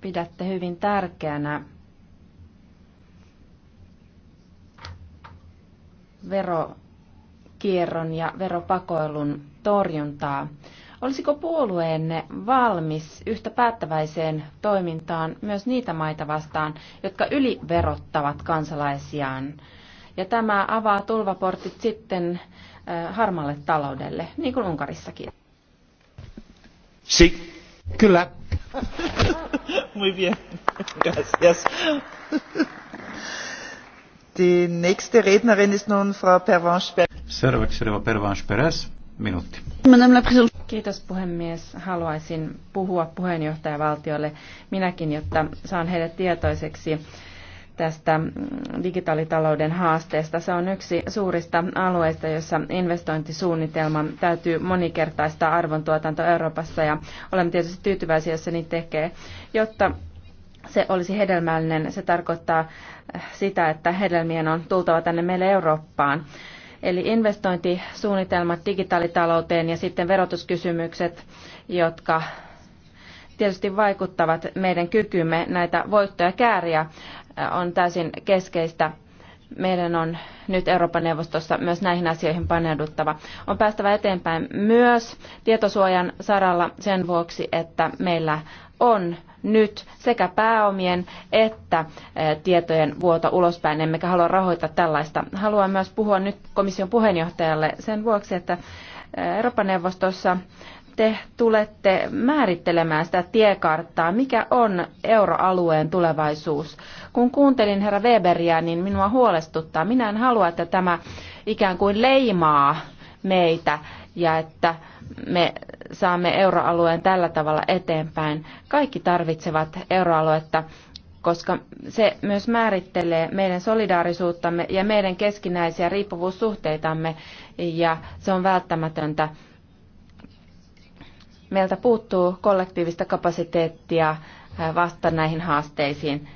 pidätte hyvin tärkeänä verokierron ja veropakoilun torjuntaa. Olisiko puolueenne valmis yhtä päättäväiseen toimintaan myös niitä maita vastaan, jotka yliverottavat kansalaisiaan? Ja tämä avaa tulvaportit sitten äh, harmalle taloudelle, niin kuin Unkarissakin. Si. Kyllä. Muy bien. Gracias. Die nächste Rednerin ist nun Frau Pervenche Perez, minuutti. Kiitos puhemies. Haluaisin puhua puheenjohtajavaltiolle minäkin, jotta saan heidät tietoiseksi tästä mm, digitaalitalouden haasteesta. Se on yksi suurista alueista, jossa investointisuunnitelma täytyy monikertaistaa arvontuotanto Euroopassa ja olemme tietysti tyytyväisiä, jos se niin tekee, jotta se olisi hedelmällinen. Se tarkoittaa äh, sitä, että hedelmien on tultava tänne meille Eurooppaan. Eli investointisuunnitelmat digitaalitalouteen ja sitten verotuskysymykset, jotka tietysti vaikuttavat meidän kykymme näitä voittoja kääriä, on täysin keskeistä. Meidän on nyt Euroopan neuvostossa myös näihin asioihin paneuduttava. On päästävä eteenpäin myös tietosuojan saralla sen vuoksi, että meillä on nyt sekä pääomien että eh, tietojen vuoto ulospäin, emmekä halua rahoittaa tällaista. Haluan myös puhua nyt komission puheenjohtajalle sen vuoksi, että eh, Euroopan neuvostossa te tulette määrittelemään sitä tiekarttaa, mikä on euroalueen tulevaisuus. Kun kuuntelin herra Weberiä, niin minua huolestuttaa. Minä en halua, että tämä ikään kuin leimaa meitä ja että me saamme euroalueen tällä tavalla eteenpäin. Kaikki tarvitsevat euroaluetta, koska se myös määrittelee meidän solidaarisuuttamme ja meidän keskinäisiä riippuvuussuhteitamme ja se on välttämätöntä. Meiltä puuttuu kollektiivista kapasiteettia vasta näihin haasteisiin.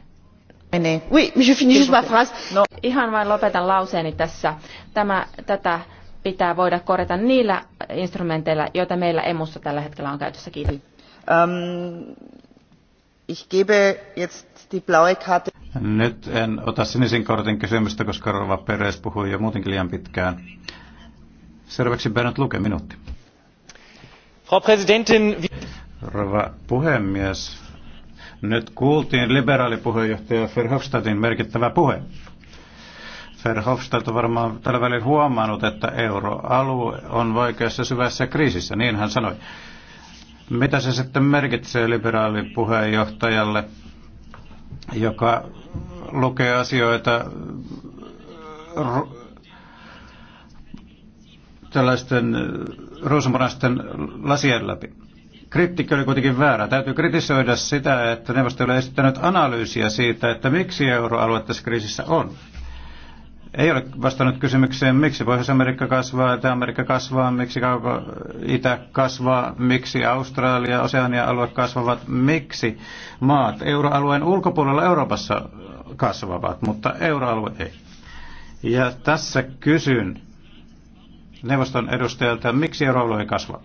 No. Ihan vain lopetan lauseeni tässä. Tämä, tätä pitää voida korjata niillä instrumenteilla, joita meillä emussa tällä hetkellä on käytössä. Kiitos. Um, ich gebe jetzt die blaue Karte. Nyt en ota sinisen kortin kysymystä, koska Rova Peres puhui jo muutenkin liian pitkään. Seuraavaksi Bernard Luke, minuutti. Frau Präsidentin. Rova puhemies, nyt kuultiin liberaalipuheenjohtaja Verhofstadtin merkittävä puhe. Verhofstadt on varmaan tällä välillä huomannut, että euroalue on vaikeassa syvässä kriisissä, niin hän sanoi. Mitä se sitten merkitsee liberaalipuheenjohtajalle, joka lukee asioita tällaisten ruusunpunaisten lasien läpi? Kritiikki oli kuitenkin väärä. Täytyy kritisoida sitä, että neuvosto ei ole esittänyt analyysiä siitä, että miksi euroalue tässä kriisissä on. Ei ole vastannut kysymykseen, miksi Pohjois-Amerikka kasvaa, että amerikka kasvaa, miksi Kauko-Itä kasvaa, miksi Australia, Oseania-alue kasvavat, miksi maat euroalueen ulkopuolella Euroopassa kasvavat, mutta euroalue ei. Ja tässä kysyn neuvoston edustajalta, miksi euroalue ei kasva.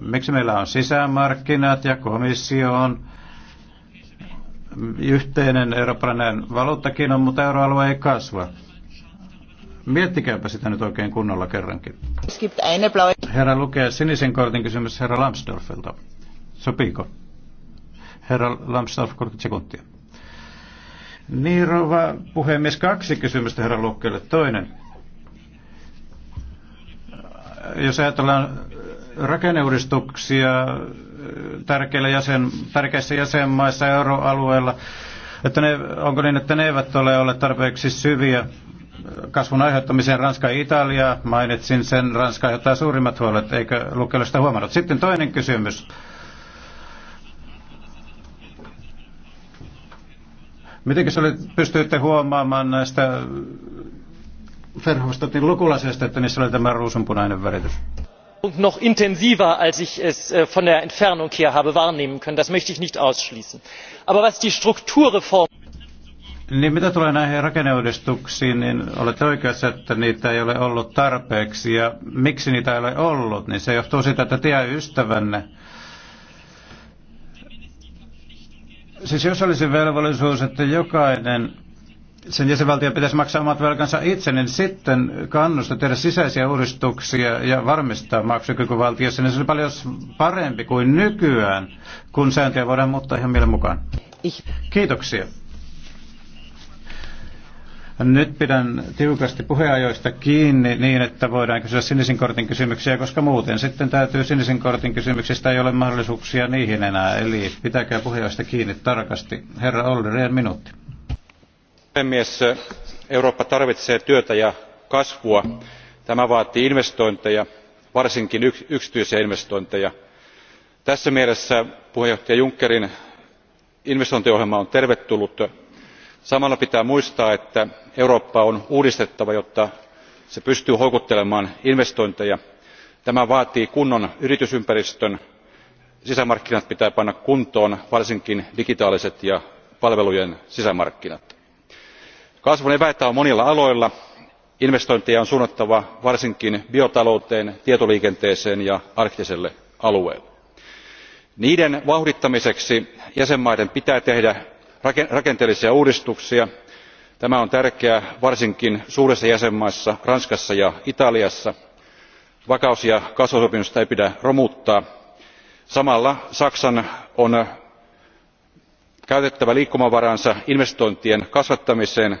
Miksi meillä on sisämarkkinat ja komissio on yhteinen eurooppalainen valuuttakin on, mutta euroalue ei kasva. Miettikääpä sitä nyt oikein kunnolla kerrankin. Herra lukee sinisen kortin kysymys herra Lambsdorffilta. Sopiiko? Herra Lambsdorff, 30 sekuntia. Niin, rouva puhemies, kaksi kysymystä herra Lukkeelle. Toinen. Jos ajatellaan rakenneuudistuksia äh, tärkeillä jäsen, tärkeissä jäsenmaissa euroalueella, että ne, onko niin, että ne eivät ole olleet tarpeeksi syviä kasvun aiheuttamiseen Ranska ja Italia, mainitsin sen, Ranska aiheuttaa suurimmat huolet, eikö lukelusta sitä huomannut. Sitten toinen kysymys. Miten se oli, pystyitte huomaamaan näistä Verhofstadtin lukulaseista, että niissä oli tämä ruusunpunainen väritys? noch intensiver als ich es äh, von der entfernung her habe wahrnehmen können das möchte ich nicht ausschließen. aber was die strukturreformen niin mitä tulee näihin rakenneuudistuksiin, niin olette oikeassa, että niitä ei ole ollut tarpeeksi. Ja miksi niitä ei ole ollut, niin se johtuu siitä, että tie ystävänne. Siis jos olisi velvollisuus, että jokainen sen jäsenvaltio pitäisi maksaa omat velkansa itse, niin sitten kannusta tehdä sisäisiä uudistuksia ja varmistaa maksukyky valtiossa, niin se on paljon parempi kuin nykyään, kun sääntöjä voidaan muuttaa ihan mielen mukaan. Kiitoksia. Nyt pidän tiukasti puheajoista kiinni niin, että voidaan kysyä sinisen kortin kysymyksiä, koska muuten sitten täytyy sinisen kortin kysymyksistä, ei ole mahdollisuuksia niihin enää. Eli pitäkää puheajoista kiinni tarkasti. Herra Olli, minuutti puhemies eurooppa tarvitsee työtä ja kasvua. tämä vaatii investointeja varsinkin yksityisiä investointeja. tässä mielessä puheenjohtaja junckerin investointiohjelma on tervetullut. samalla pitää muistaa että eurooppaa on uudistettava jotta se pystyy houkuttelemaan investointeja. tämä vaatii kunnon yritysympäristön sisämarkkinat pitää panna kuntoon varsinkin digitaaliset ja palvelujen sisämarkkinat kasvun eväitä on monilla aloilla. investointeja on suunnattava varsinkin biotalouteen tietoliikenteeseen ja arktiselle alueelle. niiden vauhdittamiseksi jäsenvaltioiden pitää tehdä rakenteellisia uudistuksia. tämä on tärkeää varsinkin suurissa jäsenvaltioissa ranskassa ja italiassa. vakaus ja kasvusopimusta ei pidä romuttaa. samalla saksan on käytettävä liikkumavaraansa investointien kasvattamiseen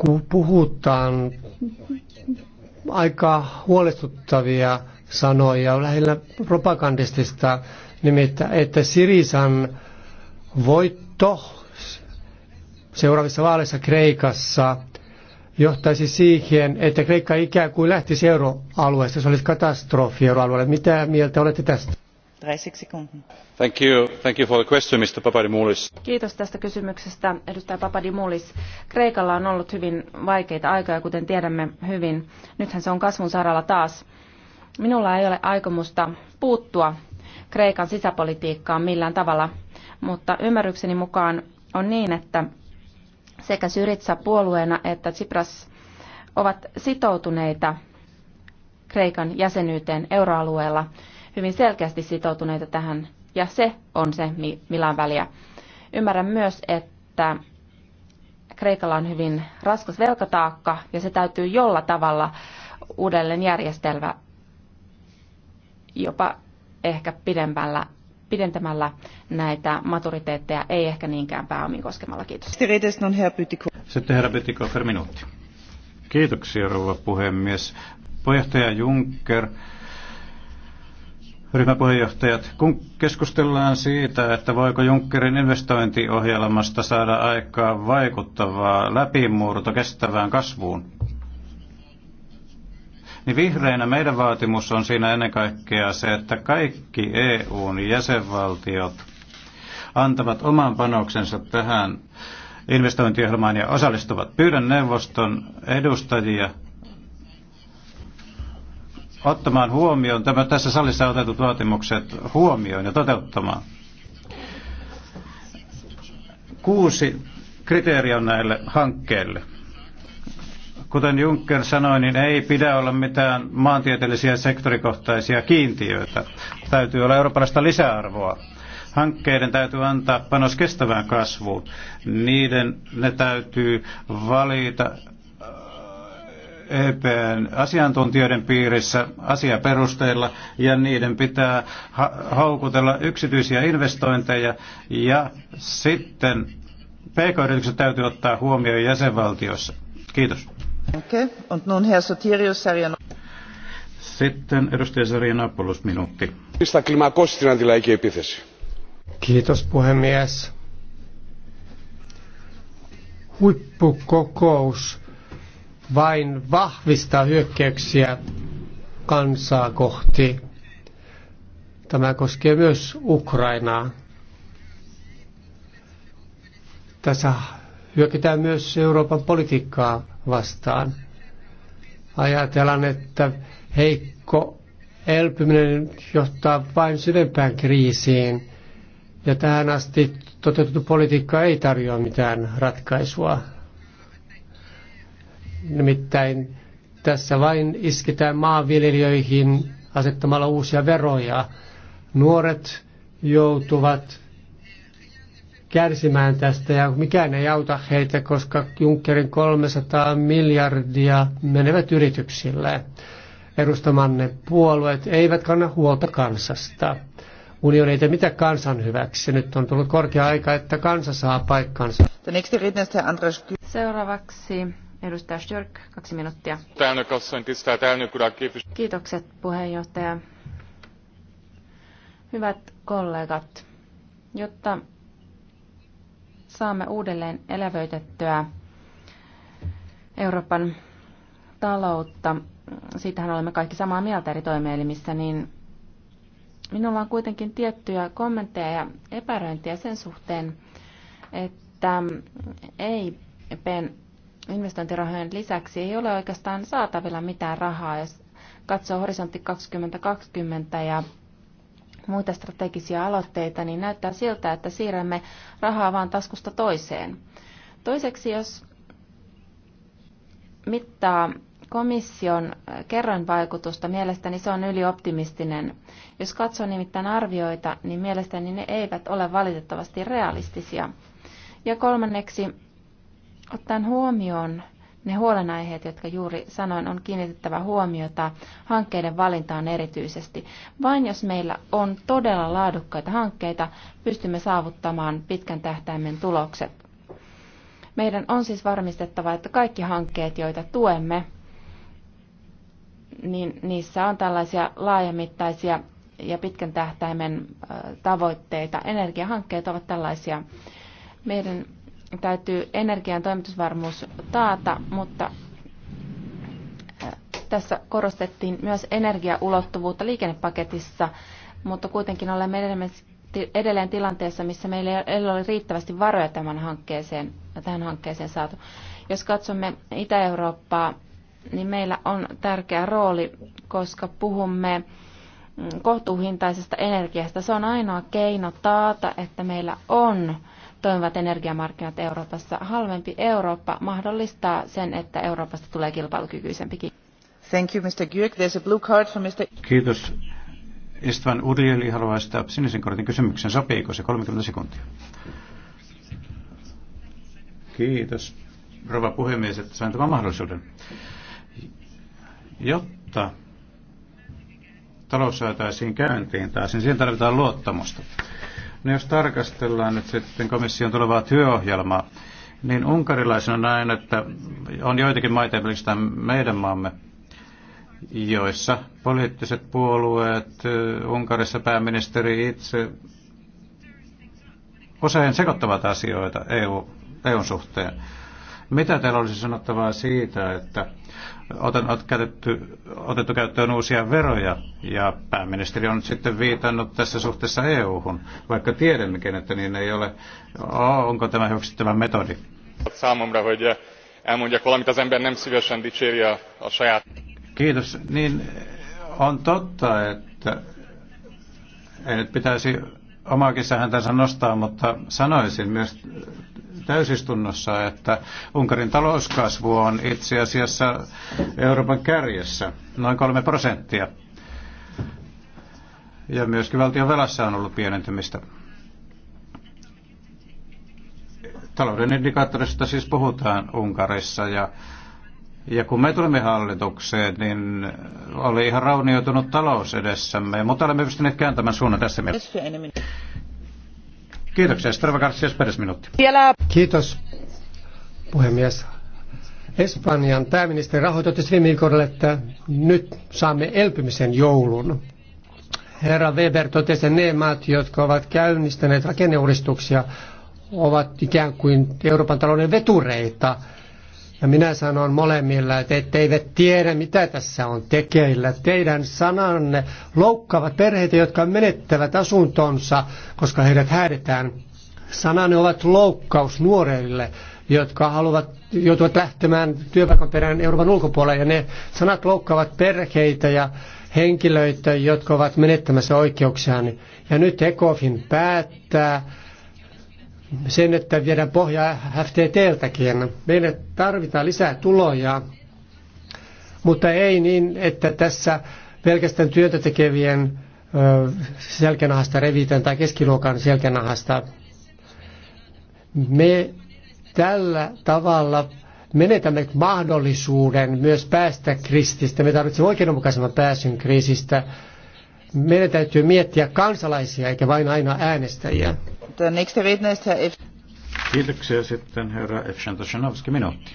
kun puhutaan aika huolestuttavia sanoja, lähinnä propagandistista, nimittäin, että Sirisan voitto seuraavissa vaaleissa Kreikassa johtaisi siihen, että Kreikka ikään kuin lähtisi euroalueesta. Se olisi katastrofi euroalueelle. Mitä mieltä olette tästä? Kiitos tästä kysymyksestä, edustaja Papadimoulis. Kreikalla on ollut hyvin vaikeita aikoja, kuten tiedämme hyvin. Nythän se on kasvun saralla taas. Minulla ei ole aikomusta puuttua Kreikan sisäpolitiikkaan millään tavalla, mutta ymmärrykseni mukaan on niin, että sekä Syritsa puolueena että Tsipras ovat sitoutuneita Kreikan jäsenyyteen euroalueella hyvin selkeästi sitoutuneita tähän, ja se on se, millä on väliä. Ymmärrän myös, että Kreikalla on hyvin raskas velkataakka, ja se täytyy jolla tavalla uudelleen järjestelmä jopa ehkä pidemmällä pidentämällä näitä maturiteetteja, ei ehkä niinkään pääomiin koskemalla. Kiitos. Sitten herra per minuutti. Kiitoksia rouva puhemies. Puheenjohtaja Juncker ryhmäpuheenjohtajat, kun keskustellaan siitä, että voiko Junckerin investointiohjelmasta saada aikaa vaikuttavaa läpimurto kestävään kasvuun, niin vihreinä meidän vaatimus on siinä ennen kaikkea se, että kaikki EUn jäsenvaltiot antavat oman panoksensa tähän investointiohjelmaan ja osallistuvat. Pyydän neuvoston edustajia ottamaan huomioon tämä, tässä salissa otetut vaatimukset huomioon ja toteuttamaan. Kuusi kriteeriä on näille hankkeille. Kuten Juncker sanoi, niin ei pidä olla mitään maantieteellisiä sektorikohtaisia kiintiöitä. Täytyy olla eurooppalaista lisäarvoa. Hankkeiden täytyy antaa panos kestävään kasvuun. Niiden ne täytyy valita EPn asiantuntijoiden piirissä asiaperusteilla ja niiden pitää houkutella yksityisiä investointeja ja sitten PK-yritykset täytyy ottaa huomioon jäsenvaltioissa. Kiitos. Okay. Und nun Herr Sotirius, sitten edustaja Sarjanopoulos minuutti. Kiitos puhemies. Huippukokous vain vahvistaa hyökkäyksiä kansaa kohti. Tämä koskee myös Ukrainaa. Tässä hyökitään myös Euroopan politiikkaa vastaan. Ajatellaan, että heikko elpyminen johtaa vain syvempään kriisiin, ja tähän asti toteutettu politiikka ei tarjoa mitään ratkaisua. Nimittäin tässä vain isketään maanviljelijöihin asettamalla uusia veroja. Nuoret joutuvat kärsimään tästä ja mikään ei auta heitä, koska Junckerin 300 miljardia menevät yrityksille. Edustamanne puolueet eivät kanna huolta kansasta. Unioni ei tee mitään kansan hyväksi. Nyt on tullut korkea aika, että kansa saa paikkansa. Seuraavaksi Edustaja Störk, kaksi minuuttia. Kiitokset puheenjohtaja. Hyvät kollegat, jotta saamme uudelleen elävöitettyä Euroopan taloutta, siitähän olemme kaikki samaa mieltä eri toimielimissä, niin minulla on kuitenkin tiettyjä kommentteja ja epäröintiä sen suhteen, että ei EIPn investointirahojen lisäksi ei ole oikeastaan saatavilla mitään rahaa, jos katsoo horisontti 2020 ja muita strategisia aloitteita, niin näyttää siltä, että siirrämme rahaa vaan taskusta toiseen. Toiseksi, jos mittaa komission vaikutusta, mielestäni se on ylioptimistinen. Jos katsoo nimittäin arvioita, niin mielestäni ne eivät ole valitettavasti realistisia. Ja kolmanneksi, Ottaen huomioon ne huolenaiheet, jotka juuri sanoin, on kiinnitettävä huomiota hankkeiden valintaan erityisesti. Vain jos meillä on todella laadukkaita hankkeita, pystymme saavuttamaan pitkän tähtäimen tulokset. Meidän on siis varmistettava, että kaikki hankkeet, joita tuemme, niin niissä on tällaisia laajamittaisia ja pitkän tähtäimen tavoitteita. Energiahankkeet ovat tällaisia. Meidän täytyy energian toimitusvarmuus taata, mutta tässä korostettiin myös energiaulottuvuutta liikennepaketissa, mutta kuitenkin olemme edelleen tilanteessa, missä meillä ei ole riittävästi varoja tämän hankkeeseen, tähän hankkeeseen saatu. Jos katsomme Itä-Eurooppaa, niin meillä on tärkeä rooli, koska puhumme mm, kohtuuhintaisesta energiasta. Se on ainoa keino taata, että meillä on toimivat energiamarkkinat Euroopassa. Halvempi Eurooppa mahdollistaa sen, että Euroopasta tulee kilpailukykyisempikin. Thank you, Mr. Gürk. There's a blue card for Mr. Kiitos. Istvan Urieli haluaa esittää sinisen kortin kysymyksen. Sopiiko se 30 sekuntia? Kiitos, rouva puhemies, että sain tämän mahdollisuuden. Jotta talous saataisiin käyntiin taas, niin siihen tarvitaan luottamusta. No jos tarkastellaan nyt sitten komission tulevaa työohjelmaa, niin unkarilaisena näen, että on joitakin maita, pelkästään meidän maamme, joissa poliittiset puolueet, Unkarissa pääministeri itse usein sekoittavat asioita EU, EUn suhteen. Mitä teillä olisi sanottavaa siitä, että otettu, otettu käyttöön uusia veroja ja pääministeri on sitten viitannut tässä suhteessa EU-hun, vaikka tiedämmekin, että niin ei ole. Onko tämä hyväksyttävä metodi? Kiitos. Niin on totta, että ei nyt pitäisi omaakin sähäntänsä nostaa, mutta sanoisin myös täysistunnossa, että Unkarin talouskasvu on itse asiassa Euroopan kärjessä, noin kolme prosenttia. Ja myöskin valtion velassa on ollut pienentymistä. Talouden indikaattorista siis puhutaan Unkarissa ja ja kun me tulimme hallitukseen, niin oli ihan raunioitunut talous edessämme, mutta olemme pystyneet kääntämään suunnan tässä mielessä. Kiitoksia. Strava Garcias, peräs minuutti. Kiitos, puhemies. Espanjan pääministeri rahoitotti viime viikolla, että nyt saamme elpymisen joulun. Herra Weber totesi, ne maat, jotka ovat käynnistäneet rakenneuudistuksia, ovat ikään kuin Euroopan talouden vetureita – ja minä sanon molemmilla, että etteivät tiedä, mitä tässä on tekeillä. Teidän sananne loukkaavat perheitä, jotka menettävät asuntonsa, koska heidät häädetään. Sananne ovat loukkaus nuoreille, jotka haluavat, joutuvat lähtemään työpaikan perään Euroopan ulkopuolelle. Ja ne sanat loukkaavat perheitä ja henkilöitä, jotka ovat menettämässä oikeuksiaan. Ja nyt ECOFIN päättää, sen, että viedään pohjaa FTTltäkin. Meille tarvitaan lisää tuloja, mutta ei niin, että tässä pelkästään työtä tekevien selkänahasta revitään tai keskiluokan selkänahasta. Me tällä tavalla menetämme mahdollisuuden myös päästä krististä. Me tarvitsemme oikeudenmukaisemman pääsyn kriisistä. Meidän täytyy miettiä kansalaisia eikä vain aina äänestäjiä. Kiitoksia sitten herra Evshantashanovski minuutti.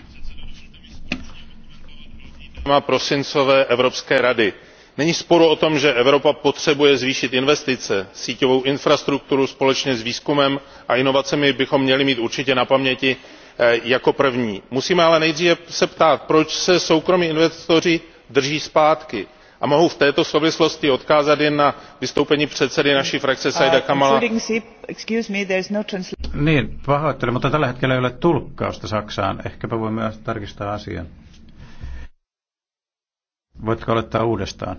prosincové Evropské rady. Není sporu o tom, že Evropa potřebuje zvýšit investice. Síťovou infrastrukturu společně s výzkumem a inovacemi bychom měli mít určitě na paměti eh, jako první. Musíme ale nejdříve se ptát, proč se soukromí investoři drží zpátky mohu v této souvislosti odkázat jen na vystoupení předsedy naší frakce uh, saida kamala no niin, pahoittelen, mutta tällä hetkellä ei ole tulkkausta Saksaan. Ehkäpä voimme tarkistaa asian. Voitko olettaa uudestaan?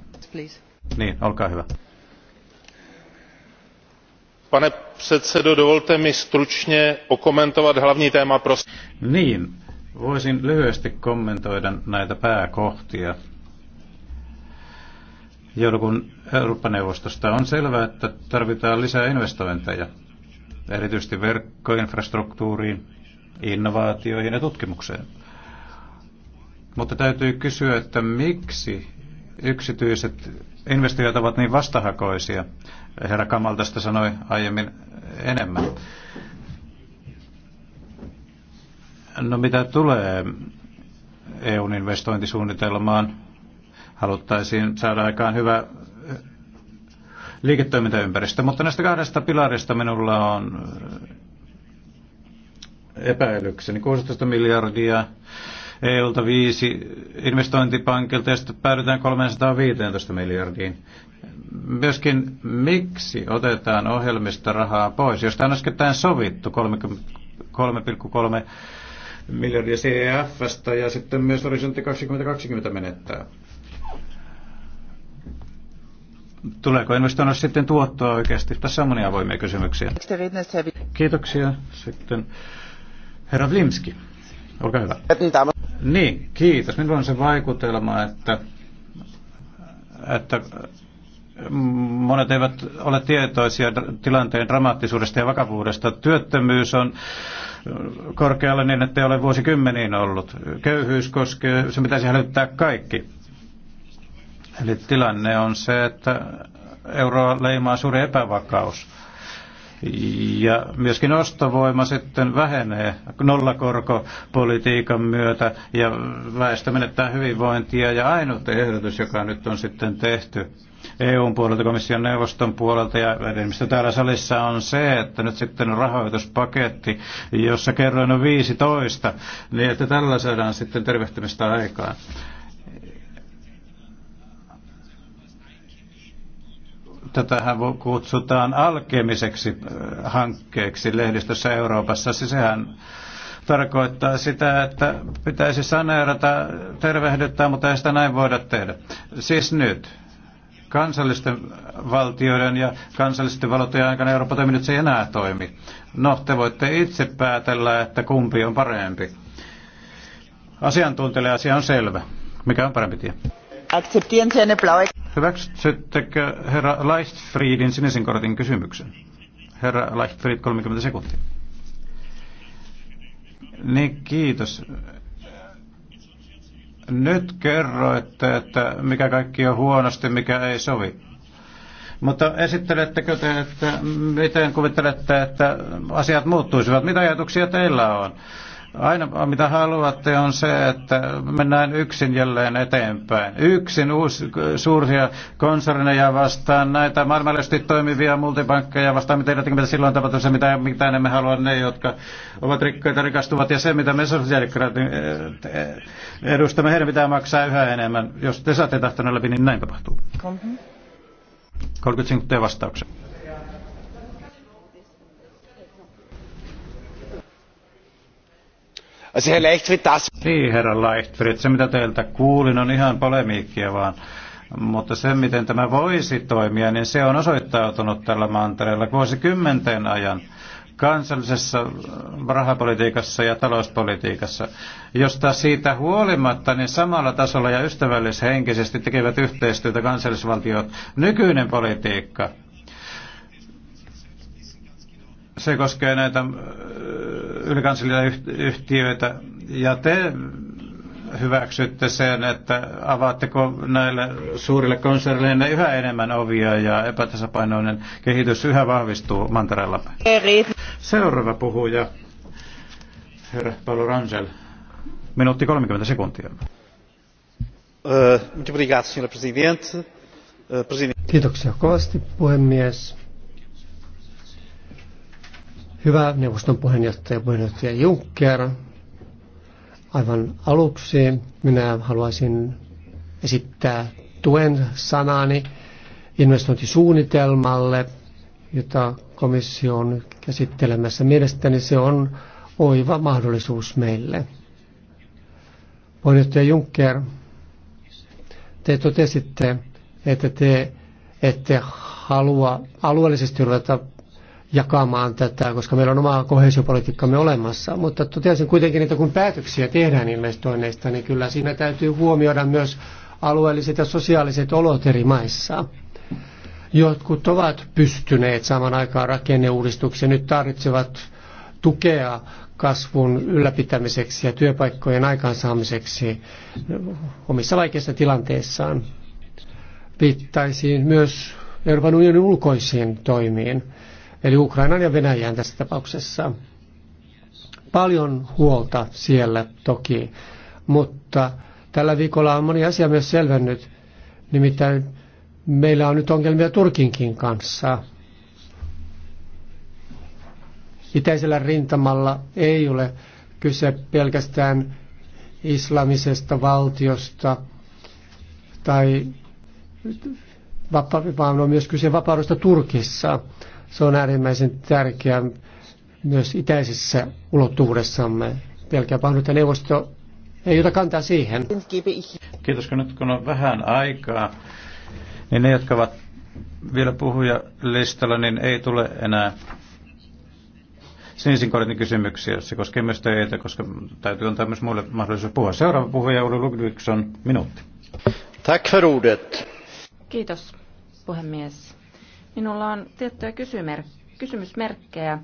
Niin, olkaa hyvä. Pane předsedo, dovolte mi stručně okomentovat hlavní téma pro... Niin, voisin lyhyesti kommentoida näitä pääkohtia joulukuun Eurooppa-neuvostosta. On selvää, että tarvitaan lisää investointeja, erityisesti verkkoinfrastruktuuriin, innovaatioihin ja tutkimukseen. Mutta täytyy kysyä, että miksi yksityiset investoijat ovat niin vastahakoisia. Herra Kamal tästä sanoi aiemmin enemmän. No mitä tulee EUn investointisuunnitelmaan, haluttaisiin saada aikaan hyvä eh, liiketoimintaympäristö. Mutta näistä kahdesta pilarista minulla on eh, epäilykseni. 16 niin miljardia EUlta viisi investointipankilta ja sitten päädytään 315 miljardiin. Myöskin miksi otetaan ohjelmista rahaa pois, josta on äskettäin sovittu 3,3 miljardia CEFstä ja sitten myös horisontti 2020 menettää. Tuleeko investoinnissa sitten tuottoa oikeasti? Tässä on monia avoimia kysymyksiä. Kiitoksia. Sitten herra Vlimski, olkaa hyvä. Niin, kiitos. Minulla on se vaikutelma, että, että monet eivät ole tietoisia tilanteen dramaattisuudesta ja vakavuudesta. Työttömyys on korkealla niin, että ei ole vuosikymmeniin ollut. Köyhyys koskee, se pitäisi hälyttää kaikki. Eli tilanne on se, että euroa leimaa suuri epävakaus. Ja myöskin ostovoima sitten vähenee nollakorkopolitiikan myötä ja väestö menettää hyvinvointia. Ja ainut ehdotus, joka nyt on sitten tehty EUn puolelta, komission neuvoston puolelta ja enemmistö täällä salissa on se, että nyt sitten on rahoituspaketti, jossa kerroin on 15, niin että tällä saadaan sitten tervehtymistä aikaan. Tätähän kutsutaan alkemiseksi äh, hankkeeksi lehdistössä Euroopassa. Siis Sehän tarkoittaa sitä, että pitäisi saneerata, tervehdyttää, mutta ei sitä näin voida tehdä. Siis nyt kansallisten valtioiden ja kansallisten valtioiden aikana Eurooppa toimii, nyt se ei enää toimi. No, te voitte itse päätellä, että kumpi on parempi. Asiantuntijalle asia on selvä. Mikä on parempi tie? Hyväksyttekö herra Leichtfriedin sinisen kortin kysymyksen? Herra Leichtfried, 30 sekuntia. Niin, kiitos. Nyt kerroitte, että mikä kaikki on huonosti, mikä ei sovi. Mutta esittelettekö te, että miten kuvittelette, että asiat muuttuisivat? Mitä ajatuksia teillä on? Aina mitä haluatte on se, että mennään yksin jälleen eteenpäin. Yksin uusi, suuria konserneja vastaan, näitä maailmallisesti toimivia multipankkeja vastaan, mitä mitä silloin tapahtuu, se mitä, mitä emme halua, ne jotka ovat rikkaita rikastuvat ja se mitä me sosiaalidemokraatit eh, edustamme, heidän pitää maksaa yhä enemmän. Jos te saatte tahtonne läpi, niin näin tapahtuu. 30 sekuntia vastauksia. Leichtfried, Niin, herra Leichtfried, se mitä teiltä kuulin on ihan polemiikkia vaan. Mutta se, miten tämä voisi toimia, niin se on osoittautunut tällä mantereella vuosikymmenten ajan kansallisessa rahapolitiikassa ja talouspolitiikassa, josta siitä huolimatta niin samalla tasolla ja ystävällishenkisesti tekevät yhteistyötä kansallisvaltiot. Nykyinen politiikka, se koskee näitä äh, ylikansallisia yhtiöitä. Ja te hyväksytte sen, että avaatteko näille suurille konserneille yhä enemmän ovia ja epätasapainoinen kehitys yhä vahvistuu mantereella. Seuraava puhuja, herra Paolo Rangel. Minuutti 30 sekuntia. Äh, äh, Kiitoksia kovasti, puhemies. Hyvä neuvoston puheenjohtaja, puheenjohtaja Juncker. Aivan aluksi minä haluaisin esittää tuen sanani investointisuunnitelmalle, jota komissio on käsittelemässä. Mielestäni se on oiva mahdollisuus meille. Puheenjohtaja Juncker, te totesitte, että te ette halua alueellisesti ruveta jakamaan tätä, koska meillä on omaa kohesiopolitiikkamme olemassa. Mutta toteaisin kuitenkin, että kun päätöksiä tehdään investoinneista, niin kyllä siinä täytyy huomioida myös alueelliset ja sosiaaliset olot eri maissa. Jotkut ovat pystyneet saman aikaan rakenneuudistuksia, nyt tarvitsevat tukea kasvun ylläpitämiseksi ja työpaikkojen aikaansaamiseksi omissa vaikeissa tilanteissaan. Viittaisiin myös Euroopan unionin ulkoisiin toimiin eli Ukrainan ja Venäjän tässä tapauksessa. Paljon huolta siellä toki, mutta tällä viikolla on moni asia myös selvennyt. Nimittäin meillä on nyt ongelmia Turkinkin kanssa. Itäisellä rintamalla ei ole kyse pelkästään islamisesta valtiosta tai vaan on myös kyse vapaudesta Turkissa. Se on äärimmäisen tärkeä myös itäisessä ulottuvuudessamme. Pelkää pahoin, että neuvosto ei ota kantaa siihen. Kiitos, kun nyt kun on vähän aikaa, niin ne, jotka ovat vielä puhujalistalla, niin ei tule enää sinisin kortin kysymyksiä. Se koskee myös teitä, koska täytyy antaa myös muille mahdollisuus puhua. Seuraava puhuja Uli Ludvigsson, minuutti. Tack för ordet. Kiitos, puhemies. Minulla on tiettyjä kysymysmerkkejä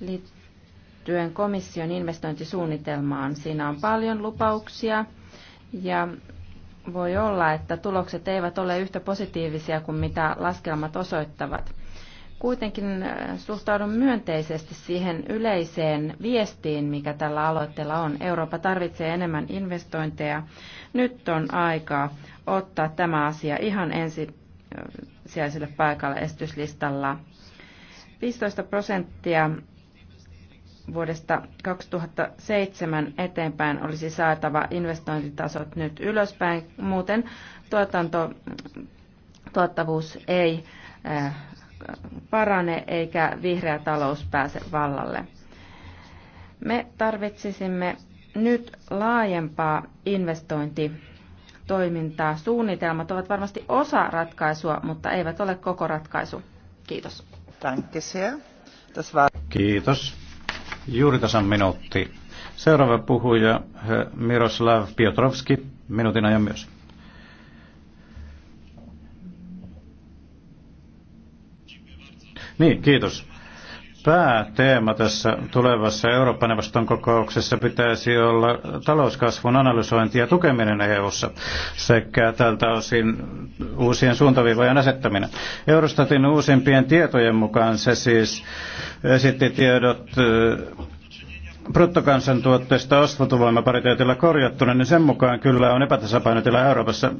liittyen komission investointisuunnitelmaan. Siinä on paljon lupauksia ja voi olla, että tulokset eivät ole yhtä positiivisia kuin mitä laskelmat osoittavat. Kuitenkin äh, suhtaudun myönteisesti siihen yleiseen viestiin, mikä tällä aloitteella on. Eurooppa tarvitsee enemmän investointeja. Nyt on aikaa ottaa tämä asia ihan ensi sijaiselle paikalle estyslistalla. 15 prosenttia vuodesta 2007 eteenpäin olisi saatava investointitasot nyt ylöspäin, muuten tuotanto, tuottavuus ei eh, parane eikä vihreä talous pääse vallalle. Me tarvitsisimme nyt laajempaa investointi toimintaa. Suunnitelmat ovat varmasti osa ratkaisua, mutta eivät ole koko ratkaisu. Kiitos. Kiitos. Juuri tasan minuutti. Seuraava puhuja eh, Miroslav Piotrowski, minuutin ajan myös. Niin, kiitos pääteema tässä tulevassa Eurooppa-neuvoston kokouksessa pitäisi olla talouskasvun analysointi ja tukeminen EU-ssa sekä tältä osin uusien suuntaviivojen asettaminen. Eurostatin uusimpien tietojen mukaan se siis esitti tiedot bruttokansantuotteesta ostotuvoimapariteetilla korjattuna, niin sen mukaan kyllä on epätasapainotila Euroopassa.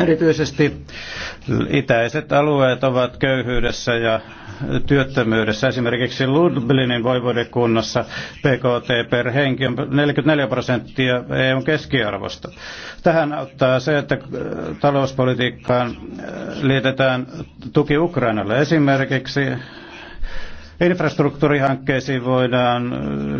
Erityisesti itäiset alueet ovat köyhyydessä ja työttömyydessä. Esimerkiksi Lublinin voivodekunnassa PKT per henki on 44 prosenttia EUn keskiarvosta. Tähän auttaa se, että äh, talouspolitiikkaan äh, liitetään tuki Ukrainalle. Esimerkiksi Infrastruktuurihankkeisiin voidaan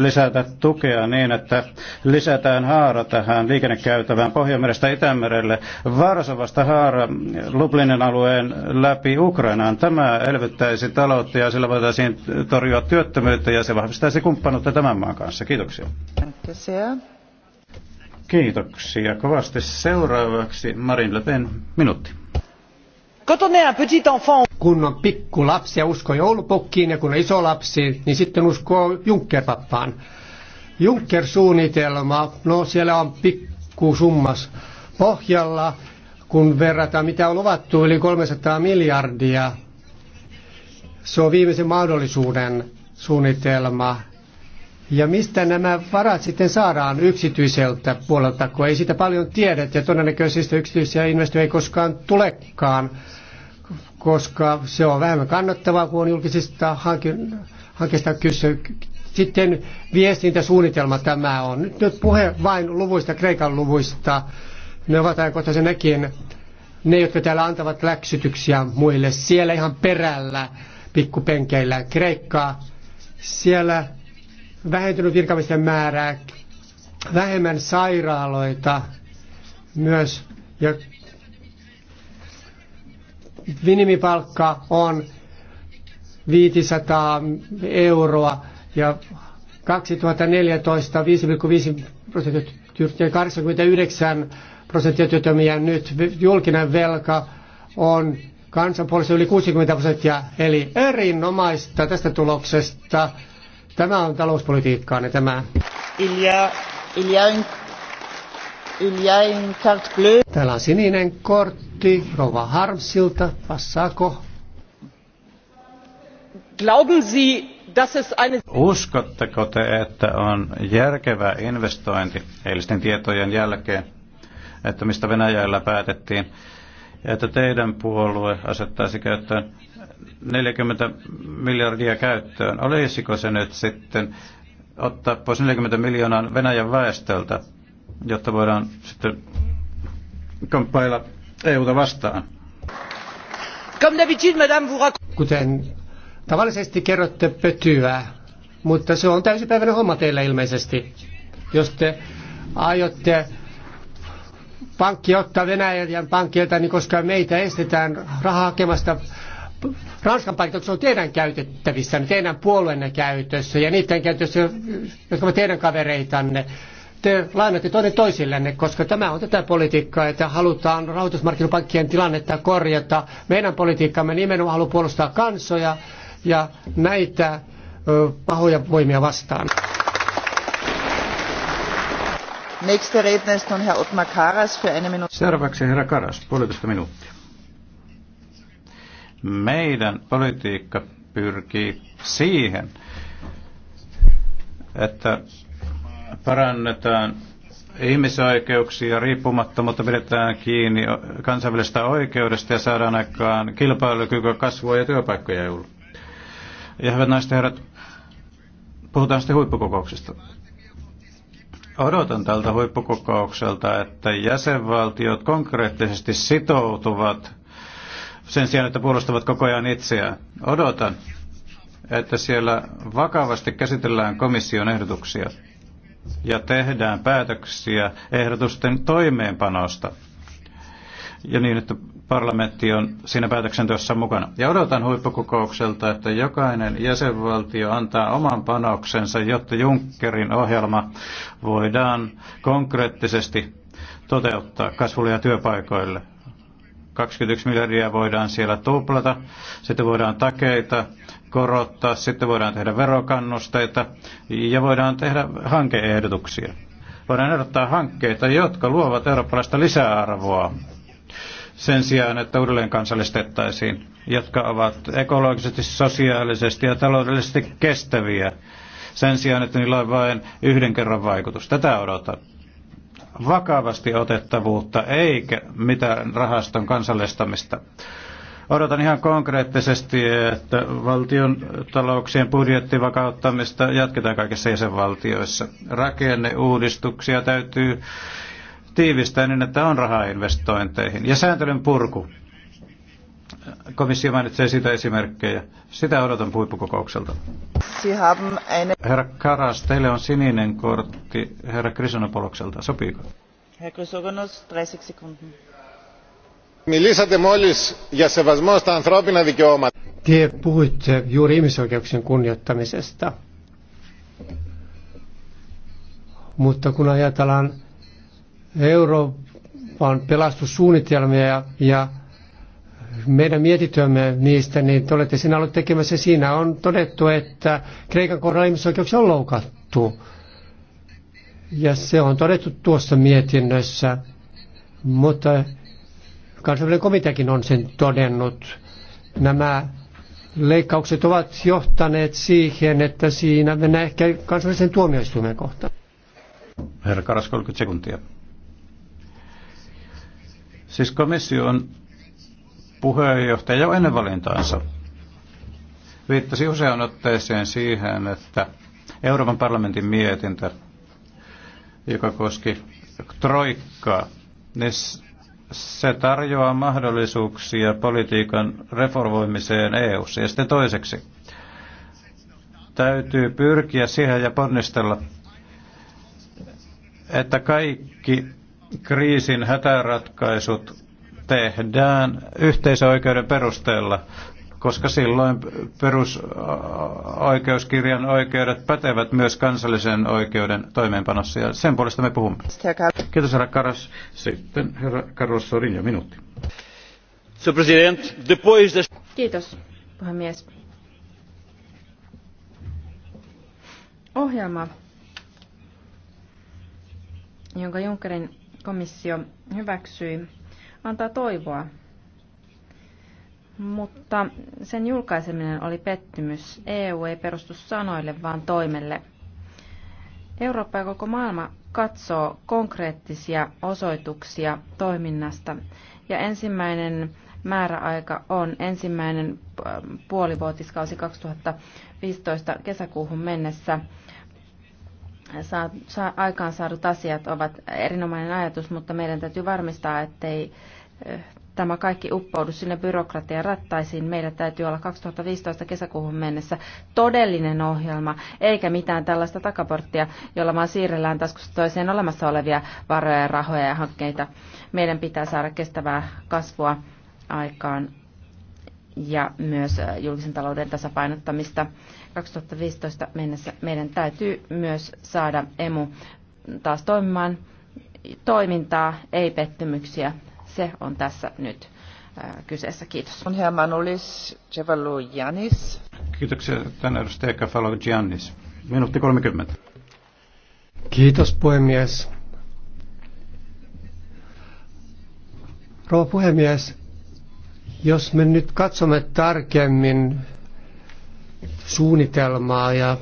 lisätä tukea niin, että lisätään haara tähän liikennekäytävään Pohjanmerestä Itämerelle Varsovasta haara Lublinin alueen läpi Ukrainaan. Tämä elvyttäisi taloutta ja sillä voitaisiin torjua työttömyyttä ja se vahvistaisi kumppanuutta tämän maan kanssa. Kiitoksia. Kiitoksia kovasti. Seuraavaksi Marin Le Pen, minuutti. Quand on est un petit enfant kun on pikku lapsi ja uskoo joulupukkiin ja kun on iso lapsi, niin sitten uskoo junkerpappaan. junker suunnitelma no siellä on pikku summas pohjalla, kun verrataan mitä on luvattu, yli 300 miljardia. Se on viimeisen mahdollisuuden suunnitelma. Ja mistä nämä varat sitten saadaan yksityiseltä puolelta, kun ei sitä paljon tiedetä ja todennäköisesti yksityisiä investointeja ei koskaan tulekaan koska se on vähemmän kannattavaa, kuin on julkisista hankkeista kyse. Sitten viestintäsuunnitelma tämä on. Nyt, nyt puhe vain luvuista, Kreikan luvuista. Ne ovat ajankohtaisen nekin. Ne, jotka täällä antavat läksytyksiä muille, siellä ihan perällä pikkupenkeillä Kreikkaa. Siellä vähentynyt virkamiesten määrää, vähemmän sairaaloita myös ja minimipalkka on 500 euroa ja 2014 5,5 prosenttia, 89 prosenttia työttömiä nyt. Julkinen velka on kansanpuolisen yli 60 prosenttia, eli erinomaista tästä tuloksesta. Tämä on talouspolitiikkaa, niin tämä. Ilja, ilja, ilja, il y a Täällä on sininen kortti minuutti Rova Harmsilta. Passaako? Glauben Sie, dass es eine... Uskotteko te, että on järkevä investointi eilisten tietojen jälkeen, että mistä Venäjällä päätettiin, että teidän puolue asettaisi käyttöön 40 miljardia käyttöön. Olisiko se nyt sitten ottaa pois 40 miljoonaa Venäjän väestöltä, jotta voidaan sitten kamppailla EUta vastaan. Kuten tavallisesti kerrotte pötyä, mutta se on täysipäiväinen homma teillä ilmeisesti. Jos te aiotte pankki ottaa Venäjän pankilta, niin koska meitä estetään rahaa hakemasta Ranskan pankit, se on teidän käytettävissä, teidän puolueenne käytössä ja niiden käytössä, jotka ovat teidän kavereitanne te lainatte toinen toisillenne, koska tämä on tätä politiikkaa, että halutaan rahoitusmarkkinapankkien tilannetta korjata. Meidän politiikkamme nimenomaan haluaa puolustaa kansoja ja näitä pahoja voimia vastaan. Seuraavaksi herra Karas, puolitoista minuuttia. Meidän politiikka pyrkii siihen, että parannetaan ihmisoikeuksia, riippumattomuutta pidetään kiinni kansainvälisestä oikeudesta ja saadaan aikaan kilpailukykyä, kasvua ja työpaikkoja EUlle. Ja hyvät naiset ja herrat, puhutaan sitten huippukokouksesta. Odotan tältä huippukokoukselta, että jäsenvaltiot konkreettisesti sitoutuvat sen sijaan, että puolustavat koko ajan itseään. Odotan, että siellä vakavasti käsitellään komission ehdotuksia ja tehdään päätöksiä ehdotusten toimeenpanosta. Ja niin, että parlamentti on siinä päätöksenteossa mukana. Ja odotan huippukokoukselta, että jokainen jäsenvaltio antaa oman panoksensa, jotta Junckerin ohjelma voidaan konkreettisesti toteuttaa kasvulle ja työpaikoille. 21 miljardia voidaan siellä tuplata, sitten voidaan takeita korottaa, sitten voidaan tehdä verokannusteita ja voidaan tehdä hankeehdotuksia. Voidaan ehdottaa hankkeita, jotka luovat eurooppalaista lisäarvoa sen sijaan, että uudelleen kansallistettaisiin, jotka ovat ekologisesti, sosiaalisesti ja taloudellisesti kestäviä sen sijaan, että niillä on vain yhden kerran vaikutus. Tätä odotan vakavasti otettavuutta eikä mitään rahaston kansallistamista. Odotan ihan konkreettisesti, että valtion talouksien budjettivakauttamista jatketaan kaikissa jäsenvaltioissa. Rakenneuudistuksia täytyy tiivistää niin, että on rahaa investointeihin. Ja sääntelyn purku. Komissio mainitsee sitä esimerkkejä. Sitä odotan huippukokoukselta. Herra Karas, teille on sininen kortti herra Krisonopolokselta. Sopiiko? Herra Krisogonos, 30 sekuntia. Μιλήσατε μόλις για σεβασμό στα ανθρώπινα δικαιώματα. Te puhuitte juuri ihmisoikeuksien kunnioittamisesta. Mutta kun ajatellaan Euroopan pelastussuunnitelmia ja, ja meidän mietityömme niistä, niin te olette sinä ollut tekemässä. Siinä on todettu, että Kreikan kohdalla ihmisoikeuksia on loukattu. Ja se on todettu tuossa mietinnössä. Mutta Kansainvälinen komiteakin on sen todennut. Nämä leikkaukset ovat johtaneet siihen, että siinä mennään ehkä kansallisen tuomioistuimen kohtaan. Herra Karas, 30 sekuntia. Siis komissio on puheenjohtaja jo ennen valintaansa. Viittasi usean otteeseen siihen, että Euroopan parlamentin mietintö, joka koski troikkaa, niin se tarjoaa mahdollisuuksia politiikan reformoimiseen eu Ja sitten toiseksi, täytyy pyrkiä siihen ja ponnistella, että kaikki kriisin hätäratkaisut tehdään yhteisöoikeuden perusteella koska silloin perusoikeuskirjan oikeudet pätevät myös kansallisen oikeuden toimeenpanossa, ja sen puolesta me puhumme. Kiitos, herra Karas. Sitten herra Karos Sorin ja minuutti. Kiitos, puhemies. Ohjelma, jonka Junckerin komissio hyväksyi, antaa toivoa mutta sen julkaiseminen oli pettymys. EU ei perustu sanoille, vaan toimelle. Eurooppa ja koko maailma katsoo konkreettisia osoituksia toiminnasta. Ja ensimmäinen määräaika on ensimmäinen ähm, puolivuotiskausi 2015 kesäkuuhun mennessä. Saa, saa, aikaan saadut asiat ovat erinomainen ajatus, mutta meidän täytyy varmistaa, ettei äh, tämä kaikki uppoudu sinne byrokratian rattaisiin. Meillä täytyy olla 2015 kesäkuuhun mennessä todellinen ohjelma, eikä mitään tällaista takaporttia, jolla vaan siirrellään taskusta toiseen olemassa olevia varoja, rahoja ja hankkeita. Meidän pitää saada kestävää kasvua aikaan ja myös äh, julkisen talouden tasapainottamista. 2015 mennessä meidän täytyy myös saada emu taas toimimaan toimintaa, ei pettymyksiä. Se on tässä nyt kyseessä. Kiitos. On Herman Ulis, Janis. Kiitoksia tänne edustaja Kefalo Giannis. Minuutti 30. Kiitos puhemies. Rouva puhemies, jos me nyt katsomme tarkemmin suunnitelmaa ja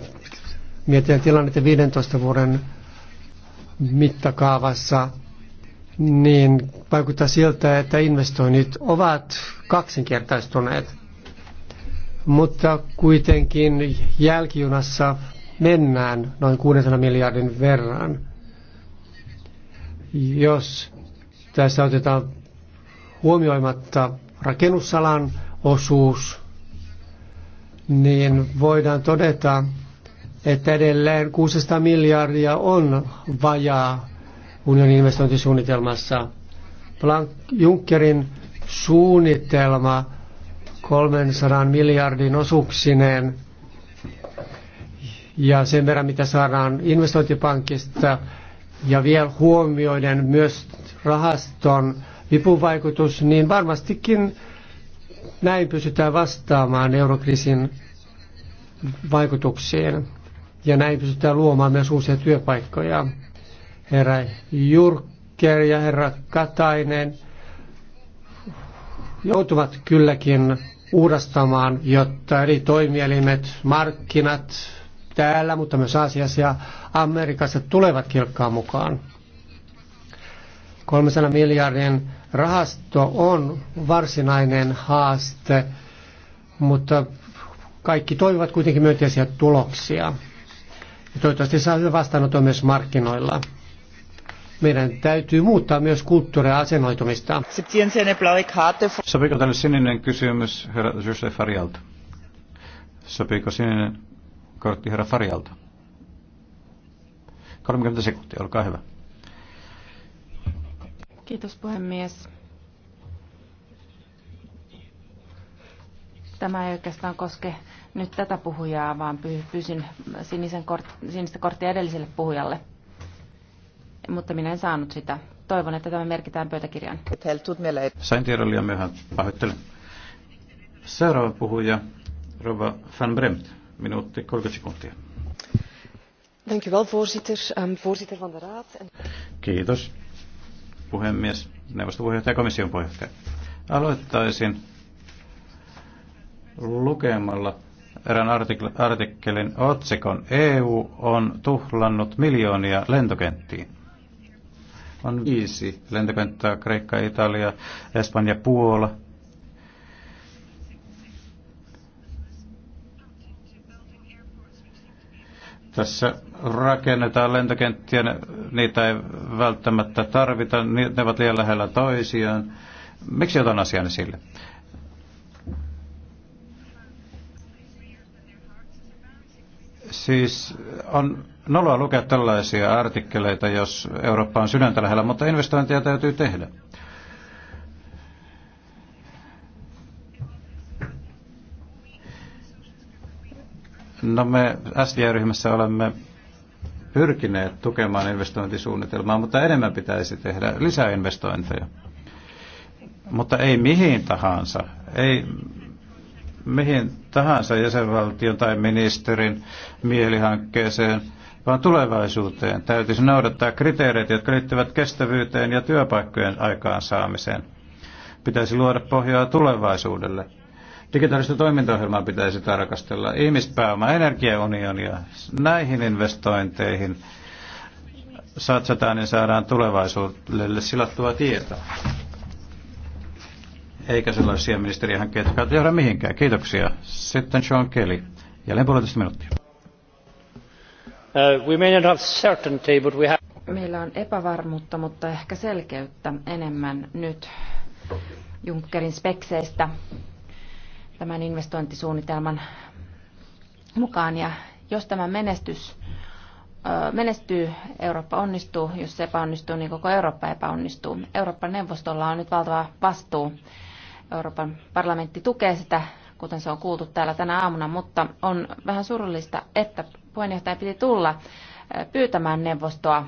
mietitään tilannetta 15 vuoden mittakaavassa, niin vaikuttaa siltä, että investoinnit ovat kaksinkertaistuneet. Mutta kuitenkin jälkijunassa mennään noin 600 miljardin verran. Jos tässä otetaan huomioimatta rakennusalan osuus, niin voidaan todeta, että edelleen 600 miljardia on vajaa unionin investointisuunnitelmassa. Junckerin suunnitelma 300 miljardin osuuksineen ja sen verran, mitä saadaan investointipankista ja vielä huomioiden myös rahaston vipuvaikutus, niin varmastikin näin pysytään vastaamaan eurokriisin vaikutuksiin ja näin pystytään luomaan myös uusia työpaikkoja herra Jurker ja herra Katainen joutuvat kylläkin uudastamaan, jotta eri toimielimet, markkinat täällä, mutta myös Aasiassa ja Amerikassa tulevat kilkkaan mukaan. 300 miljardin rahasto on varsinainen haaste, mutta kaikki toivat kuitenkin myönteisiä tuloksia. Ja toivottavasti saa hyvän vastaanoton myös markkinoilla meidän täytyy muuttaa myös kulttuuria asennoitumista. Sopiiko tänne sininen kysymys herra Josef Farialta? Sopiiko sininen kortti herra Farialta? 30 sekuntia, olkaa hyvä. Kiitos puhemies. Tämä ei oikeastaan koske nyt tätä puhujaa, vaan pyysin sinisen kort, sinistä korttia edelliselle puhujalle mutta minä en saanut sitä. Toivon, että tämä merkitään pöytäkirjaan. Sain tiedon liian myöhään. Pahoittelen. Seuraava puhuja, Rova van Bremt. Minuutti 30 sekuntia. Dank u wel, voorzitter. Um, voorzitter van de Raad. Kiitos, puhemies, neuvostopuheenjohtaja ja komission puheenjohtaja. Aloittaisin lukemalla erään artikkelin otsikon EU on tuhlannut miljoonia lentokenttiin on viisi lentokenttää, Kreikka, Italia, Espanja, Puola. Tässä rakennetaan lentokenttiä, niitä ei välttämättä tarvita, ne ovat liian lähellä toisiaan. Miksi otan asian esille? Siis on noloa lukea tällaisia artikkeleita, jos Eurooppa on sydäntä lähellä, mutta investointia täytyy tehdä. No me SD-ryhmässä olemme pyrkineet tukemaan investointisuunnitelmaa, mutta enemmän pitäisi tehdä lisää investointeja. Mutta ei mihin tahansa, ei mihin tahansa jäsenvaltion tai ministerin mielihankkeeseen – vaan tulevaisuuteen. Täytyisi noudattaa kriteereitä, jotka liittyvät kestävyyteen ja työpaikkojen aikaansaamiseen. Pitäisi luoda pohjaa tulevaisuudelle. Digitaalista toimintaohjelmaa pitäisi tarkastella. Ihmispääoma, energiaunionia, näihin investointeihin satsataan, niin saadaan tulevaisuudelle silattua tietoa. Eikä sellaisia ministerihankkeita kautta johda mihinkään. Kiitoksia. Sitten Sean Kelly. Jälleen puolitoista minuuttia. Uh, Meillä on epävarmuutta, mutta ehkä selkeyttä enemmän nyt Junckerin spekseistä tämän investointisuunnitelman mukaan. Ja jos tämä menestys menestyy, Eurooppa onnistuu, jos se epäonnistuu, niin koko Eurooppa epäonnistuu. Euroopan neuvostolla on nyt valtava vastuu. Euroopan parlamentti tukee sitä, kuten se on kuultu täällä tänä aamuna, mutta on vähän surullista, että puheenjohtaja piti tulla eh, pyytämään neuvostoa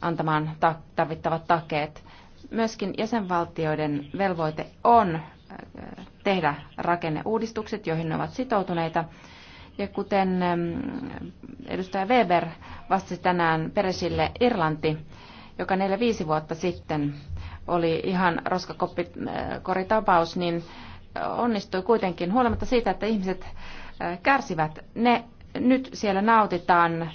antamaan tarvittavat takeet. Myöskin jäsenvaltioiden velvoite on eh, tehdä rakenneuudistukset, joihin ne ovat sitoutuneita. Ja kuten eh, edustaja Weber vastasi tänään Peresille Irlanti, joka neljä viisi vuotta sitten oli ihan roskakoppikoritapaus, niin onnistui kuitenkin huolimatta siitä, että ihmiset kärsivät. Ne nyt siellä nautitaan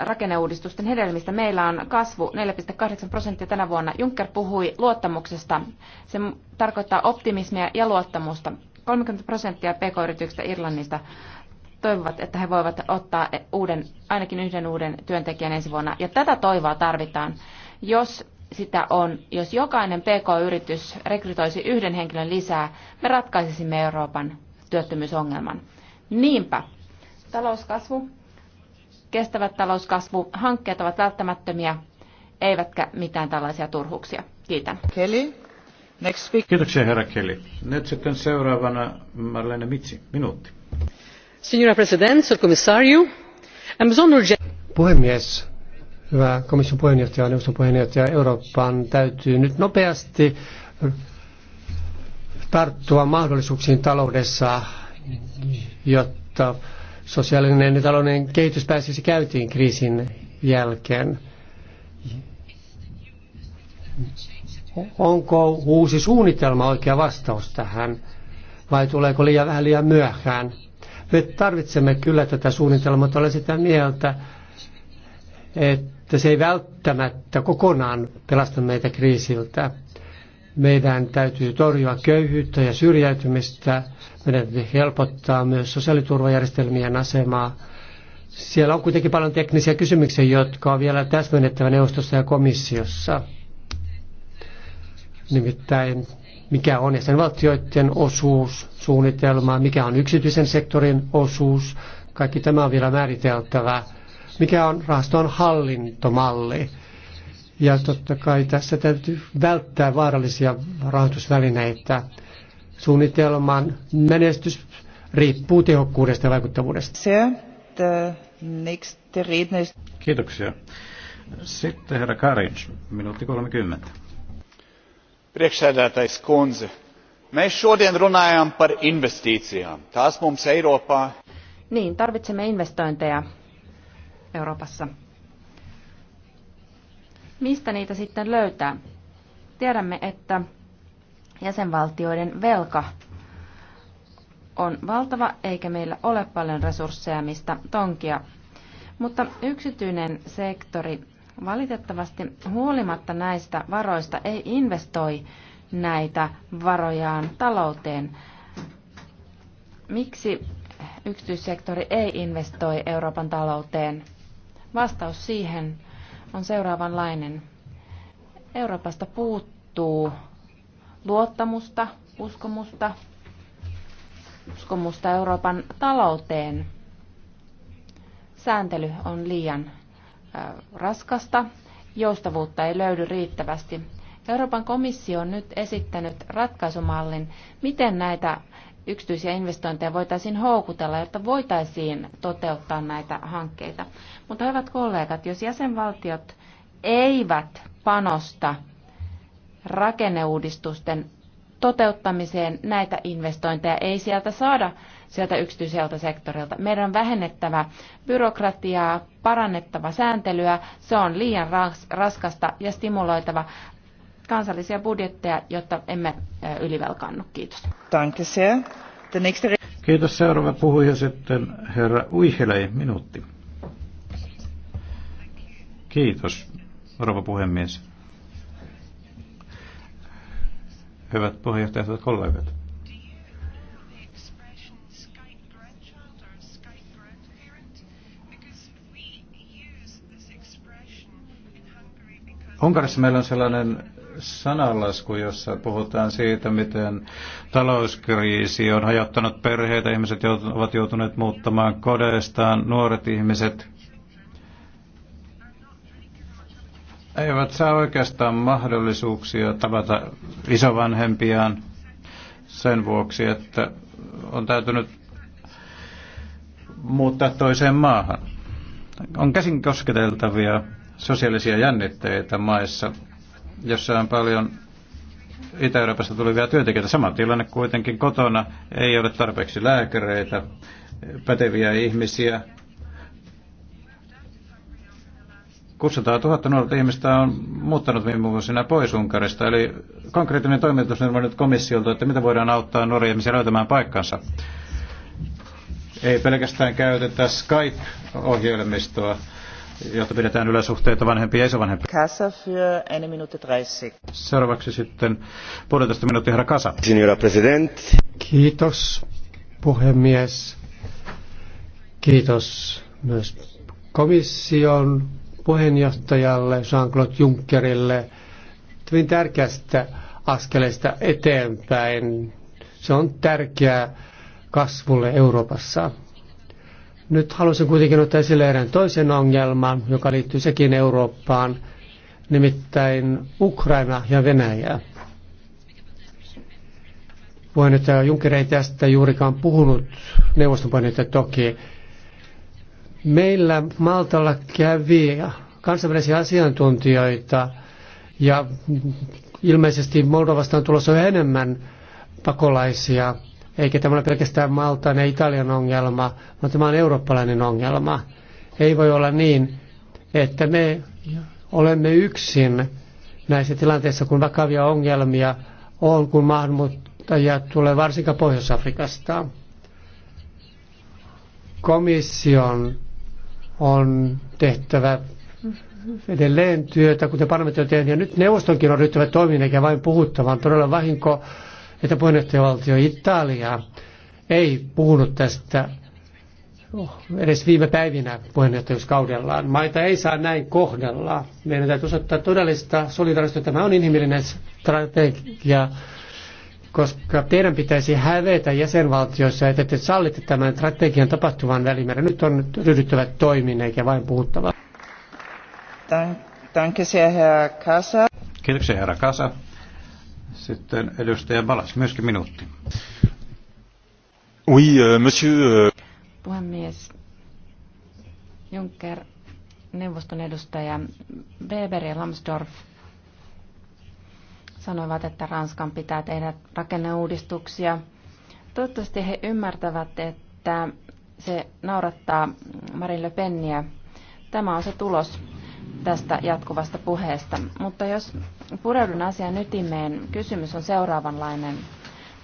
rakenneuudistusten hedelmistä. Meillä on kasvu 4,8 prosenttia tänä vuonna. Juncker puhui luottamuksesta. Se tarkoittaa optimismia ja luottamusta. 30 prosenttia pk-yrityksistä Irlannista toivovat, että he voivat ottaa uuden, ainakin yhden uuden työntekijän ensi vuonna. Ja tätä toivoa tarvitaan. Jos sitä on, jos jokainen pk-yritys rekrytoisi yhden henkilön lisää, me ratkaisisimme Euroopan työttömyysongelman. Niinpä, talouskasvu, kestävät hankkeet ovat välttämättömiä, eivätkä mitään tällaisia turhuuksia. Kiitän. Kelly. Next speaker. Kiitoksia herra Kelly. Nyt sitten seuraavana Marlene Mitsi, minuutti. Signora President, sir commissario, Puhemies, hyvä komission puheenjohtaja neuvoston puheenjohtaja, Euroopan täytyy nyt nopeasti tarttua mahdollisuuksiin taloudessa jotta sosiaalinen ja talouden kehitys pääsisi käytiin kriisin jälkeen. Onko uusi suunnitelma oikea vastaus tähän vai tuleeko liian vähän liian myöhään? Me tarvitsemme kyllä tätä suunnitelmaa, mutta olen sitä mieltä, että se ei välttämättä kokonaan pelasta meitä kriisiltä. Meidän täytyy torjua köyhyyttä ja syrjäytymistä. Meidän täytyy helpottaa myös sosiaaliturvajärjestelmien asemaa. Siellä on kuitenkin paljon teknisiä kysymyksiä, jotka on vielä täsmennettävä neuvostossa ja komissiossa. Nimittäin mikä on jäsenvaltioiden osuus, suunnitelma, mikä on yksityisen sektorin osuus, kaikki tämä on vielä määriteltävä. Mikä on rahaston hallintomalli? Ja totta kai tässä täytyy välttää vaarallisia rahoitusvälineitä. Suunnitelman menestys riippuu tehokkuudesta ja vaikuttavuudesta. Kiitoksia. Sitten herra Karins, minuutti 30. Priekšsēdētais kundze, mēs šodien runājam par investīcijām. Tās mums Eiropā... Niin, tarvitsemme investointeja Euroopassa. Mistä niitä sitten löytää? Tiedämme, että jäsenvaltioiden velka on valtava, eikä meillä ole paljon resursseja, mistä tonkia. Mutta yksityinen sektori valitettavasti huolimatta näistä varoista ei investoi näitä varojaan talouteen. Miksi yksityissektori ei investoi Euroopan talouteen? Vastaus siihen on seuraavanlainen. Euroopasta puuttuu luottamusta, uskomusta, uskomusta Euroopan talouteen. Sääntely on liian raskasta, joustavuutta ei löydy riittävästi. Euroopan komissio on nyt esittänyt ratkaisumallin, miten näitä yksityisiä investointeja voitaisiin houkutella, jotta voitaisiin toteuttaa näitä hankkeita. Mutta hyvät kollegat, jos jäsenvaltiot eivät panosta rakenneuudistusten toteuttamiseen näitä investointeja ei sieltä saada sieltä yksityiseltä sektorilta. Meidän on vähennettävä byrokratiaa, parannettava sääntelyä, se on liian raskasta ja stimuloitava kansallisia budjetteja, jotta emme ylivelkaannu. Kiitos. Kiitos. Seuraava puhuja sitten herra Uihelei, minuutti. Kiitos, rouva puhemies. Hyvät puheenjohtajat, hyvät kollegat. Unkarissa meillä on sellainen sananlasku, jossa puhutaan siitä, miten talouskriisi on hajottanut perheitä. Ihmiset ovat joutuneet muuttamaan kodeistaan, nuoret ihmiset eivät saa oikeastaan mahdollisuuksia tavata isovanhempiaan sen vuoksi, että on täytynyt muuttaa toiseen maahan. On käsin kosketeltavia sosiaalisia jännitteitä maissa, jossa on paljon Itä-Euroopasta tulevia työntekijöitä. Sama tilanne kuitenkin kotona. Ei ole tarpeeksi lääkäreitä, päteviä ihmisiä. 600 000 nuorta ihmistä on muuttanut viime vuosina pois Unkarista. Eli konkreettinen toimitus on nyt komissiolta, että mitä voidaan auttaa nuoria ihmisiä löytämään paikkansa. Ei pelkästään käytetä Skype-ohjelmistoa jotta pidetään yllä suhteita vanhempia ja isovanhempia. Kasa für eine Minute 30. Seuraavaksi sitten puolitoista minuuttia herra Kasa. Signora President. Kiitos puhemies. Kiitos myös komission puheenjohtajalle Jean-Claude Junckerille hyvin tärkeästä askeleesta eteenpäin. Se on tärkeää kasvulle Euroopassa. Nyt haluaisin kuitenkin ottaa esille erään toisen ongelman, joka liittyy sekin Eurooppaan, nimittäin Ukraina ja Venäjä. Puheenjohtaja Juncker ei tästä juurikaan puhunut, neuvoston toki. Meillä Maltalla kävi kansainvälisiä asiantuntijoita ja ilmeisesti Moldovasta on tulossa enemmän pakolaisia eikä tämä ole pelkästään Maltan ja Italian ongelma, vaan tämä on eurooppalainen ongelma. Ei voi olla niin, että me olemme yksin näissä tilanteissa, kun vakavia ongelmia on, kun maahanmuuttajia tulee varsinkaan Pohjois-Afrikasta. Komission on tehtävä edelleen työtä, kuten parlamentti on tehnyt, ja nyt neuvostonkin on ryhtyvä toimiin, eikä vain puhuttavaan. Todella vahinko että puheenjohtajavaltio Italia ei puhunut tästä edes viime päivinä puheenjohtajuuskaudellaan. Maita ei saa näin kohdella. Meidän täytyy osoittaa todellista solidaarisuutta. Tämä on inhimillinen strategia, koska teidän pitäisi hävetä jäsenvaltioissa, että te sallitte tämän strategian tapahtuvan välimeren. Nyt on ryhdyttävä toimiin eikä vain puhuttava. Kiitoksia herra Kasa. Sitten edustaja Balas, myöskin minuutti. Oui, euh, monsieur. Euh, Puhemies Juncker, neuvoston edustaja Weber ja Lambsdorff sanoivat, että Ranskan pitää tehdä rakenneuudistuksia. Toivottavasti he ymmärtävät, että se naurattaa Marine Le Penniä. Tämä on se tulos tästä jatkuvasta puheesta. Mutta jos pureudun asian ytimeen, kysymys on seuraavanlainen.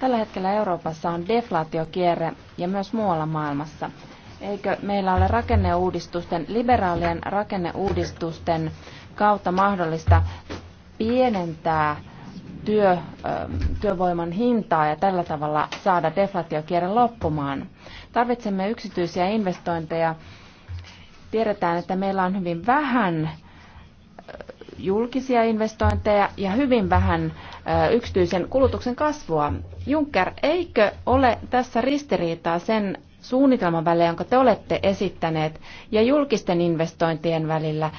Tällä hetkellä Euroopassa on deflaatiokierre ja myös muualla maailmassa. Eikö meillä ole rakenneuudistusten, liberaalien rakenneuudistusten kautta mahdollista pienentää työ, ähm, työvoiman hintaa ja tällä tavalla saada deflaatiokierre loppumaan? Tarvitsemme yksityisiä investointeja Tiedetään, että meillä on hyvin vähän julkisia investointeja ja hyvin vähän yksityisen kulutuksen kasvua. Juncker, eikö ole tässä ristiriitaa sen suunnitelman välillä, jonka te olette esittäneet, ja julkisten investointien välillä,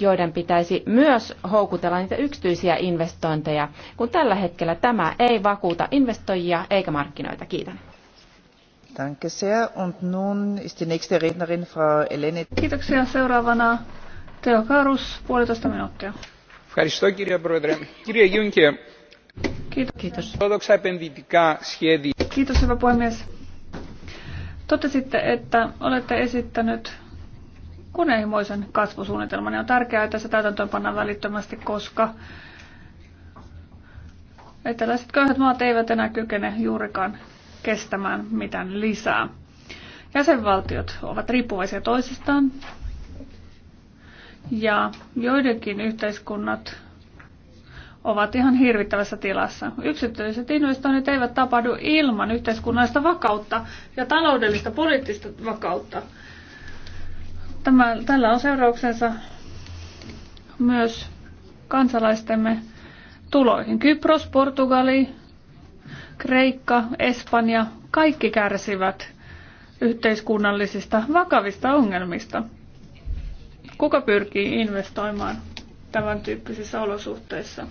joiden pitäisi myös houkutella niitä yksityisiä investointeja, kun tällä hetkellä tämä ei vakuuta investoijia eikä markkinoita. Kiitän. Seuraavana Teo puolitoista minuuttia. Kiitos. Kiitos, hyvä puhemies. Totesitte, että olette esittänyt kunnianhimoisen kasvusuunnitelman. Ja on tärkeää, että se täytäntöönpannaan välittömästi, koska eteläiset köyhät maat eivät enää kykene juurikaan kestämään mitään lisää. Jäsenvaltiot ovat riippuvaisia toisistaan ja joidenkin yhteiskunnat ovat ihan hirvittävässä tilassa. Yksityiset investoinnit eivät tapahdu ilman yhteiskunnallista vakautta ja taloudellista poliittista vakautta. Tämä, tällä on seurauksensa myös kansalaistemme tuloihin. Kypros, Portugali, Kreikka, Espanja, kaikki kärsivät yhteiskunnallisista vakavista ongelmista. Kuka pyrkii investoimaan tämän tyyppisissä olosuhteissa?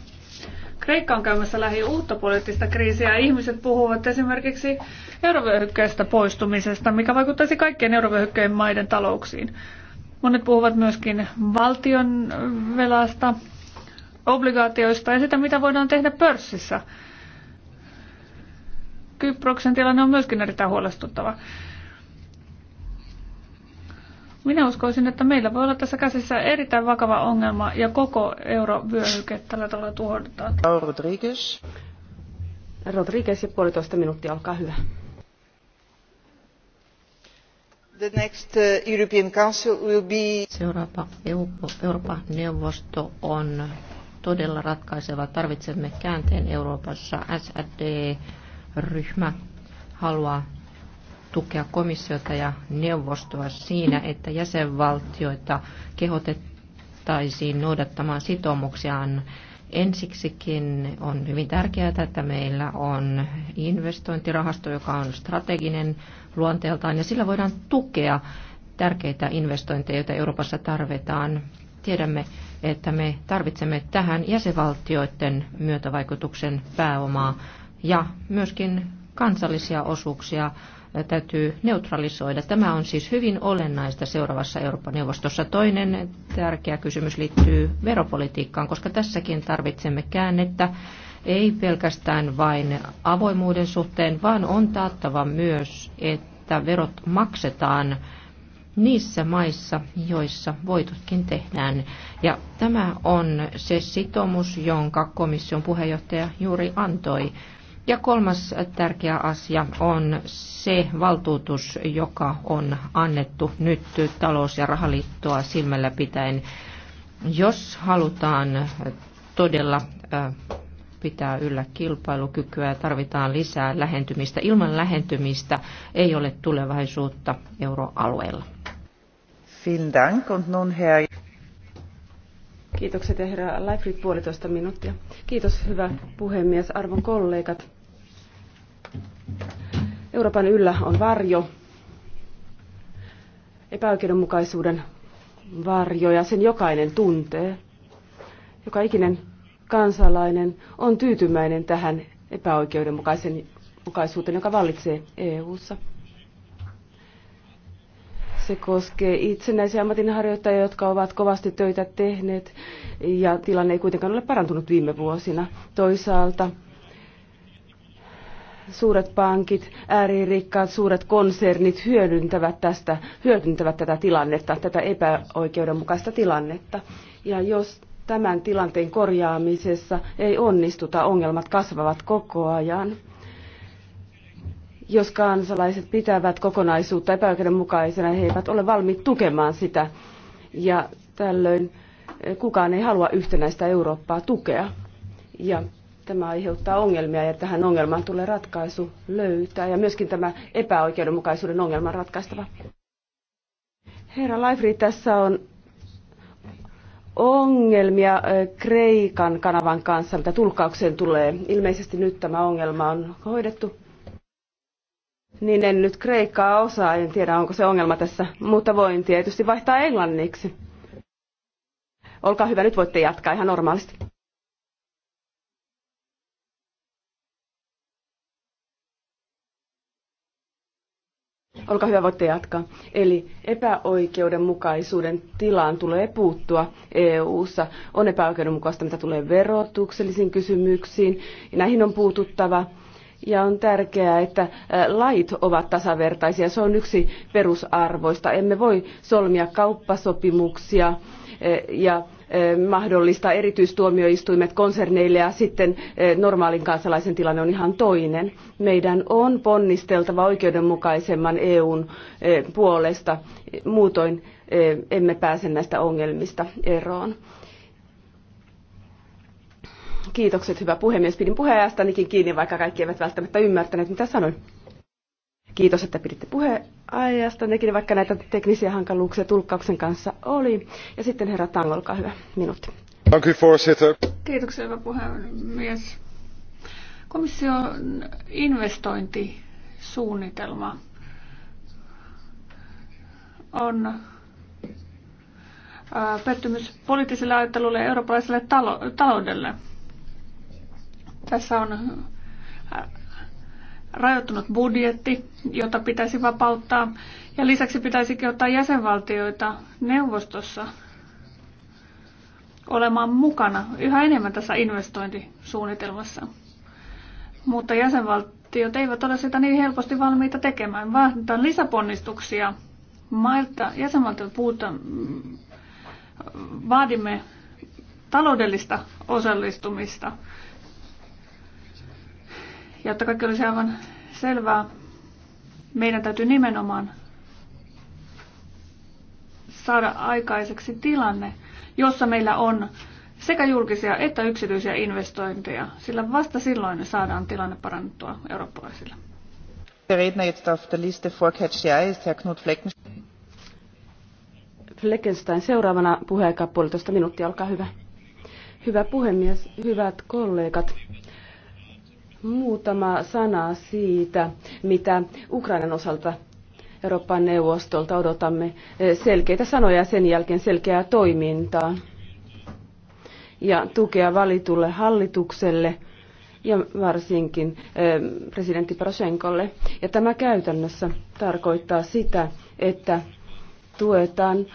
Kreikka on käymässä lähi uutta poliittista kriisiä. Ihmiset puhuvat esimerkiksi eurovyöhykkeestä poistumisesta, mikä vaikuttaisi kaikkien eurovyöhykkeen maiden talouksiin. Monet puhuvat myöskin valtion velasta, obligaatioista ja sitä, mitä voidaan tehdä pörssissä. Kyproksen tilanne on myöskin erittäin huolestuttava. Minä uskoisin, että meillä voi olla tässä käsissä erittäin vakava ongelma ja koko eurovyöhyke tällä tavalla tuhotaan. Rodriguez. Rodriguez ja puolitoista minuuttia, olkaa hyvä. The next uh, European Council will be... Seuraava Euroopan neuvosto on todella ratkaiseva. Tarvitsemme käänteen Euroopassa. SRD ryhmä haluaa tukea komissiota ja neuvostoa siinä, että jäsenvaltioita kehotettaisiin noudattamaan sitoumuksiaan. Ensiksikin on hyvin tärkeää, että meillä on investointirahasto, joka on strateginen luonteeltaan, ja sillä voidaan tukea tärkeitä investointeja, joita Euroopassa tarvitaan. Tiedämme, että me tarvitsemme tähän jäsenvaltioiden myötävaikutuksen pääomaa ja myöskin kansallisia osuuksia täytyy neutralisoida. Tämä on siis hyvin olennaista seuraavassa Euroopan neuvostossa. Toinen tärkeä kysymys liittyy veropolitiikkaan, koska tässäkin tarvitsemme käännettä ei pelkästään vain avoimuuden suhteen, vaan on taattava myös, että verot maksetaan niissä maissa, joissa voitotkin tehdään. Ja tämä on se sitomus, jonka komission puheenjohtaja juuri antoi ja kolmas tärkeä asia on se valtuutus, joka on annettu nyt talous- ja rahaliittoa silmällä pitäen. Jos halutaan todella pitää yllä kilpailukykyä ja tarvitaan lisää lähentymistä. Ilman lähentymistä ei ole tulevaisuutta euroalueella. nun Herr Kiitokset herra Leifrit puolitoista minuuttia. Kiitos hyvä puhemies, arvon kollegat. Euroopan yllä on varjo, epäoikeudenmukaisuuden varjo ja sen jokainen tuntee. Joka ikinen kansalainen on tyytymäinen tähän epäoikeudenmukaisuuteen, joka vallitsee EU:ssa. Se koskee itsenäisiä ammatinharjoittajia, jotka ovat kovasti töitä tehneet ja tilanne ei kuitenkaan ole parantunut viime vuosina. Toisaalta suuret pankit, ääririkkaat, suuret konsernit hyödyntävät, tästä, hyödyntävät tätä tilannetta, tätä epäoikeudenmukaista tilannetta. Ja jos tämän tilanteen korjaamisessa ei onnistuta, ongelmat kasvavat koko ajan. Jos kansalaiset pitävät kokonaisuutta epäoikeudenmukaisena, he eivät ole valmiit tukemaan sitä. Ja tällöin kukaan ei halua yhtenäistä Eurooppaa tukea. Ja Tämä aiheuttaa ongelmia ja tähän ongelmaan tulee ratkaisu löytää ja myöskin tämä epäoikeudenmukaisuuden ongelman ratkaistava. Herra Laifri, tässä on ongelmia Kreikan kanavan kanssa, mitä tulkaukseen tulee. Ilmeisesti nyt tämä ongelma on hoidettu. Niin en nyt Kreikkaa osaa, en tiedä onko se ongelma tässä, mutta voin tietysti vaihtaa englanniksi. Olkaa hyvä, nyt voitte jatkaa ihan normaalisti. Olkaa hyvä, voitte jatkaa. Eli epäoikeudenmukaisuuden tilaan tulee puuttua EU-ssa. On epäoikeudenmukaista, mitä tulee verotuksellisiin kysymyksiin. Näihin on puututtava. Ja on tärkeää, että lait ovat tasavertaisia. Se on yksi perusarvoista. Emme voi solmia kauppasopimuksia ja mahdollistaa erityistuomioistuimet konserneille ja sitten normaalin kansalaisen tilanne on ihan toinen. Meidän on ponnisteltava oikeudenmukaisemman EUn puolesta, muutoin emme pääse näistä ongelmista eroon. Kiitokset, hyvä puhemies. Pidin kiinni, vaikka kaikki eivät välttämättä ymmärtäneet, mitä sanoin. Kiitos, että piditte puheajasta, nekin vaikka näitä teknisiä hankaluuksia tulkkauksen kanssa oli. Ja sitten herra Tang, olkaa hyvä, minuutti. Kiitoksia, hyvä puhemies. Komission investointisuunnitelma on äh, pettymys poliittiselle ajattelulle ja eurooppalaiselle talo- taloudelle. Tässä on äh, rajoittunut budjetti, jota pitäisi vapauttaa, ja lisäksi pitäisikin ottaa jäsenvaltioita neuvostossa olemaan mukana yhä enemmän tässä investointisuunnitelmassa. Mutta jäsenvaltiot eivät ole sitä niin helposti valmiita tekemään. Vaaditaan lisäponnistuksia mailta. Jäsenvaltiot puhuta, vaadimme taloudellista osallistumista Jotta kaikki olisi aivan selvää, meidän täytyy nimenomaan saada aikaiseksi tilanne, jossa meillä on sekä julkisia että yksityisiä investointeja, sillä vasta silloin saadaan tilanne parannettua eurooppalaisille. Fleckenstein seuraavana puheenjohtaja puolitoista minuuttia, olkaa hyvä. Hyvä puhemies, hyvät kollegat. Muutama sana siitä, mitä Ukrainan osalta Euroopan neuvostolta odotamme selkeitä sanoja ja sen jälkeen selkeää toimintaa ja tukea valitulle hallitukselle ja varsinkin eh, presidentti Poroshenkolle. Ja tämä käytännössä tarkoittaa sitä, että tuetaan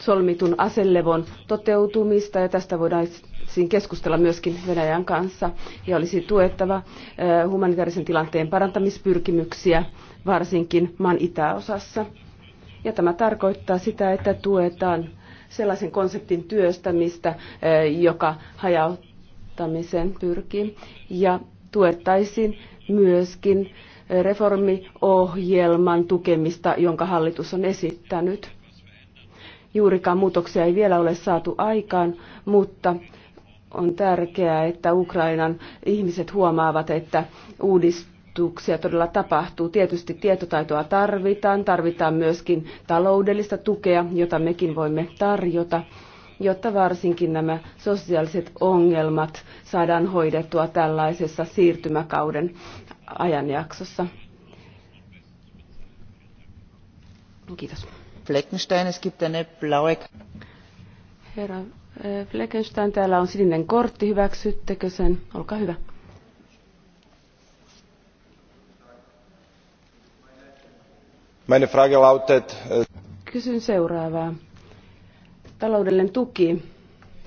solmitun aselevon toteutumista ja tästä voidaan siinä keskustella myöskin Venäjän kanssa ja olisi tuettava humanitaarisen tilanteen parantamispyrkimyksiä varsinkin maan itäosassa. Ja tämä tarkoittaa sitä, että tuetaan sellaisen konseptin työstämistä, joka hajauttamiseen pyrkii ja tuettaisiin myöskin reformiohjelman tukemista, jonka hallitus on esittänyt. Juurikaan muutoksia ei vielä ole saatu aikaan, mutta on tärkeää, että Ukrainan ihmiset huomaavat, että uudistuksia todella tapahtuu. Tietysti tietotaitoa tarvitaan, tarvitaan myöskin taloudellista tukea, jota mekin voimme tarjota jotta varsinkin nämä sosiaaliset ongelmat saadaan hoidettua tällaisessa siirtymäkauden ajanjaksossa. Kiitos. Fleckenstein, es gibt eine blaue... Herra eh, Fleckenstein, täällä on sininen kortti. Hyväksyttekö sen? Olkaa hyvä. Meine Frage lautet... Eh, Kysyn seuraavaa Taloudellinen tuki,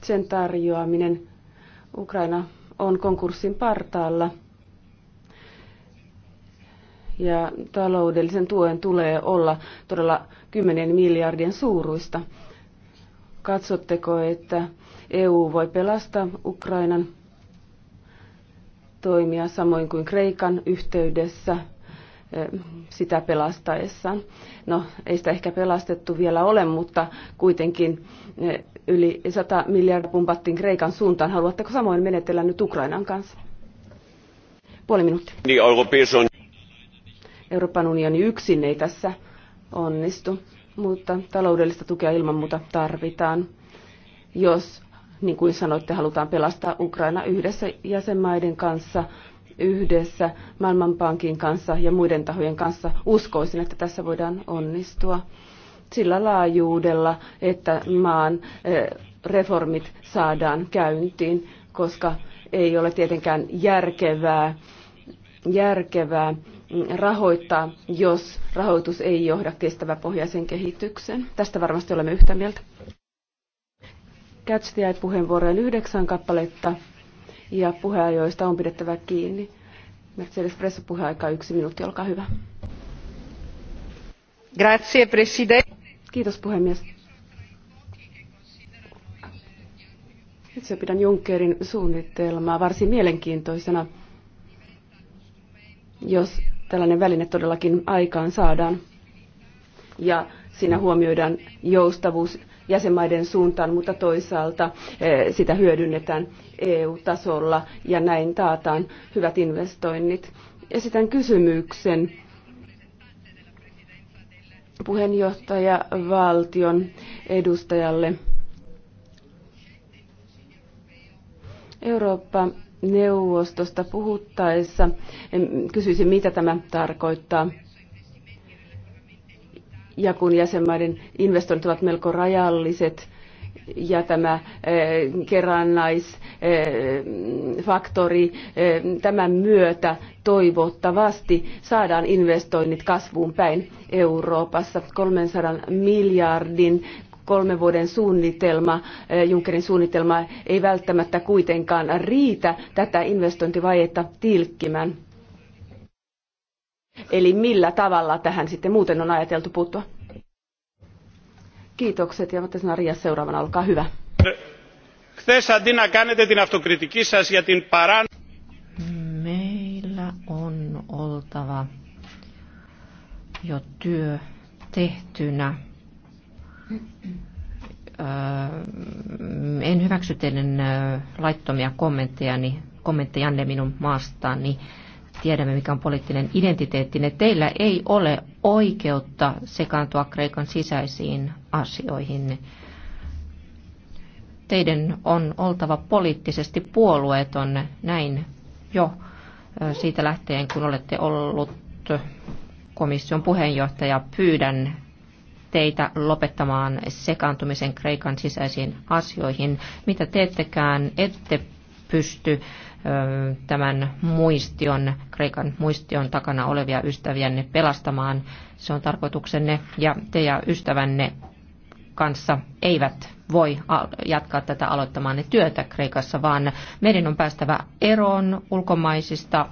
sen tarjoaminen. Ukraina on konkurssin partaalla ja taloudellisen tuen tulee olla todella 10 miljardien suuruista. Katsotteko, että EU voi pelastaa Ukrainan toimia samoin kuin Kreikan yhteydessä? sitä pelastaessa. No, ei sitä ehkä pelastettu vielä ole, mutta kuitenkin eh, yli 100 miljardia pumpattiin Kreikan suuntaan. Haluatteko samoin menetellä nyt Ukrainan kanssa? Puoli minuuttia. Niin, Euroopan unioni yksin ei tässä onnistu, mutta taloudellista tukea ilman muuta tarvitaan. Jos, niin kuin sanoitte, halutaan pelastaa Ukraina yhdessä jäsenmaiden kanssa, yhdessä Maailmanpankin kanssa ja muiden tahojen kanssa uskoisin, että tässä voidaan onnistua sillä laajuudella, että maan eh, reformit saadaan käyntiin, koska ei ole tietenkään järkevää, järkevää mm, rahoittaa, jos rahoitus ei johda pohjaisen kehitykseen. Tästä varmasti olemme yhtä mieltä. Catch the puheenvuorojen yhdeksän kappaletta ja puheajoista on pidettävä kiinni. Mercedes Presso puheaika yksi minuutti, olkaa hyvä. Grazie, presidente. Kiitos puhemies. Itse pidän Junckerin suunnitelmaa varsin mielenkiintoisena, jos tällainen väline todellakin aikaan saadaan. Ja siinä huomioidaan joustavuus jäsenmaiden suuntaan, mutta toisaalta eh, sitä hyödynnetään EU-tasolla ja näin taataan hyvät investoinnit. Esitän kysymyksen puheenjohtaja valtion edustajalle. Eurooppa-neuvostosta puhuttaessa kysyisin, mitä tämä tarkoittaa ja kun jäsenmaiden investoinnit ovat melko rajalliset, ja tämä eh, kerrannaisfaktori eh, tämän myötä toivottavasti saadaan investoinnit kasvuun päin Euroopassa 300 miljardin kolmen vuoden suunnitelma, eh, Junckerin suunnitelma ei välttämättä kuitenkaan riitä tätä investointivajetta tilkkimään Eli millä tavalla tähän sitten muuten on ajateltu puuttua? Kiitokset ja Vattes Naria seuraavana, olkaa hyvä. Meillä on oltava jo työ tehtynä. Öö, en hyväksy teidän öö, laittomia niin- kommenttejanne minun maastani tiedämme, mikä on poliittinen identiteetti, niin Teillä ei ole oikeutta sekaantua Kreikan sisäisiin asioihin. Teidän on oltava poliittisesti puolueeton näin jo siitä lähtien, kun olette ollut komission puheenjohtaja. Pyydän teitä lopettamaan sekaantumisen Kreikan sisäisiin asioihin. Mitä teettekään, ette pysty tämän muistion, Kreikan muistion takana olevia ystäviänne pelastamaan. Se on tarkoituksenne ja te ja ystävänne kanssa eivät voi jatkaa tätä aloittamaanne työtä Kreikassa, vaan meidän on päästävä eroon ulkomaisista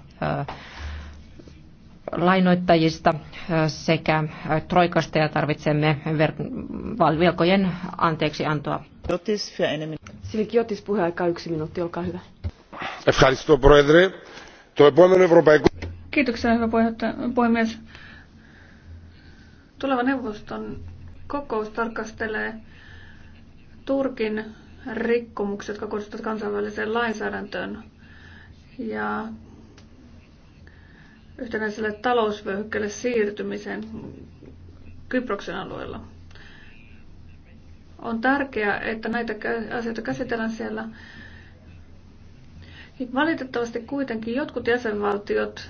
lainoittajista sekä troikasta ja tarvitsemme ver- velkojen anteeksi antoa. Jotis, Jotis, puheaika yksi minuutti, olkaa hyvä. Kiitoksia, hyvä puhemies. Tuleva neuvoston kokous tarkastelee Turkin rikkomukset, jotka kohdistuvat kansainväliseen lainsäädäntöön ja yhtenäiselle talousvyöhykkeelle siirtymisen Kyproksen alueella. On tärkeää, että näitä asioita käsitellään siellä Valitettavasti kuitenkin jotkut jäsenvaltiot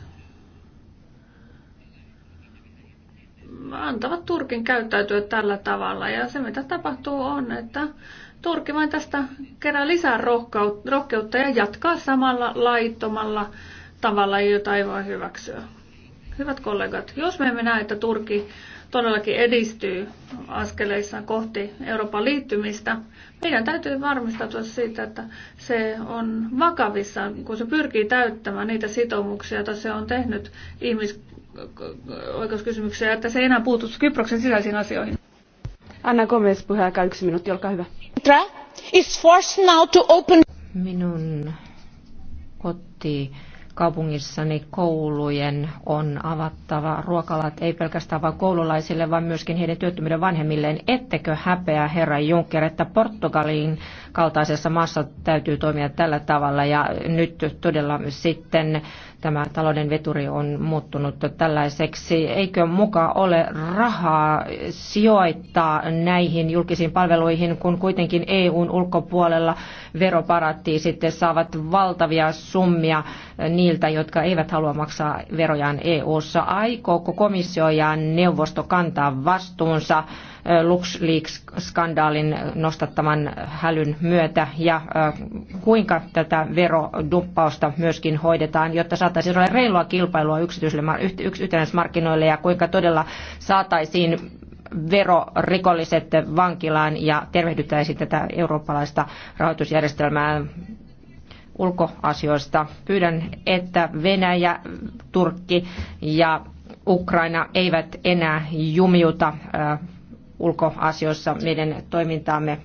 antavat Turkin käyttäytyä tällä tavalla. Ja se mitä tapahtuu on, että Turkki vain tästä kerää lisää rohkeutta ja jatkaa samalla laittomalla tavalla, jota ei voi hyväksyä. Hyvät kollegat, jos me emme näe, että Turkki todellakin edistyy askeleissaan kohti Euroopan liittymistä, meidän täytyy varmistautua siitä, että se on vakavissa, kun se pyrkii täyttämään niitä sitoumuksia, joita se on tehnyt ihmisoikeuskysymyksiä, että se ei enää puutu Kyproksen sisäisiin asioihin. Anna Gomez, puheenjohtaja, yksi minuutti, olkaa hyvä. Is forced now to open... Minun koti kaupungissani koulujen on avattava ruokalat ei pelkästään vain koululaisille, vaan myöskin heidän työttömyyden vanhemmilleen. Ettekö häpeä, herra Juncker, että Portugalin kaltaisessa maassa täytyy toimia tällä tavalla ja nyt todella sitten tämä talouden veturi on muuttunut tällaiseksi. Eikö muka ole rahaa sijoittaa näihin julkisiin palveluihin, kun kuitenkin EUn ulkopuolella veroparatiisit saavat valtavia summia niiltä, jotka eivät halua maksaa verojaan EUssa. Aikooko komissio ja neuvosto kantaa vastuunsa? LuxLeaks-skandaalin nostattaman hälyn myötä ja kuinka tätä verodumppausta myöskin hoidetaan, jotta saataisiin olla reilua kilpailua yksityisille yhtenäismarkkinoille ja kuinka todella saataisiin verorikolliset vankilaan ja tervehdyttäisiin tätä eurooppalaista rahoitusjärjestelmää ulkoasioista. Pyydän, että Venäjä, Turkki ja Ukraina eivät enää jumiuta ulkoasioissa meidän toimintaamme.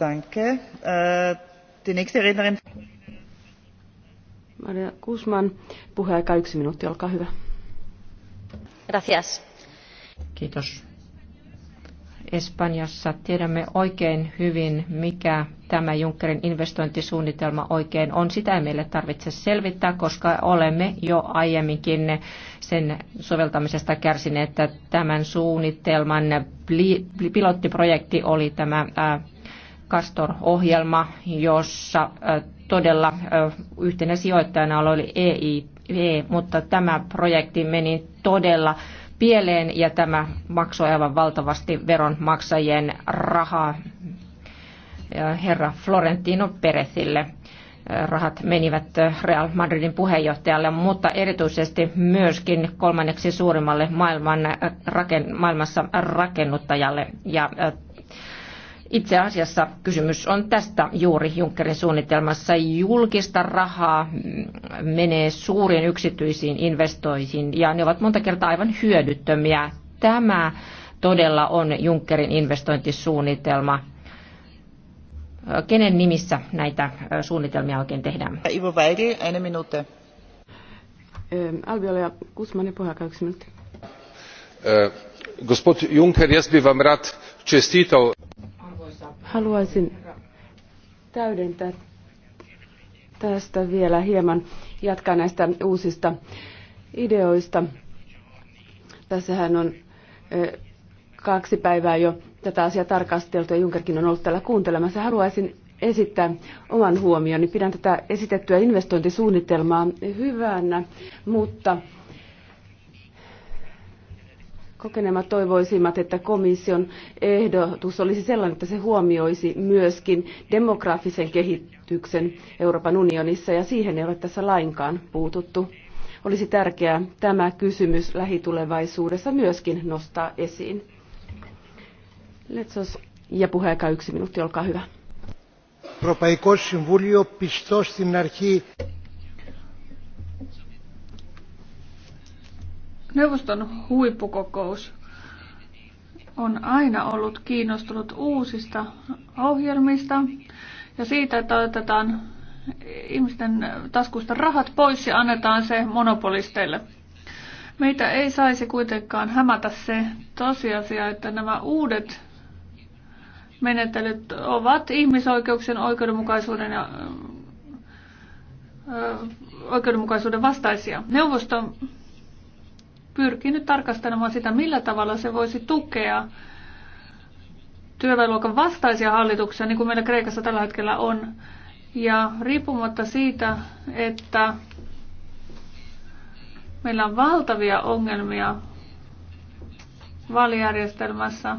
Danke. Äh, die nächste Rednerin. Maria Kusman, puheaika yksi minuutti, olkaa hyvä. Gracias. Kiitos. Espanjassa tiedämme oikein hyvin, mikä tämä Junckerin investointisuunnitelma oikein on, sitä ei meille tarvitse selvittää, koska olemme jo aiemminkin sen soveltamisesta kärsineet, että tämän suunnitelman pilottiprojekti oli tämä Castor-ohjelma, jossa todella yhtenä sijoittajana oli EIV, e mutta tämä projekti meni todella pieleen ja tämä maksoi aivan valtavasti veronmaksajien rahaa herra Florentino Perezille. Äh, rahat menivät äh, Real Madridin puheenjohtajalle, mutta erityisesti myöskin kolmanneksi suurimmalle maailman, äh, raken, maailmassa rakennuttajalle. Ja itse asiassa kysymys on tästä juuri Junckerin suunnitelmassa. Julkista rahaa mm, menee suuriin yksityisiin investoihin ja ne ovat monta kertaa aivan hyödyttömiä. Tämä todella on Junckerin investointisuunnitelma kenen nimissä näitä suunnitelmia oikein tehdään? Ivo Väidi, eine Minute. Alviola Kusmani, puheenjohtaja, yksi minuutti. Gospod Juncker, jäs bi vam rat čestital. Haluaisin täydentää tästä vielä hieman, jatkaa näistä uusista ideoista. Tässähän on kaksi päivää jo tätä asiaa tarkasteltu ja Junkerkin on ollut täällä kuuntelemassa. Haluaisin esittää oman huomioni. Pidän tätä esitettyä investointisuunnitelmaa hyvänä, mutta kokenema toivoisimmat, että komission ehdotus olisi sellainen, että se huomioisi myöskin demografisen kehityksen Euroopan unionissa, ja siihen ei ole tässä lainkaan puututtu. Olisi tärkeää tämä kysymys lähitulevaisuudessa myöskin nostaa esiin. Letsos ja puheaika yksi minuutti, olkaa hyvä. Ευρωπαϊκό Συμβούλιο πιστό στην αρχή. Neuvoston huippukokous on aina ollut kiinnostunut uusista ohjelmista ja siitä, että otetaan ihmisten taskusta rahat pois ja annetaan se monopolisteille. Meitä ei saisi kuitenkaan hämätä se tosiasia, että nämä uudet menettelyt ovat ihmisoikeuksien oikeudenmukaisuuden ja oikeudenmukaisuuden vastaisia. Neuvosto pyrkii nyt tarkastelemaan sitä, millä tavalla se voisi tukea työväenluokan vastaisia hallituksia, niin kuin meillä Kreikassa tällä hetkellä on. Ja riippumatta siitä, että meillä on valtavia ongelmia vaalijärjestelmässä,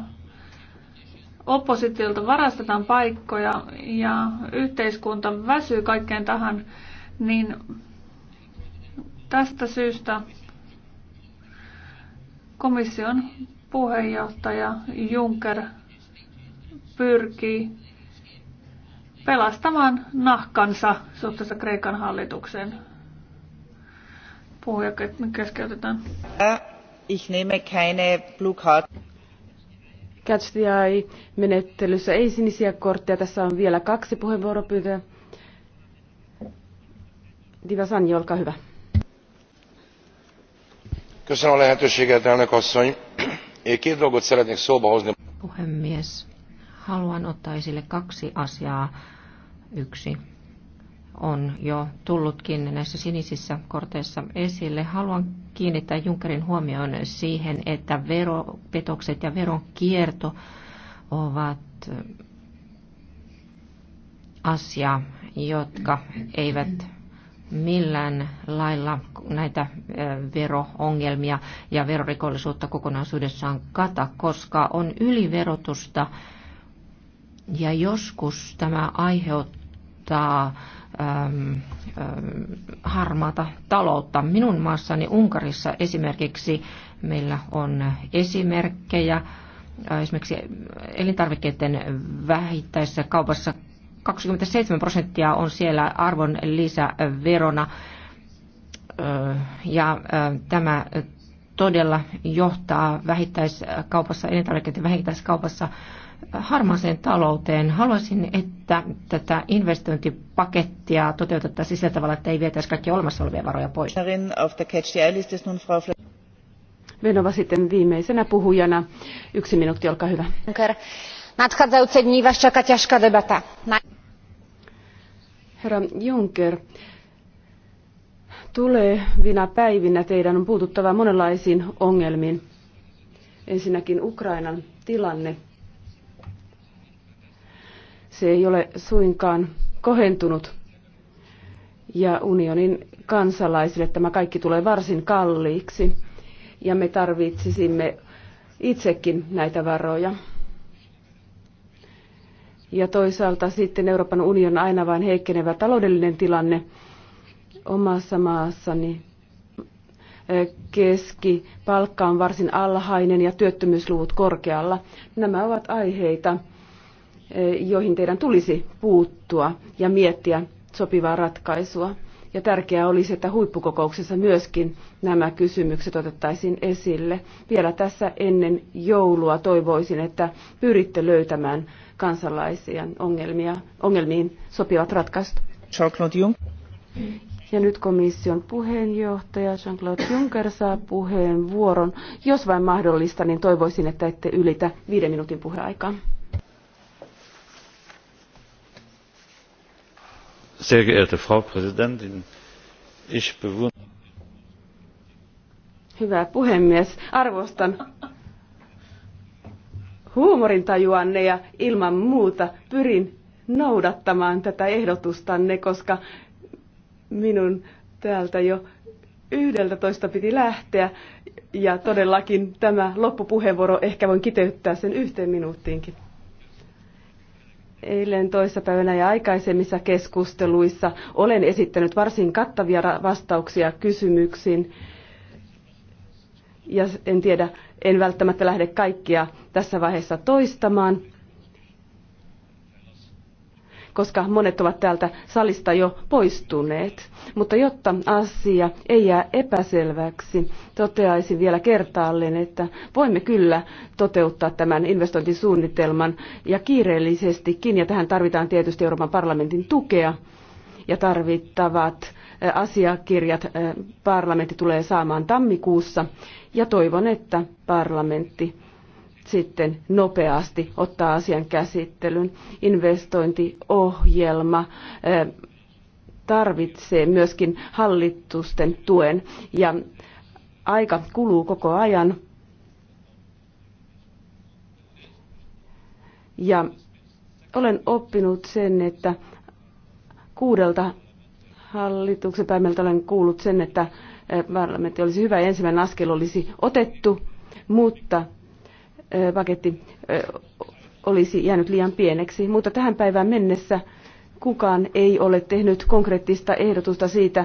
oppositiolta varastetaan paikkoja ja yhteiskunta väsyy kaikkeen tähän, niin tästä syystä komission puheenjohtaja Juncker pyrkii pelastamaan nahkansa suhteessa Kreikan hallitukseen. Puhuja keskeytetään. Äh, ich nehme keine Blue Card. Catch the Eye-menettelyssä ei sinisiä kortteja. Tässä on vielä kaksi puheenvuoropyyntöä. Diva Sanji, olkaa hyvä. Köszönöm a lehetőséget, elnök asszony. Én két dolgot szeretnék szóba hozni. Puhemies, haluan ottaa esille kaksi asiaa. Yksi on jo tullutkin näissä sinisissä korteissa esille. Haluan kiinnittää Junckerin huomioon siihen, että veropetokset ja veronkierto ovat asia, jotka eivät millään lailla näitä veroongelmia ja verorikollisuutta kokonaisuudessaan kata, koska on yliverotusta ja joskus tämä aiheuttaa ähm, ähm, harmaata taloutta. Minun maassani Unkarissa esimerkiksi meillä on esimerkkejä äh, esimerkiksi elintarvikkeiden vähittäisessä kaupassa 27 prosenttia on siellä arvon lisäverona äh, ja äh, tämä todella johtaa vähittäiskaupassa, elintarvikkeiden vähittäiskaupassa harmaaseen talouteen. Haluaisin, että tätä investointipakettia toteutettaisiin sillä tavalla, että ei vietäisi kaikki olemassa olevia varoja pois. Venova sitten viimeisenä puhujana. Yksi minuutti, olkaa hyvä. Herra Juncker, tulevina päivinä teidän on puututtava monenlaisiin ongelmiin. Ensinnäkin Ukrainan tilanne se ei ole suinkaan kohentunut. Ja unionin kansalaisille tämä kaikki tulee varsin kalliiksi. Ja me tarvitsisimme itsekin näitä varoja. Ja toisaalta sitten Euroopan unionin aina vain heikkenevä taloudellinen tilanne omassa maassani keski, palkka on varsin alhainen ja työttömyysluvut korkealla. Nämä ovat aiheita, joihin teidän tulisi puuttua ja miettiä sopivaa ratkaisua. Ja tärkeää olisi, että huippukokouksessa myöskin nämä kysymykset otettaisiin esille. Vielä tässä ennen joulua toivoisin, että pyritte löytämään kansalaisia ongelmia, ongelmiin sopivat ratkaisut. Jean-Claude Juncker. Ja nyt komission puheenjohtaja Jean-Claude Juncker saa puheenvuoron. Jos vain mahdollista, niin toivoisin, että ette ylitä viiden minuutin puheaikaa. Sehr geehrte Frau Präsidentin, ich bewundere. Hyvä puhemies, arvostan huumorintajuanne ja ilman muuta pyrin noudattamaan tätä ehdotustanne, koska minun täältä jo yhdeltä toista piti lähteä. Ja todellakin tämä loppupuheenvuoro, ehkä voin kiteyttää sen yhteen minuuttiinkin. Eilen toissapäivänä ja aikaisemmissa keskusteluissa olen esittänyt varsin kattavia vastauksia kysymyksiin. Ja en tiedä, en välttämättä lähde kaikkia tässä vaiheessa toistamaan koska monet ovat täältä salista jo poistuneet. Mutta jotta asia ei jää epäselväksi, toteaisin vielä kertaalleen, että voimme kyllä toteuttaa tämän investointisuunnitelman ja kiireellisestikin, ja tähän tarvitaan tietysti Euroopan parlamentin tukea ja tarvittavat asiakirjat parlamentti tulee saamaan tammikuussa ja toivon, että parlamentti sitten nopeasti ottaa asian käsittelyn. Investointiohjelma eh, tarvitsee myöskin hallitusten tuen ja aika kuluu koko ajan. Ja olen oppinut sen, että kuudelta hallituksen päivältä olen kuullut sen, että eh, parlamentti olisi hyvä ensimmäinen askel olisi otettu, mutta paketti olisi jäänyt liian pieneksi, mutta tähän päivään mennessä kukaan ei ole tehnyt konkreettista ehdotusta siitä,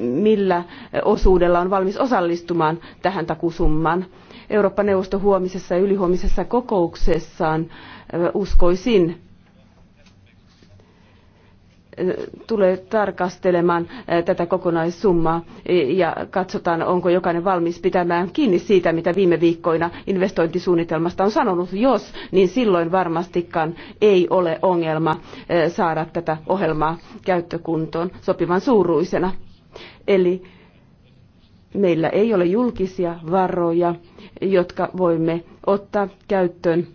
millä osuudella on valmis osallistumaan tähän takusummaan. Eurooppa-neuvosto huomisessa ja ylihuomisessa kokouksessaan uskoisin tulee tarkastelemaan tätä kokonaissummaa e, ja katsotaan, onko jokainen valmis pitämään kiinni siitä, mitä viime viikkoina investointisuunnitelmasta on sanonut. Jos, niin silloin varmastikaan ei ole ongelma saada tätä ohjelmaa käyttökuntoon sopivan suuruisena. Eli meillä ei ole julkisia varoja, jotka voimme ottaa käyttöön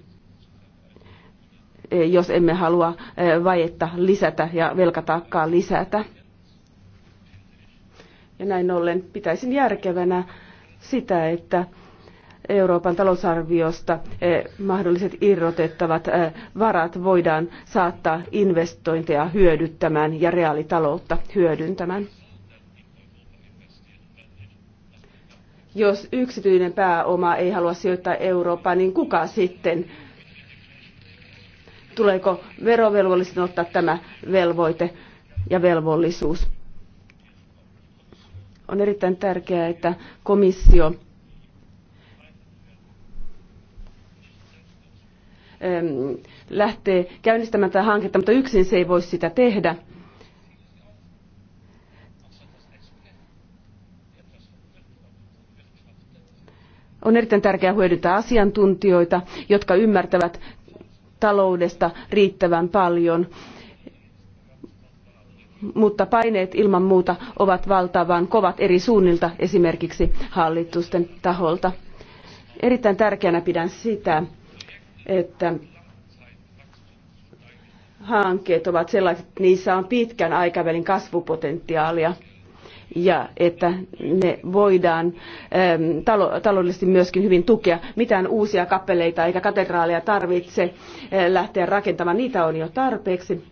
Eh, jos emme halua eh, vajetta lisätä ja velkataakkaa lisätä. Ja näin ollen pitäisin järkevänä sitä, että Euroopan talousarviosta eh, mahdolliset irrotettavat varat voidaan saattaa investointeja hyödyttämään ja reaalitaloutta hyödyntämään. Jos yksityinen pääoma ei halua sijoittaa Eurooppaan, niin kuka sitten tuleeko verovelvollisen ottaa tämä velvoite ja velvollisuus. On erittäin tärkeää, että komissio ähm, lähtee käynnistämään tätä hanketta, mutta yksin se ei voi sitä tehdä. On erittäin tärkeää hyödyntää asiantuntijoita, jotka ymmärtävät taloudesta riittävän paljon mutta paineet ilman muuta ovat valtavan kovat eri suunnilta esimerkiksi hallitusten taholta. Erittäin tärkeänä pidän sitä, että hankkeet ovat sellaiset, että niissä on pitkän aikavälin kasvupotentiaalia – ja että ne voidaan ähm, taloudellisesti myöskin hyvin tukea. Mitään uusia kappeleita eikä katedraaleja tarvitse äh, lähteä rakentamaan, niitä on jo tarpeeksi.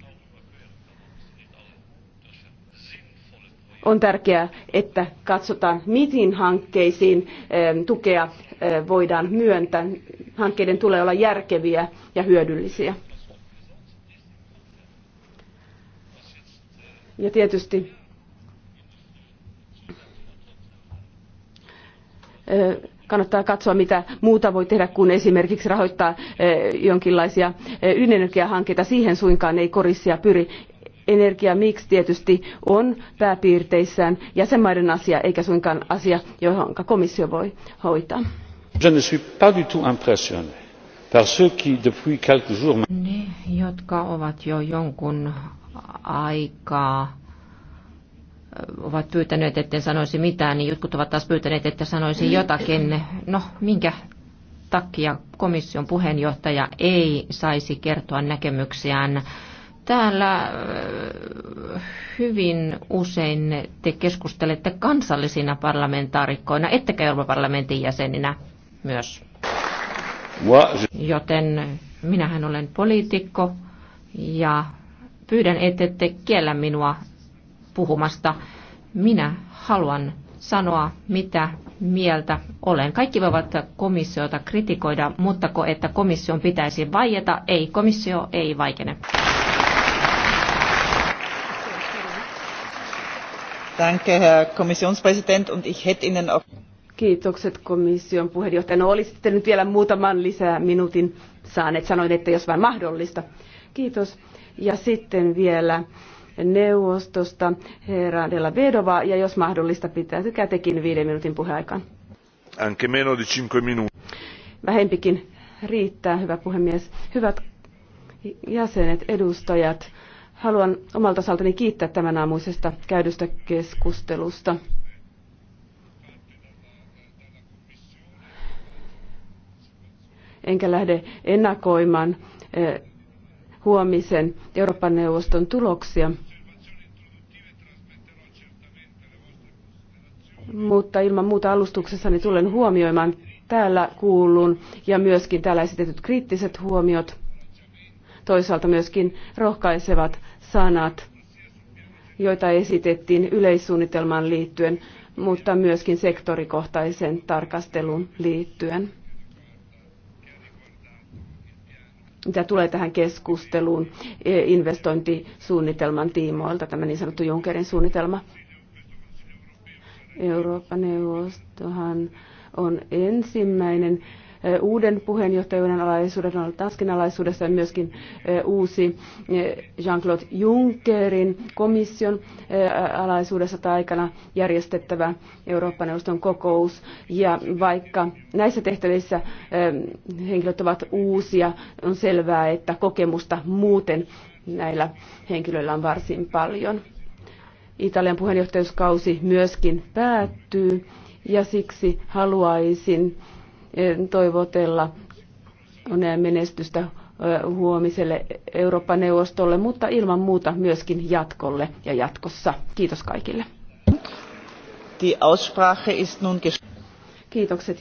On tärkeää, että katsotaan, mihin hankkeisiin ähm, tukea äh, voidaan myöntää. Hankkeiden tulee olla järkeviä ja hyödyllisiä. Ja tietysti kannattaa katsoa, mitä muuta voi tehdä kuin esimerkiksi rahoittaa jonkinlaisia ydinenergiahankkeita. Siihen suinkaan ei korissia pyri. Energiamix tietysti on pääpiirteissään jäsenmaiden asia, eikä suinkaan asia, johon komissio voi hoitaa. Je ne suis pas du tout impressionné par ceux qui depuis quelques jours... Ne, jotka ovat jo jonkun aikaa ovat pyytäneet, etten sanoisi mitään, niin jotkut ovat taas pyytäneet, että sanoisi jotakin. No, minkä takia komission puheenjohtaja ei saisi kertoa näkemyksiään? Täällä äh, hyvin usein te keskustelette kansallisina parlamentaarikkoina, ettekä Euroopan parlamentin jäseninä myös. Joten minähän olen poliitikko ja pyydän, ette kiellä minua puhumasta. Minä haluan sanoa, mitä mieltä olen. Kaikki voivat komissiota kritikoida, mutta ko, että komission pitäisi vaieta, ei, komissio ei vaikene. Danke, Herr Kommissionspräsident, und ich hätte Ihnen auch... Kiitokset komission puheenjohtaja. No olisitte nyt vielä muutaman lisää minuutin saaneet. Sanoin, että jos vain mahdollista. Kiitos. Ja sitten vielä neuvostosta herra Della Vedova ja jos mahdollista pitäytykää tekin viiden minuutin puheaikaan. Anche meno di cinque minuti. Vähempikin riittää, hyvä puhemies. Hyvät jäsenet, edustajat, haluan omalta osaltani kiittää tämän aamuisesta käydystä keskustelusta. Enkä lähde ennakoimaan eh, huomisen Euroopan neuvoston tuloksia. mutta ilman muuta alustuksessani tulen huomioimaan täällä kuullun ja myöskin täällä esitetyt kriittiset huomiot, toisaalta myöskin rohkaisevat sanat, joita esitettiin yleissuunnitelmaan liittyen, mutta myöskin sektorikohtaisen tarkastelun liittyen. mitä tulee tähän keskusteluun e, investointisuunnitelman tiimoilta, tämä niin sanottu Junckerin suunnitelma. Eurooppa-neuvostohan on ensimmäinen eh, uuden puheenjohtajuuden alaisuuden, Donald Tuskin alaisuudessa ja myöskin eh, uusi eh, Jean-Claude Junckerin komission alaisuudessa tai aikana järjestettävä Eurooppa-neuvoston kokous. Ja vaikka näissä tehtävissä henkilöt ovat uusia, on selvää, että kokemusta muuten näillä henkilöillä on varsin paljon. Italian puheenjohtajuuskausi myöskin päättyy ja siksi haluaisin eh, toivotella onnea menestystä eh, huomiselle Eurooppa-neuvostolle, mutta ilman muuta myöskin jatkolle ja jatkossa. Kiitos kaikille. Die Aussprache ist nun Kiitokset.